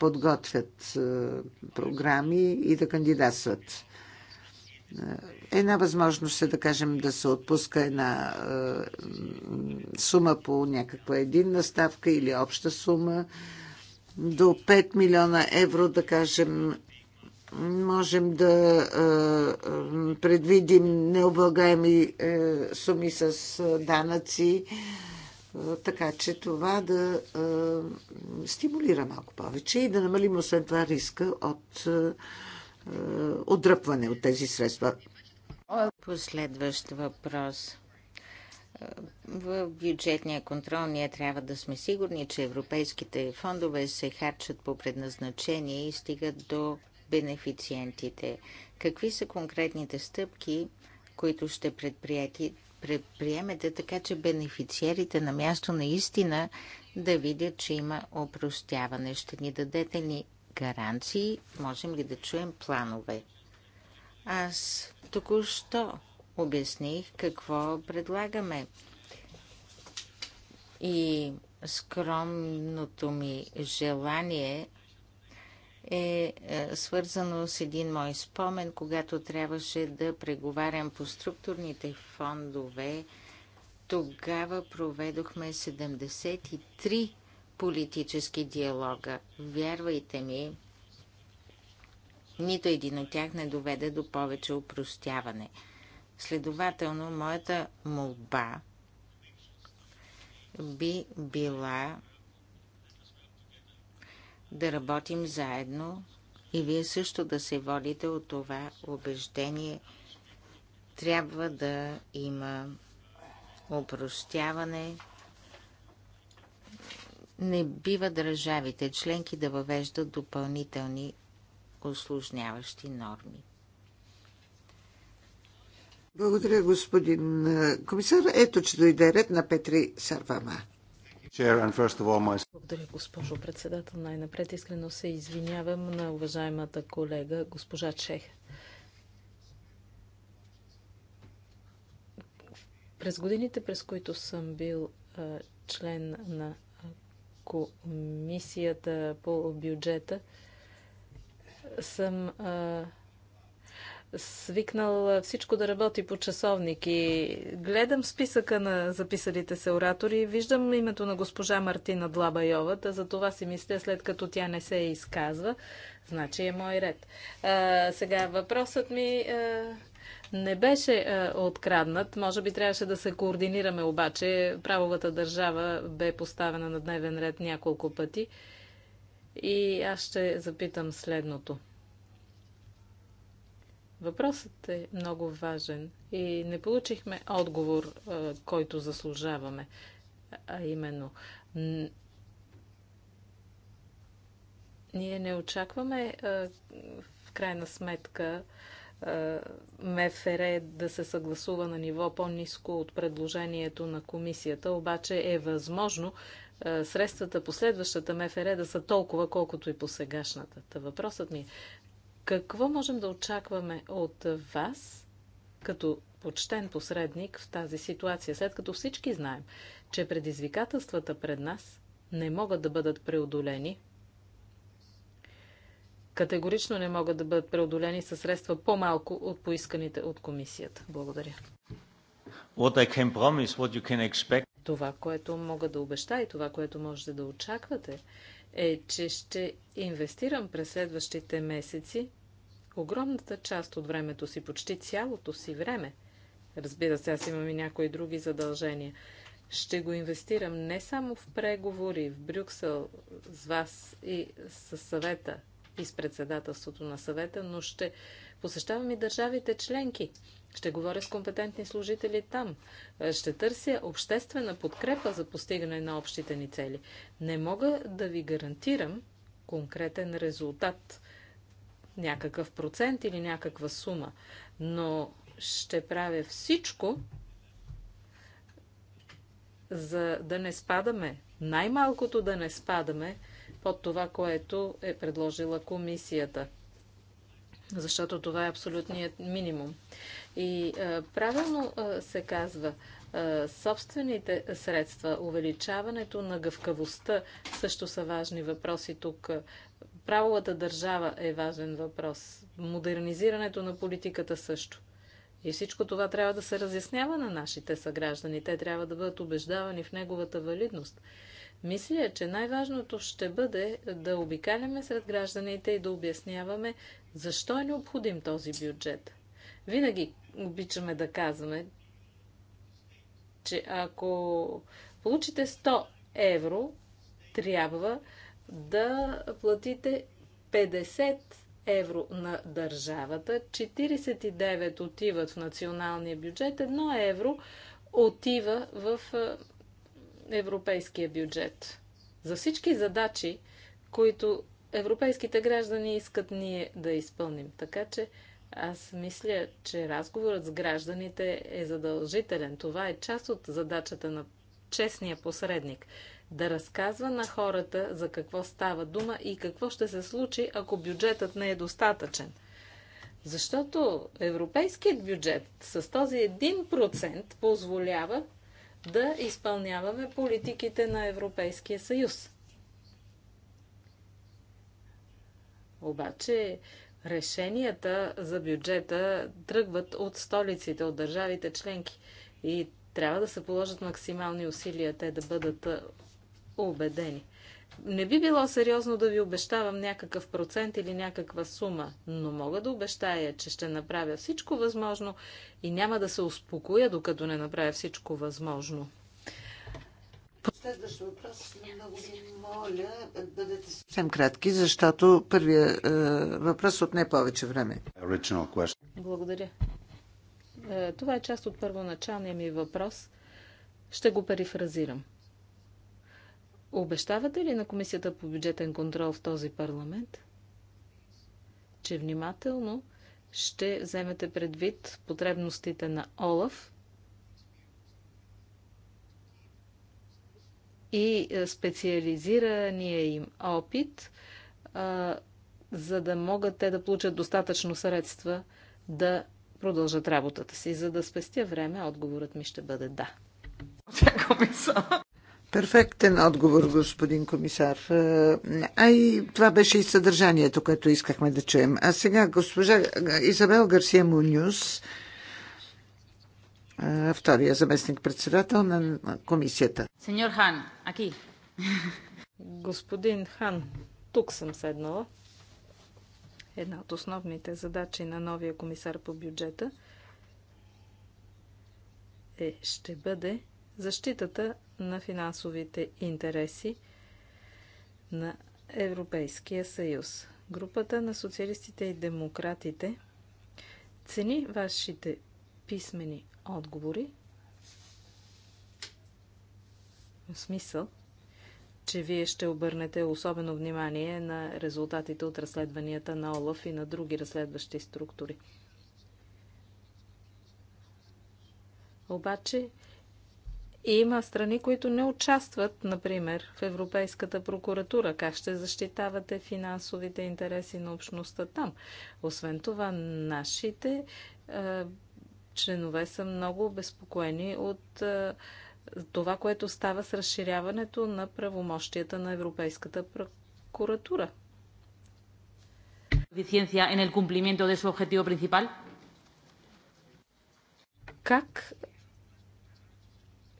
подготвят е, програми и да кандидатстват. Е, една възможност е да кажем да се отпуска една е, сума по някаква единна ставка или обща сума до 5 милиона евро, да кажем, можем да предвидим необлагаеми суми с данъци така че това да стимулира малко повече и да намалим освен това риска от отдръпване от тези средства.
Последващ въпрос. В бюджетния контрол ние трябва да сме сигурни, че европейските фондове се харчат по предназначение и стигат до бенефициентите. Какви са конкретните стъпки, които ще предприяти, предприемете, така че бенефициерите на място наистина да видят, че има опростяване? Ще ни дадете ни гаранции? Можем ли да чуем планове? Аз току-що обясних какво предлагаме. И скромното ми желание е, е свързано с един мой спомен, когато трябваше да преговарям по структурните фондове. Тогава проведохме 73 политически диалога. Вярвайте ми, нито един от тях не доведе до повече упростяване. Следователно, моята молба би била да работим заедно и вие също да се водите от това убеждение. Трябва да има упростяване. Не бива държавите членки да въвеждат допълнителни осложняващи норми.
Благодаря, господин комисар. Ето, че дойде ред на Петри Сарвама.
Благодаря,
госпожо председател. Най-напред искрено се извинявам на уважаемата колега, госпожа Чех. През годините, през които съм бил член на комисията по бюджета, съм а, свикнал всичко да работи по часовник и гледам списъка на записалите се оратори и виждам името на госпожа Мартина Длабайова, да за това си мисля, след като тя не се изказва, значи е мой ред. А, сега въпросът ми а, не беше а, откраднат, може би трябваше да се координираме обаче, правовата държава бе поставена на дневен ред няколко пъти и аз ще запитам следното – Въпросът е много важен и не получихме отговор, който заслужаваме. А именно, ние не очакваме в крайна сметка МФР е да се съгласува на ниво по-низко от предложението на комисията, обаче е възможно средствата по следващата МФР е да са толкова, колкото и по сегашната. Та въпросът ми е, какво можем да очакваме от вас като почтен посредник в тази ситуация, след като всички знаем, че предизвикателствата пред нас не могат да бъдат преодолени? Категорично не могат да бъдат преодолени със средства по-малко от поисканите от комисията. Благодаря.
Promise, това,
което мога да обеща и това, което можете да очаквате, е, че ще инвестирам през следващите месеци огромната част от времето си, почти цялото си време. Разбира се, аз имам и някои други задължения. Ще го инвестирам не само в преговори в Брюксел с вас и с съвета и с председателството на съвета, но ще посещавам и държавите членки ще говоря с компетентни служители там. Е, ще търся обществена подкрепа за постигане на общите ни цели. Не мога да ви гарантирам конкретен резултат, някакъв процент или някаква сума, но ще правя всичко, за да не спадаме, най-малкото да не спадаме под това, което е предложила комисията. Защото това е абсолютният минимум. И е, правилно е, се казва, е, собствените средства, увеличаването на гъвкавостта също са важни въпроси тук. Правовата държава е важен въпрос. Модернизирането на политиката също. И всичко това трябва да се разяснява на нашите съграждани. Те трябва да бъдат убеждавани в неговата валидност. Мисля, че най-важното ще бъде да обикаляме сред гражданите и да обясняваме защо е необходим този бюджет – винаги обичаме да казваме, че ако получите 100 евро, трябва да платите 50 евро на държавата, 49 отиват в националния бюджет, 1 евро отива в европейския бюджет. За всички задачи, които европейските граждани искат ние да изпълним. Така че аз мисля, че разговорът с гражданите е задължителен. Това е част от задачата на честния посредник. Да разказва на хората за какво става дума и какво ще се случи, ако бюджетът не е достатъчен. Защото европейският бюджет с този 1% позволява да изпълняваме политиките на Европейския съюз. Обаче, Решенията за бюджета тръгват от столиците, от държавите членки и трябва да се положат максимални усилия те да бъдат убедени. Не би било сериозно да ви обещавам някакъв процент или някаква сума, но мога да обещая, че ще направя всичко възможно и няма да се успокоя, докато не направя всичко възможно.
Следващ въпрос. Много ви моля, бъдете съвсем кратки, защото първият е, въпрос отне повече време. Благодаря.
Е, това е част от първоначалния ми въпрос. Ще го перифразирам. Обещавате ли на Комисията по бюджетен контрол в този парламент, че внимателно ще вземете предвид потребностите на ОЛАФ и е, специализирания им опит, а, е, за да могат те да получат достатъчно средства да продължат работата си. За да спестя време, отговорът ми ще бъде да.
Перфектен отговор, господин комисар. Е, а и това беше и съдържанието, което искахме да чуем. А сега госпожа Изабел Гарсия Мунюс, втория заместник председател на комисията.
Сеньор Хан,
аки. Господин Хан, тук съм седнала. Една от основните задачи на новия комисар по бюджета е, ще бъде защитата на финансовите интереси на Европейския съюз. Групата на социалистите и демократите цени вашите писмени отговори. В смисъл, че вие ще обърнете особено внимание на резултатите от разследванията на ОЛАФ и на други разследващи структури. Обаче има страни, които не участват, например, в Европейската прокуратура. Как ще защитавате финансовите интереси на общността там? Освен това, нашите е, членове са много обезпокоени от е, това, което става с разширяването на правомощията на Европейската прокуратура. Как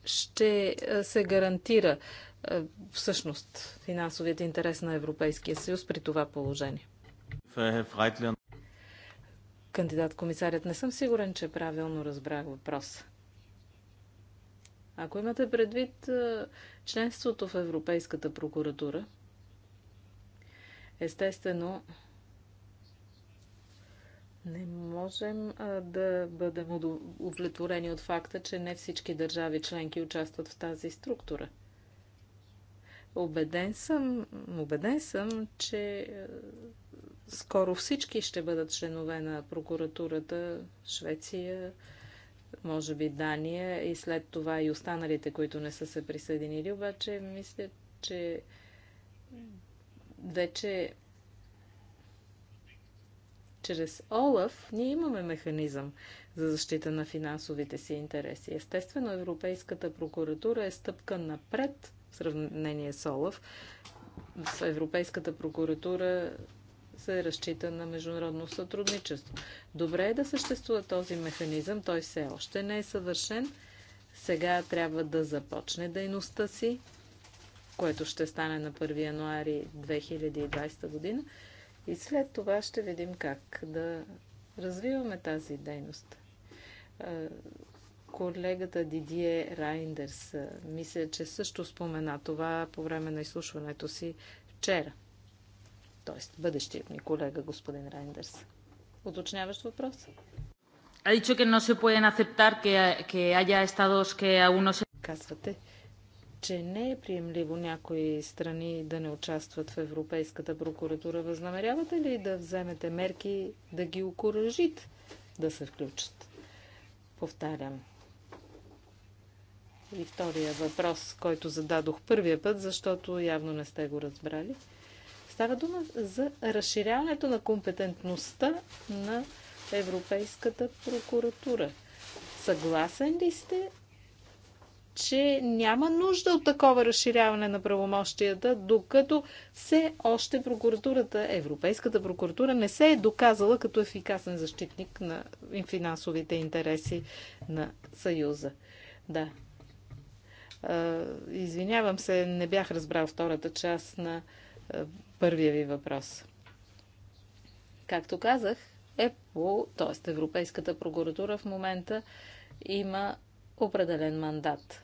ще е, се гарантира е, всъщност финансовият интерес на Европейския съюз при това положение? Кандидат-комисарят, не съм сигурен, че правилно разбрах въпроса. Ако имате предвид е, членството в Европейската прокуратура, естествено не можем е, да бъдем удовлетворени от факта, че не всички държави членки участват в тази структура. Обеден съм, убеден съм, че е, скоро всички ще бъдат членове на прокуратурата, Швеция, може би Дания и след това и останалите, които не са се присъединили. Обаче мисля, че вече чрез ОЛАФ ние имаме механизъм за защита на финансовите си интереси. Естествено, Европейската прокуратура е стъпка напред в сравнение с ОЛАФ. В Европейската прокуратура се разчита на международно сътрудничество. Добре е да съществува този механизъм, той все още не е съвършен. Сега трябва да започне дейността си, което ще стане на 1 януари 2020 година. И след това ще видим как да развиваме тази дейност. Колегата Дидие Райндерс мисля, че също спомена това по време на изслушването си вчера т.е. бъдещият ми колега, господин Райндърс. Уточняваш въпрос? Ha dicho que no se pueden aceptar que, que haya estados que aún no se... Казвате, че не е приемливо някои страни да не участват в Европейската прокуратура. Възнамерявате ли да вземете мерки да ги окоръжит да се включат? Повтарям. И втория въпрос, който зададох първия път, защото явно не сте го разбрали. Става дума за разширяването на компетентността на Европейската прокуратура. Съгласен ли сте, че няма нужда от такова разширяване на правомощията, докато все още прокуратурата, Европейската прокуратура не се е доказала като ефикасен защитник на финансовите интереси на Съюза? Да. Извинявам се, не бях разбрал втората част на първия ви въпрос. Както казах, ЕПО, т.е. Европейската прокуратура в момента има определен мандат.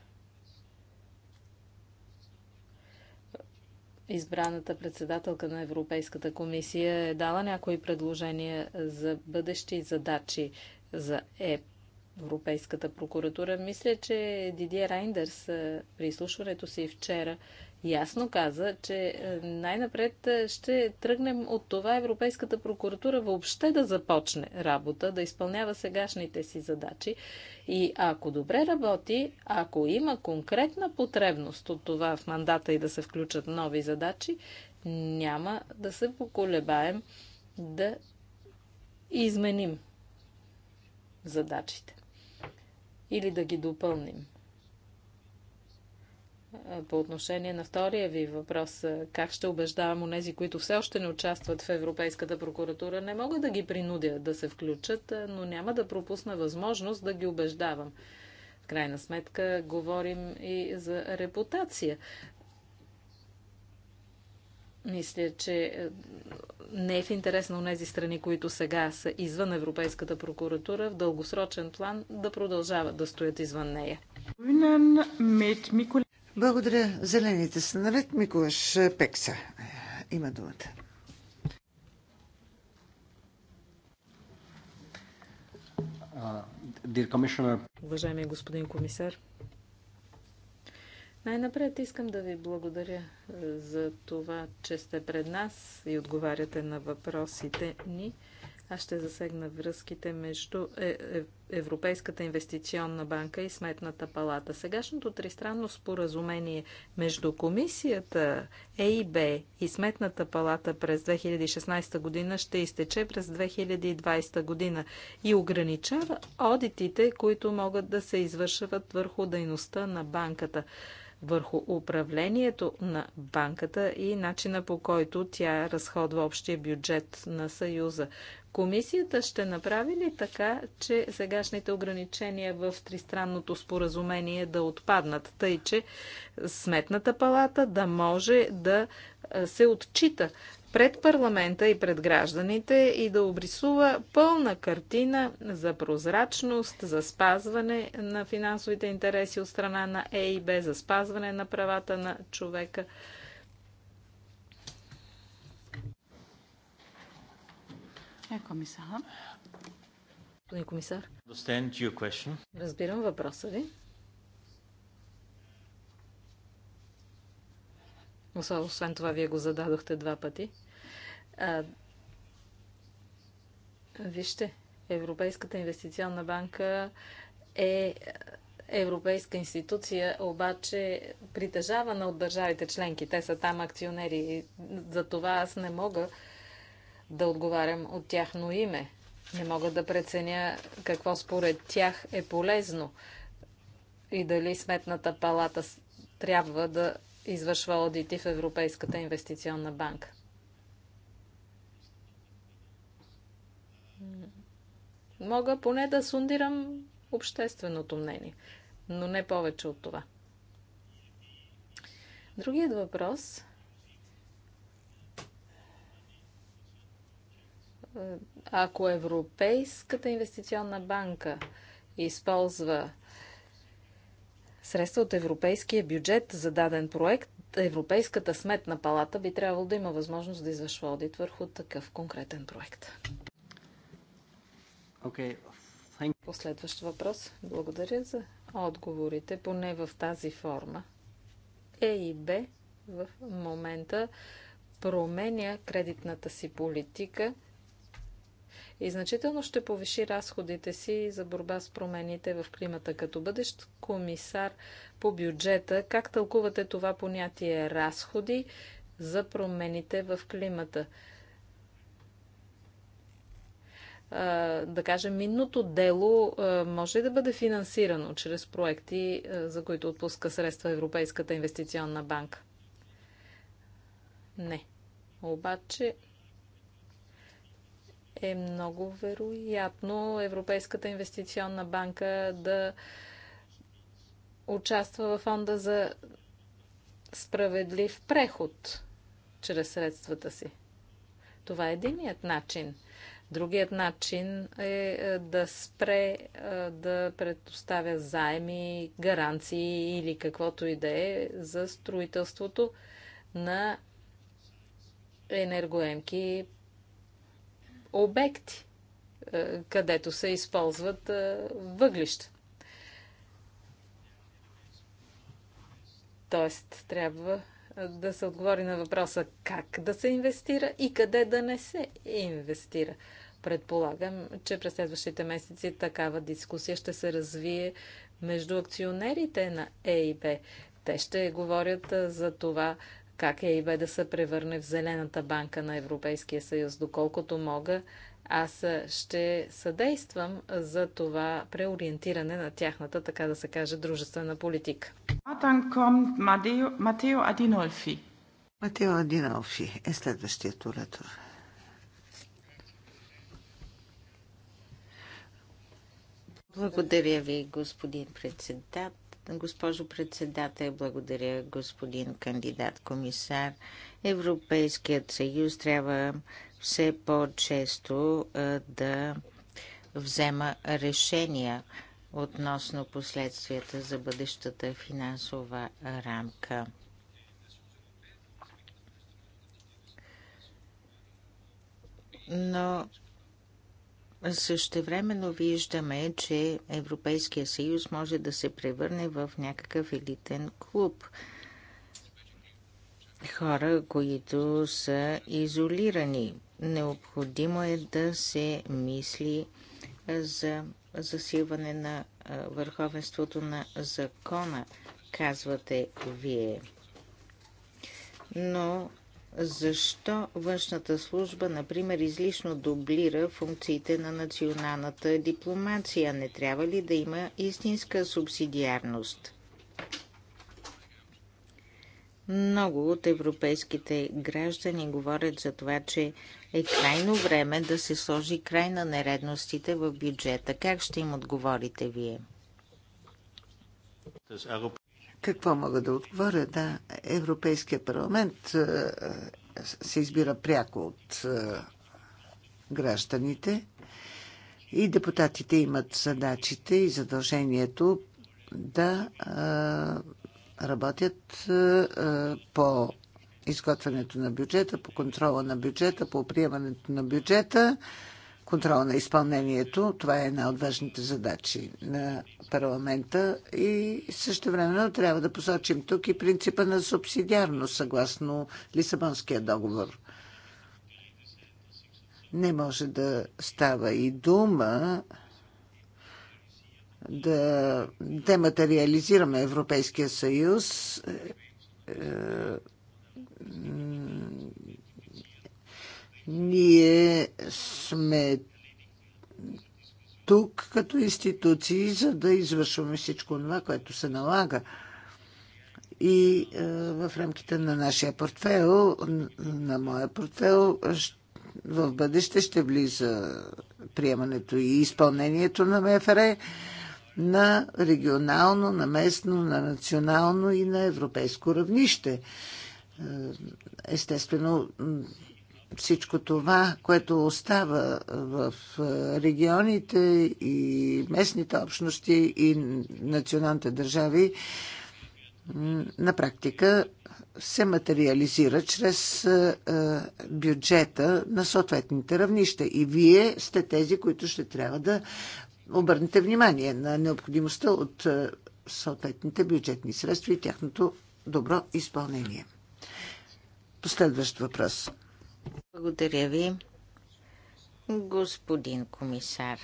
Избраната председателка на Европейската комисия е дала някои предложения за бъдещи задачи за ЕП. Европейската прокуратура. Мисля, че Дидия Райндърс е, при изслушването си вчера ясно каза, че е, най-напред е, ще тръгнем от това Европейската прокуратура въобще да започне работа, да изпълнява сегашните си задачи. И ако добре работи, ако има конкретна потребност от това в мандата и да се включат нови задачи, няма да се поколебаем да изменим задачите или да ги допълним по отношение на втория ви въпрос, е, как ще убеждавам онези, които все още не участват в Европейската прокуратура, не мога да ги принудя да се включат, е, но няма да пропусна възможност да ги убеждавам. В крайна сметка говорим и за репутация. Мисля, че е, не е в интерес на тези страни, които сега са извън Европейската прокуратура, в дългосрочен план да продължават да стоят извън нея.
Благодаря. Зелените са наред. Миколаш Пекса има думата. Uh,
Уважаеми господин комисар, най-напред искам да ви благодаря е, за това, че сте пред нас и отговаряте на въпросите ни. Аз ще засегна връзките между е, е, Европейската инвестиционна банка и Сметната палата. Сегашното тристранно споразумение между комисията ЕИБ и Сметната палата през 2016 година ще изтече през 2020 година и ограничава одитите, които могат да се извършват върху дейността на банката върху управлението на банката и начина по който тя разходва общия бюджет на Съюза. Комисията ще направи ли така, че сегашните ограничения в тристранното споразумение да отпаднат, тъй че Сметната палата да може да се отчита пред парламента и пред гражданите и да обрисува пълна картина за прозрачност, за спазване на финансовите интереси от страна на ЕИБ, за спазване на правата на човека – Herr Kommissar.
Господин комисар.
Разбирам въпроса ви. Освен това, вие го зададохте два пъти. А, вижте, Европейската инвестиционна банка е европейска институция, обаче притежавана от държавите членки. Те са там акционери. За това аз не мога да отговарям от тяхно име. Не мога да преценя какво според тях е полезно и дали Сметната палата трябва да извършва одити в Европейската инвестиционна банка. Мога поне да сундирам общественото мнение, но не повече от това. Другият въпрос ако Европейската инвестиционна банка използва средства от европейския бюджет за даден проект, Европейската сметна палата би трябвало да има възможност да извършва одит върху такъв конкретен проект. Okay. Последващ въпрос. Благодаря за отговорите, поне в тази форма. Е и Б в момента променя кредитната си политика – и значително ще повиши разходите си за борба с промените в климата. Като бъдещ комисар по бюджета, как тълкувате това понятие разходи за промените в климата? да кажем, минното дело може да бъде финансирано чрез проекти, за които отпуска средства Европейската инвестиционна банка? Не. Обаче е много вероятно Европейската инвестиционна банка да участва във фонда за справедлив преход чрез средствата си. Това е единият начин. Другият начин е, е да спре е, да предоставя заеми, гаранции или каквото и да е за строителството на енергоемки обекти, е, където се използват е, въглища. Тоест, трябва е, да се отговори на въпроса как да се инвестира и къде да не се инвестира. Предполагам, че през следващите месеци такава дискусия ще се развие между акционерите на ЕИБ. Те ще говорят за това как ЕИБ да се превърне в Зелената банка на Европейския съюз. Доколкото мога, аз ще съдействам за това преориентиране на тяхната, така да се каже, дружествена политика.
Матео Адинолфи. Матео Адинолфи е следващият оратор.
Благодаря ви, господин председател. Госпожо председател, благодаря господин кандидат комисар. Европейският съюз трябва все по-често да взема решения относно последствията за бъдещата финансова рамка. Но Същевременно виждаме, че Европейския съюз може да се превърне в някакъв елитен клуб. Хора, които са изолирани. Необходимо е да се мисли за засилване на върховенството на закона, казвате вие. Но защо външната служба, например, излишно дублира функциите на националната дипломация? Не трябва ли да има истинска субсидиарност? Много от европейските граждани говорят за това, че е крайно време да се сложи край на нередностите в бюджета. Как ще им отговорите вие?
Какво мога да отговоря? Да, Европейския парламент е, е, се избира пряко от е, гражданите и депутатите имат задачите и задължението да работят по изготвянето на бюджета, по контрола на бюджета, по приемането на бюджета контрол на изпълнението. Това е една от важните задачи на парламента и също времено трябва да посочим тук и принципа на субсидиарност съгласно Лисабонския договор. Не може да става и дума да дематериализираме Европейския съюз е, ние сме тук като институции, за да извършваме всичко това, което се налага. И е, в рамките на нашия портфел, на моя портфел, в бъдеще ще влиза приемането и изпълнението на МФР на регионално, на местно, на национално и на европейско равнище. Е, естествено, всичко това, което остава в регионите и местните общности и националните държави, на практика се материализира чрез бюджета на съответните равнища. И вие сте тези, които ще трябва да обърнете внимание на необходимостта от съответните бюджетни средства и тяхното добро изпълнение. Последващ въпрос.
Благодаря ви, господин комисар.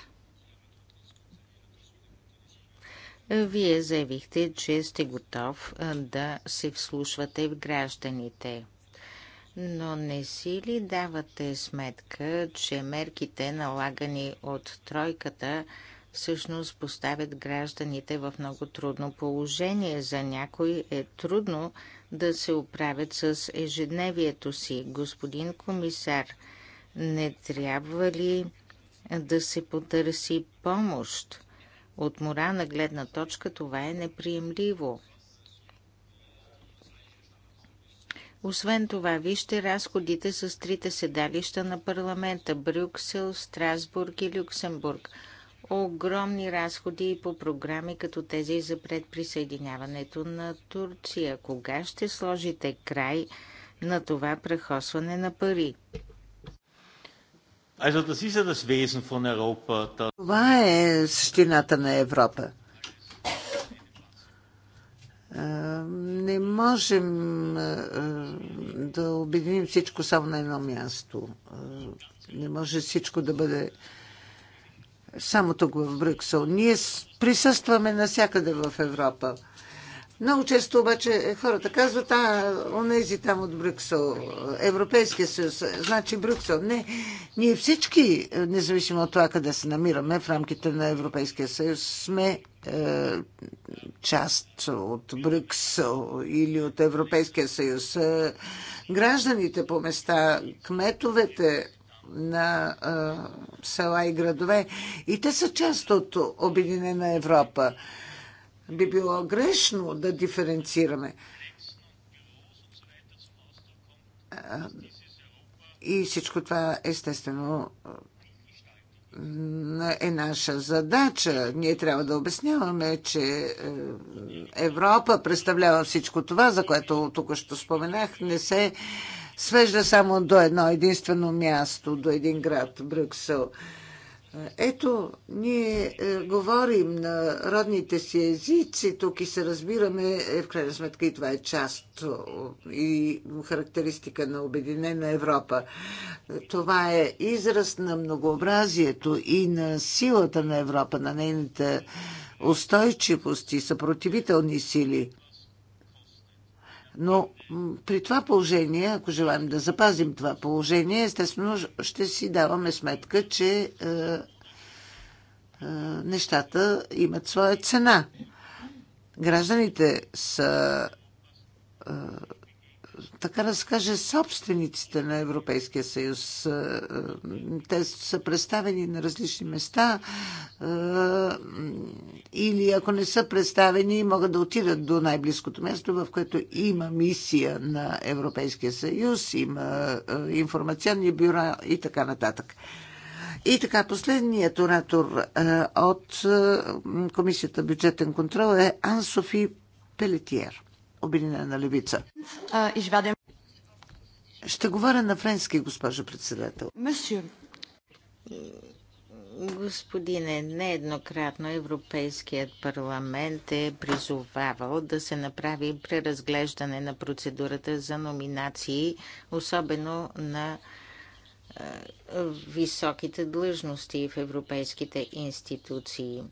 Вие заявихте, че сте готов да се вслушвате в гражданите. Но не си ли давате сметка, че мерките, налагани от тройката, всъщност поставят гражданите в много трудно положение? За някой е трудно да се оправят с ежедневието си. Господин комисар, не трябва ли да се потърси помощ? От морална гледна точка това е неприемливо. Освен това, вижте разходите с трите седалища на парламента – Брюксел, Страсбург и Люксембург – огромни разходи по програми като тези за предприсъединяването на Турция. Кога ще сложите край на това прехосване на пари?
Това е същината на Европа. Е, не можем е, да обединим всичко само на едно място. Е, не може всичко да бъде само тук в Брюксел. Ние присъстваме навсякъде в Европа. Много често обаче хората казват, а, онези там от Брюксел, Европейския съюз, значи Брюксел. Не, ние всички, независимо от това къде се намираме в рамките на Европейския съюз, сме е, част от Брюксел или от Европейския съюз. Е, гражданите по места, кметовете, на а, села и градове. И те са част от Обединена Европа. Би било грешно да диференцираме. И всичко това, естествено, е наша задача. Ние трябва да обясняваме, че е, Европа представлява всичко това, за което тук ще споменах, не се свежда само до едно единствено място, до един град, Брюксел. Ето, ние е, говорим на родните си езици, тук и се разбираме, е, в крайна сметка и това е част и характеристика на Обединена Европа. Това е израз на многообразието и на силата на Европа, на нейната устойчивост и съпротивителни сили – но при това положение, ако желаем да запазим това положение, естествено ще си даваме сметка, че е, е, нещата имат своя цена. Гражданите са е, така да се каже, собствениците на Европейския съюз. Е, е, те са представени на различни места е, или ако не са представени, могат да отидат до най-близкото място, в което има мисия на Европейския съюз, има информационни бюра и така нататък. И така, последният оратор от Комисията бюджетен контрол е Ансофи Пелетиер. Обединена левица. Ще говоря на френски, госпожо председател.
Господине, нееднократно Европейският парламент е призовавал да се направи преразглеждане на процедурата за номинации, особено на е, високите длъжности в европейските институции.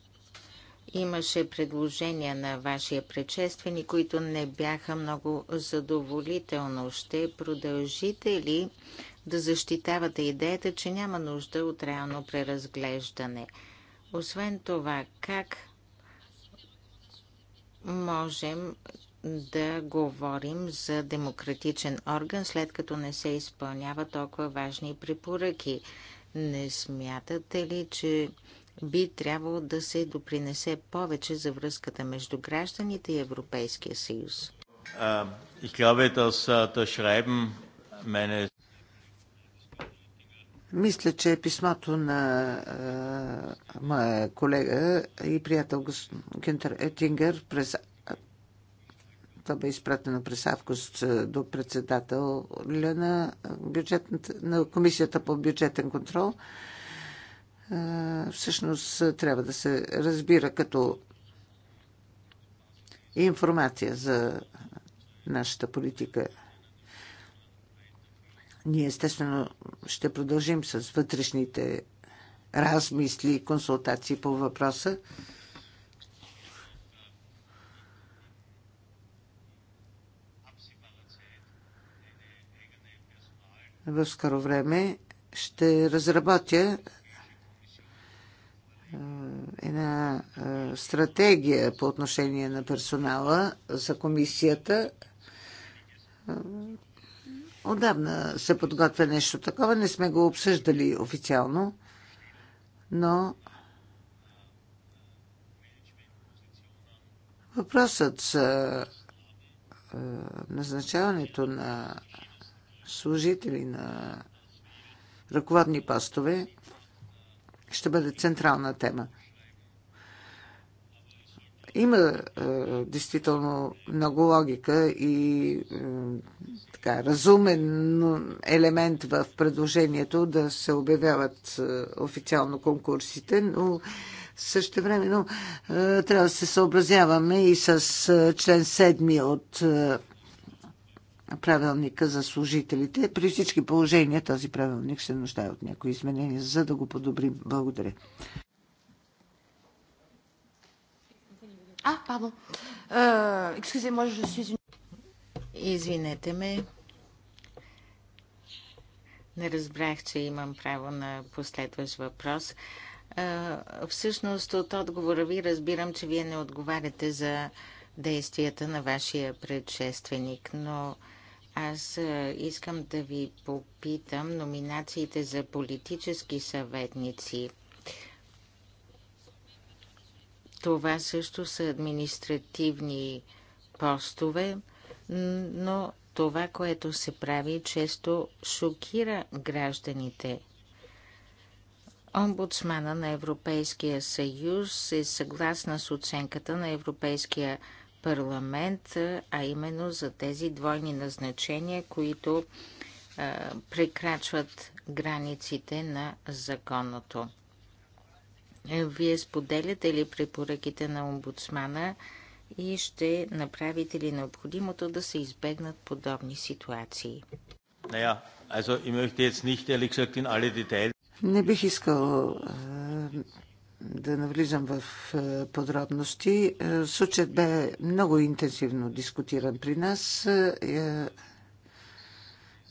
Имаше предложения на вашия предшественик, които не бяха много задоволително. Ще продължите ли да защитавате идеята, че няма нужда от реално преразглеждане? Освен това, как можем да говорим за демократичен орган, след като не се изпълнява толкова важни препоръки? Не смятате ли, че би трябвало да се допринесе повече за връзката между гражданите и Европейския съюз.
Мисля, че писмото на а, моя колега и приятел Гентер Етингер през Това бе изпратено през август до председател на, на Комисията по бюджетен контрол. А, всъщност трябва да се разбира като информация за нашата политика. Ние естествено ще продължим с вътрешните размисли и консултации по въпроса. В скоро време ще разработя една стратегия по отношение на персонала за комисията. Отдавна се подготвя нещо такова. Не сме го обсъждали официално, но въпросът за назначаването на служители на ръководни постове ще бъде централна тема. Има е, действително много логика и е, така, разумен елемент в предложението да се обявяват е, официално конкурсите, но също време но, е, трябва да се съобразяваме и с е, член 7 от е, правилника за служителите. При всички положения този правилник се нуждае от някои изменения, за да го подобрим. Благодаря.
А, Павло, Екскюзе, може да се си Извинете ме. Не разбрах, че имам право на последващ въпрос. Е, всъщност от отговора ви разбирам, че вие не отговаряте за действията на вашия предшественик, но аз искам да ви попитам номинациите за политически съветници. Това също са административни постове, но това, което се прави, често шокира гражданите. Омбудсмана на Европейския съюз е съгласна с оценката на Европейския съюз парламент, а именно за тези двойни назначения, които прекрачват границите на законното. Вие споделяте ли препоръките на омбудсмана и ще направите ли необходимото да се избегнат подобни
ситуации? Не бих искал да навлизам в е, подробности. Е, случаят бе много интензивно дискутиран при нас е,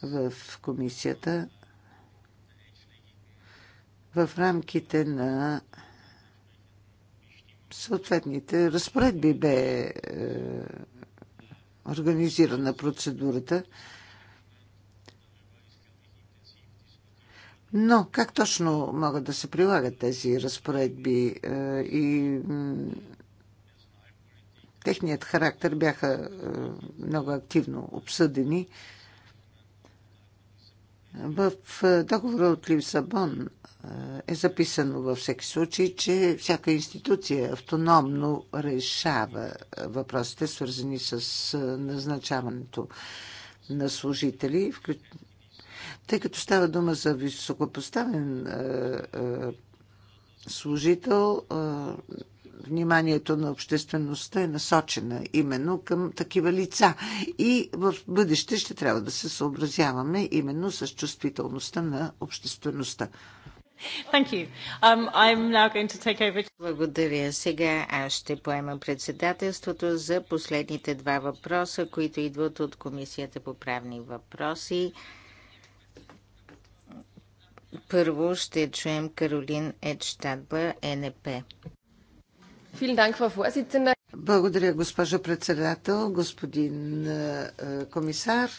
в комисията в рамките на съответните разпоредби бе организирана процедурата. Но как точно могат да се прилагат тези разпоредби е, и техният характер бяха е, много активно обсъдени. В е, договора от Лисабон е записано във всеки случай, че всяка институция автономно решава въпросите, свързани с назначаването на служители, тъй като става дума за високопоставен е, е, служител, е, вниманието на обществеността е насочена именно към такива лица. И в бъдеще ще трябва да се съобразяваме именно с чувствителността на обществеността.
Um, Благодаря. Сега аз ще поема председателството за последните два въпроса, които идват от Комисията по правни въпроси. Първо ще чуем Каролин Едштадба, НП.
Благодаря, госпожо председател, господин е, комисар,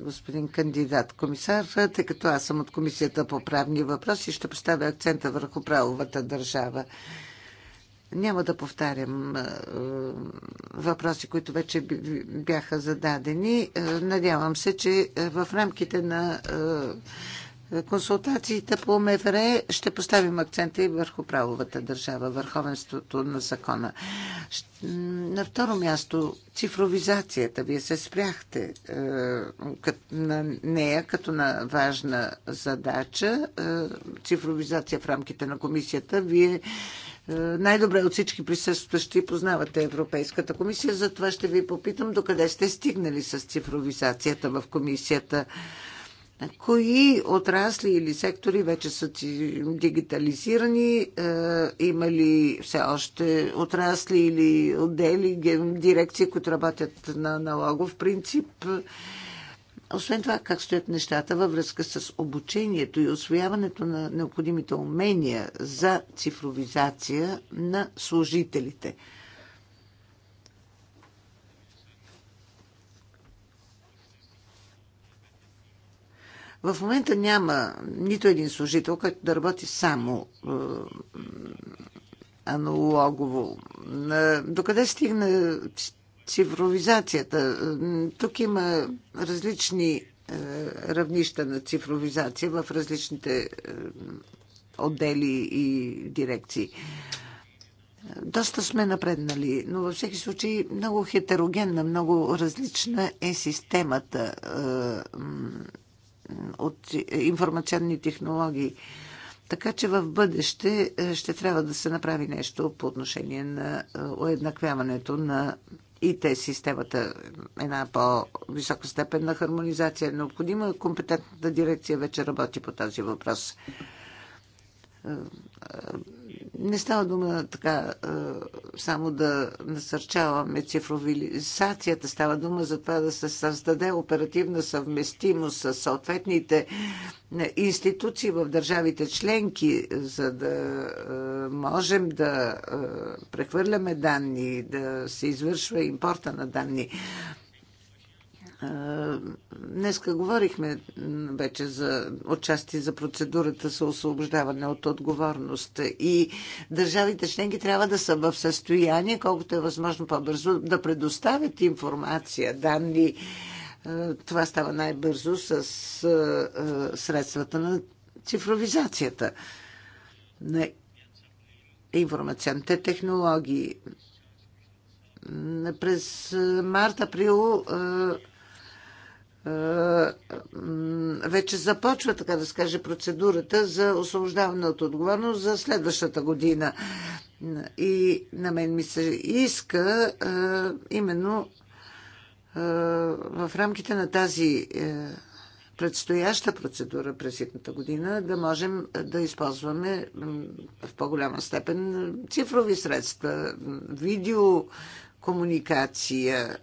господин кандидат комисар, тъй като аз съм от Комисията по правни въпроси, ще поставя акцента върху правовата държава. Няма да повтарям е, въпроси, които вече бяха зададени. Е, надявам се, че в рамките на консултациите по МВР ще поставим акцента и върху правовата държава, върховенството на закона. На второ място, цифровизацията. Вие се спряхте е, на нея като на важна задача. Е, цифровизация в рамките на комисията. Вие е, най-добре от всички присъстващи познавате Европейската комисия, затова ще ви попитам докъде сте стигнали с цифровизацията в комисията. Кои отрасли или сектори вече са дигитализирани? Е, има ли все още отрасли или отдели, дирекции, които работят на налогов принцип? Освен това, как стоят нещата във връзка с обучението и освояването на необходимите умения за цифровизация на служителите? В момента няма нито един служител, който да работи само е, аналогово. Е, докъде стигна цифровизацията? Тук има различни е, равнища на цифровизация в различните отдели и дирекции. Доста сме напреднали, но във всеки случай много хетерогенна, много различна е системата от информационни технологии. Така че в бъдеще е, ще трябва да се направи нещо по отношение на е, уеднаквяването на и те системата една по-висока степен на хармонизация е необходима. Компетентната дирекция вече работи по този въпрос. Е, не става дума така само да насърчаваме цифровизацията, става дума за това да се създаде оперативна съвместимост с съответните институции в държавите членки, за да можем да прехвърляме данни, да се извършва импорта на данни. Днеска говорихме вече за отчасти за процедурата за освобождаване от отговорност и държавите членки трябва да са в състояние, колкото е възможно по-бързо, да предоставят информация, данни. Това става най-бързо с средствата на цифровизацията, на информационните технологии. През март-април е, вече започва, така да скаже, процедурата за освобождаване от отговорност за следващата година. И на мен ми се иска е, именно е, в рамките на тази предстояща процедура през едната година да можем да използваме в по-голяма степен цифрови средства, видео комуникация,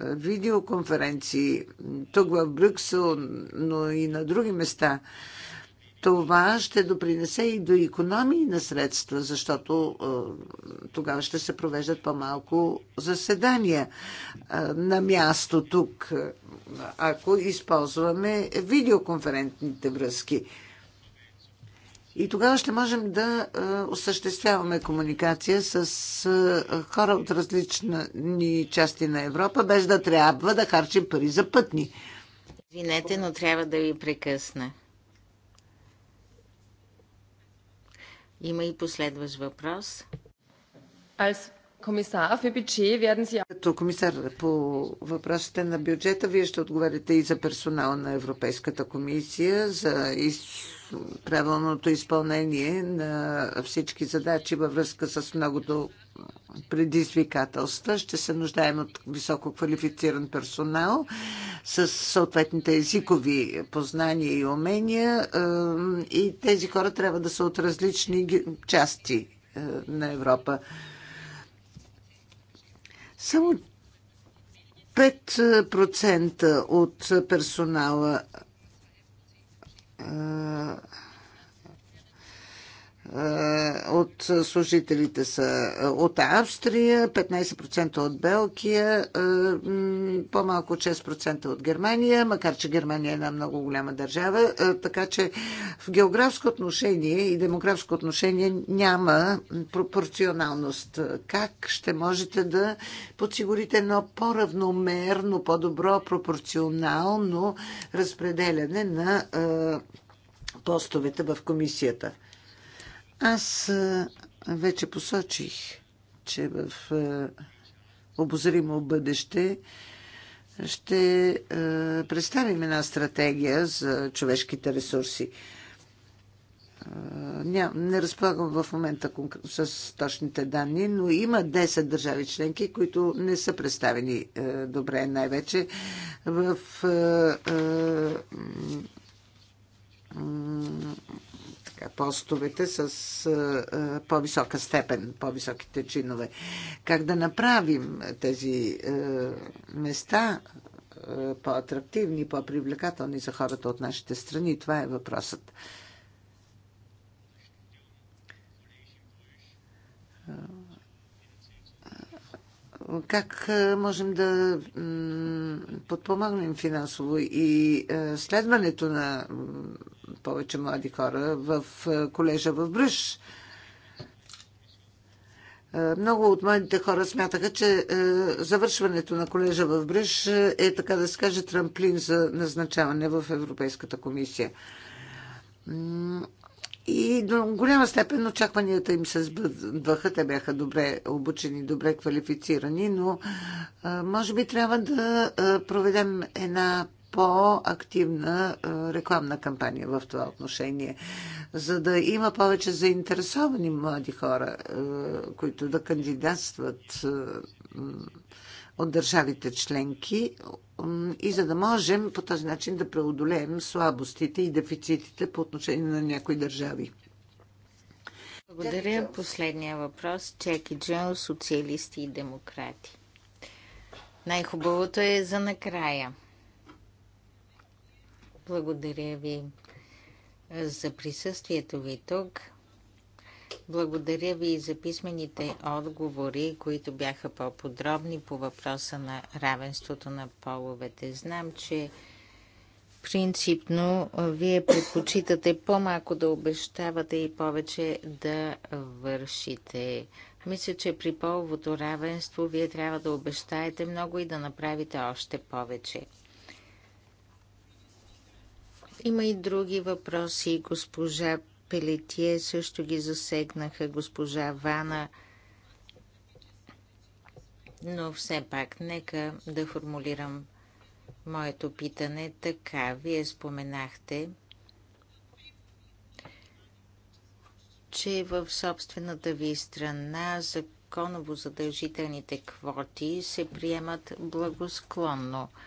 видеоконференции тук в Брюксел, но и на други места. Това ще допринесе и до економии на средства, защото тогава ще се провеждат по-малко заседания на място тук, ако използваме видеоконферентните връзки. И тогава ще можем да осъществяваме комуникация с хора от различни части на Европа, без да трябва да харчим пари за пътни.
Извинете, но трябва да ви прекъсна. Има и последващ въпрос. Аз комисар в
Като комисар по въпросите на бюджета, вие ще отговаряте и за персонал на Европейската комисия, за правилното изпълнение на всички задачи във връзка с многото предизвикателства. Ще се нуждаем от високо квалифициран персонал с съответните езикови познания и умения. И тези хора трябва да са от различни части е, на Европа. Само 5% е, от персонала а, е, е, от служителите са е, от Австрия, 15% от Белгия, е, по-малко 6% от Германия, макар че Германия е една много голяма държава, така че в географско отношение и демографско отношение няма пропорционалност. Как ще можете да подсигурите едно по-равномерно, по-добро пропорционално разпределяне на постовете в комисията? Аз вече посочих, че в обозримо бъдеще ще представим една стратегия за човешките ресурси. Не, разполагам в момента с точните данни, но има 10 държави членки, които не са представени добре, най-вече в така, постовете с по-висока степен, по-високите чинове. Как да направим тези места по-атрактивни, по-привлекателни за хората от нашите страни? Това е въпросът. Как можем да подпомогнем финансово и следването на повече млади хора в е, колежа в Бръж. Е, много от младите хора смятаха, че е, завършването на колежа в Бръж е, така да се каже, трамплин за назначаване в Европейската комисия. И до голяма степен очакванията им се сбъдваха. Те бяха добре обучени, добре квалифицирани, но може би трябва да проведем една по-активна рекламна кампания в това отношение, за да има повече заинтересовани млади хора, които да кандидатстват от държавите членки и за да можем по този начин да преодолеем слабостите и дефицитите по отношение на някои държави.
Благодаря. Последния въпрос. Чеки Джо, социалисти и демократи. Най-хубавото е за накрая. Благодаря ви за присъствието ви тук. Благодаря ви и за писмените отговори, които бяха по-подробни по въпроса на равенството на половете. Знам, че принципно вие предпочитате по-малко да обещавате и повече да вършите. Мисля, че при половото равенство вие трябва да обещаете много и да направите още повече. Има и други въпроси. Госпожа Пелетие също ги засегнаха, госпожа Вана. Но все пак, нека да формулирам моето питане така. Вие споменахте, че в собствената ви страна законово задължителните квоти се приемат благосклонно –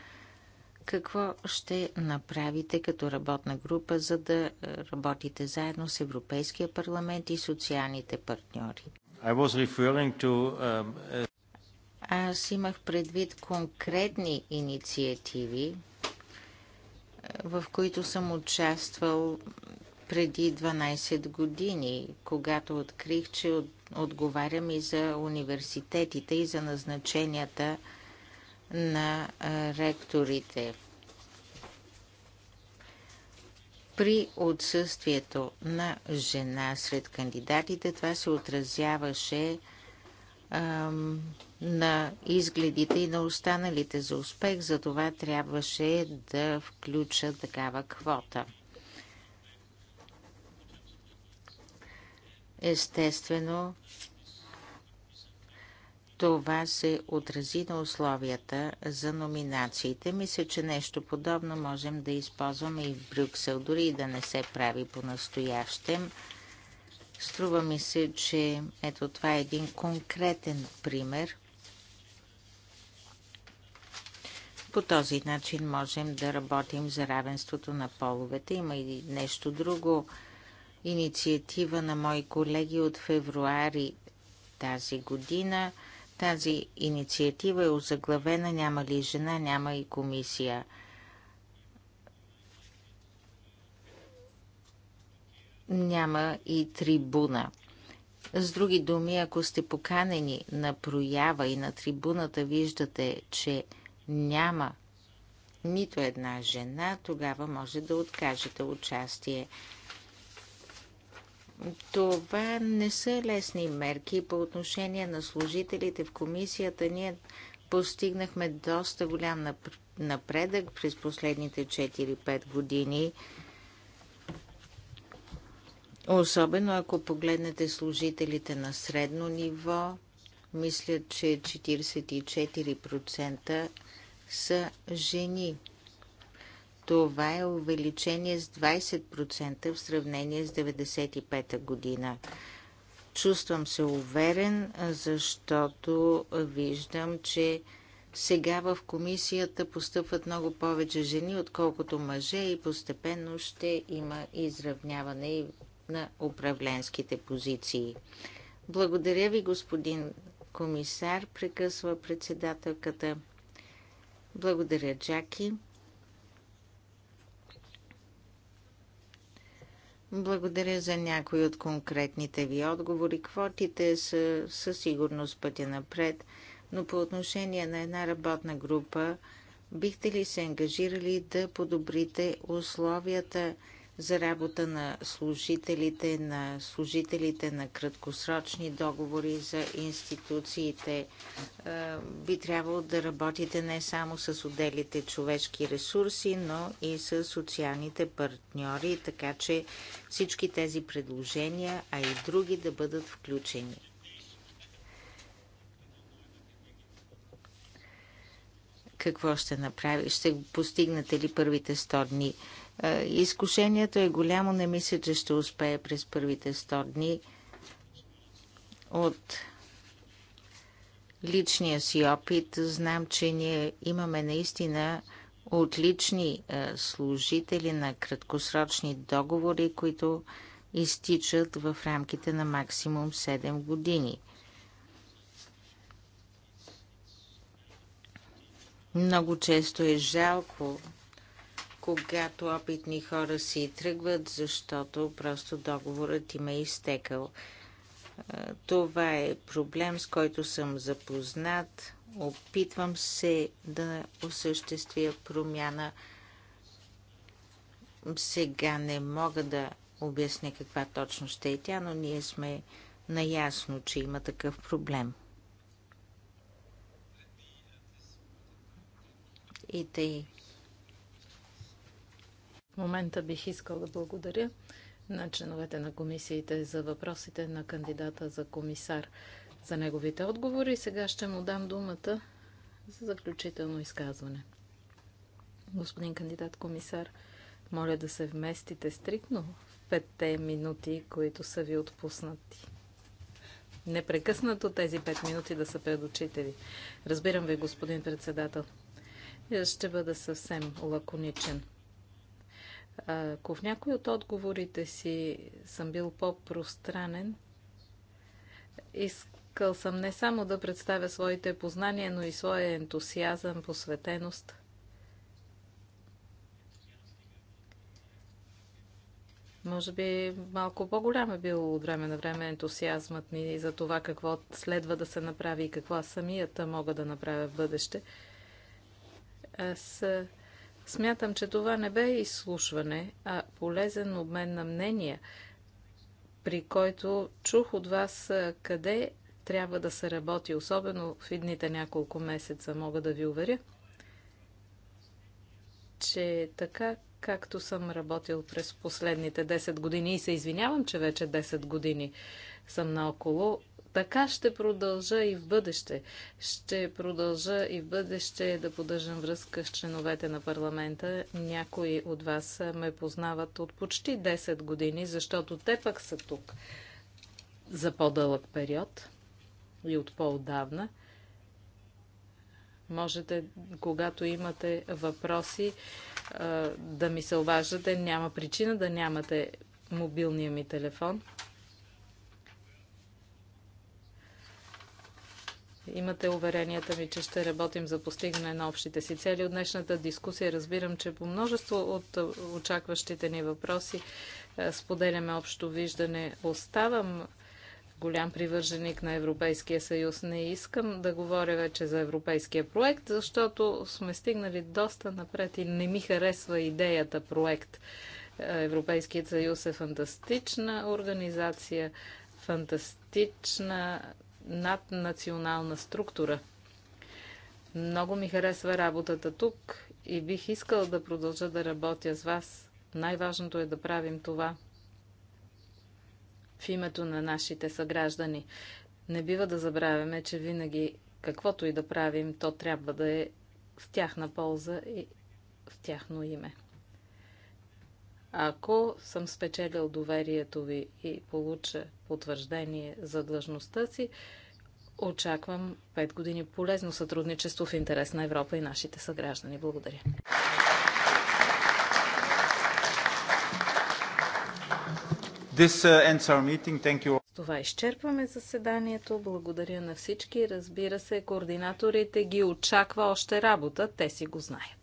какво ще направите като работна група, за да работите заедно с Европейския парламент и социалните партньори?
To... Um,
Аз имах предвид конкретни инициативи, в които съм участвал преди 12 години, когато открих, че отговарям и за университетите и за назначенията на ректорите. При отсъствието на жена сред кандидатите това се отразяваше ам, на изгледите и на останалите за успех, за това трябваше да включа такава квота. Естествено, това се отрази на условията за номинациите. Мисля, че нещо подобно можем да използваме и в Брюксел, дори и да не се прави по-настоящем. Струва ми се, че ето това е един конкретен пример. По този начин можем да работим за равенството на половете. Има и нещо друго. Инициатива на мои колеги от февруари тази година – тази инициатива е озаглавена «Няма ли жена, няма и комисия». Няма и трибуна. С други думи, ако сте поканени на проява и на трибуната виждате, че няма нито една жена, тогава може да откажете участие. Това не са лесни мерки по отношение на служителите в комисията. Ние постигнахме доста голям напредък през последните 4-5 години. Особено ако погледнете служителите на средно ниво, мисля, че 44% са жени. Това е увеличение с 20% в сравнение с 95-та година. Чувствам се уверен, защото виждам, че сега в комисията постъпват много повече жени, отколкото мъже и постепенно ще има изравняване и на управленските позиции. Благодаря ви, господин комисар, прекъсва председателката. Благодаря, Джаки. Благодаря за някои от конкретните ви отговори. Квотите са със сигурност пътя напред, но по отношение на една работна група, бихте ли се ангажирали да подобрите условията за работа на служителите, на служителите на краткосрочни договори за институциите. Е, би трябвало да работите не само с отделите човешки ресурси, но и с социалните партньори, така че всички тези предложения, а и други да бъдат включени. Какво ще направи? Ще постигнете ли първите 100 дни? Е, изкушението е голямо, не мисля, че ще успее през първите 100 дни от личния си опит. Знам, че ние имаме наистина отлични е, служители на краткосрочни договори, които изтичат в рамките на максимум 7 години. Много често е жалко когато опитни хора си тръгват, защото просто договорът им е изтекал. Това е проблем, с който съм запознат. Опитвам се да осъществя промяна. Сега не мога да обясня каква точно ще е тя, но ние сме наясно, че има такъв проблем. И тъй
в момента бих искал да благодаря на членовете на комисиите за въпросите на кандидата за комисар за неговите отговори. Сега ще му дам думата за заключително изказване. Господин кандидат комисар, моля да се вместите стрикно в петте минути, които са ви отпуснати. Непрекъснато тези пет минути да са пред очите ви. Разбирам ви, господин председател. Ще бъда съвсем лаконичен. Ако в някой от отговорите си съм бил по-пространен, искал съм не само да представя своите познания, но и своя ентусиазъм, посветеност. Може би малко по-голям е бил от време на време ентусиазмът ни за това какво следва да се направи и какво самията мога да направя в бъдеще. Аз Смятам, че това не бе изслушване, а полезен обмен на мнения, при който чух от вас къде трябва да се работи, особено в едните няколко месеца, мога да ви уверя, че така както съм работил през последните 10 години и се извинявам, че вече 10 години съм наоколо, така ще продължа и в бъдеще. Ще продължа и в бъдеще да поддържам връзка с членовете на парламента. Някои от вас ме познават от почти 10 години, защото те пък са тук за по-дълъг период и от по-отдавна. Можете, когато имате въпроси, да ми се обаждате. Няма причина да нямате мобилния ми телефон. Имате уверенията ми, че ще работим за постигане на общите си цели. От днешната дискусия разбирам, че по множество от очакващите ни въпроси споделяме общо виждане. Оставам голям привърженик на Европейския съюз. Не искам да говоря вече за европейския проект, защото сме стигнали доста напред и не ми харесва идеята проект. Европейският съюз е фантастична организация, фантастична наднационална структура. Много ми харесва работата тук и бих искал да продължа да работя с вас. Най-важното е да правим това в името на нашите съграждани. Не бива да забравяме, че винаги каквото и да правим, то трябва да е в тяхна полза и в тяхно име. Ако съм спечелил доверието ви и получа потвърждение за длъжността си, очаквам 5 години полезно сътрудничество в интерес на Европа и нашите съграждани. Благодаря.
This uh, ends our meeting. Thank you.
това изчерпваме заседанието. Благодаря на всички. Разбира се, координаторите ги очаква още работа. Те си го знаят.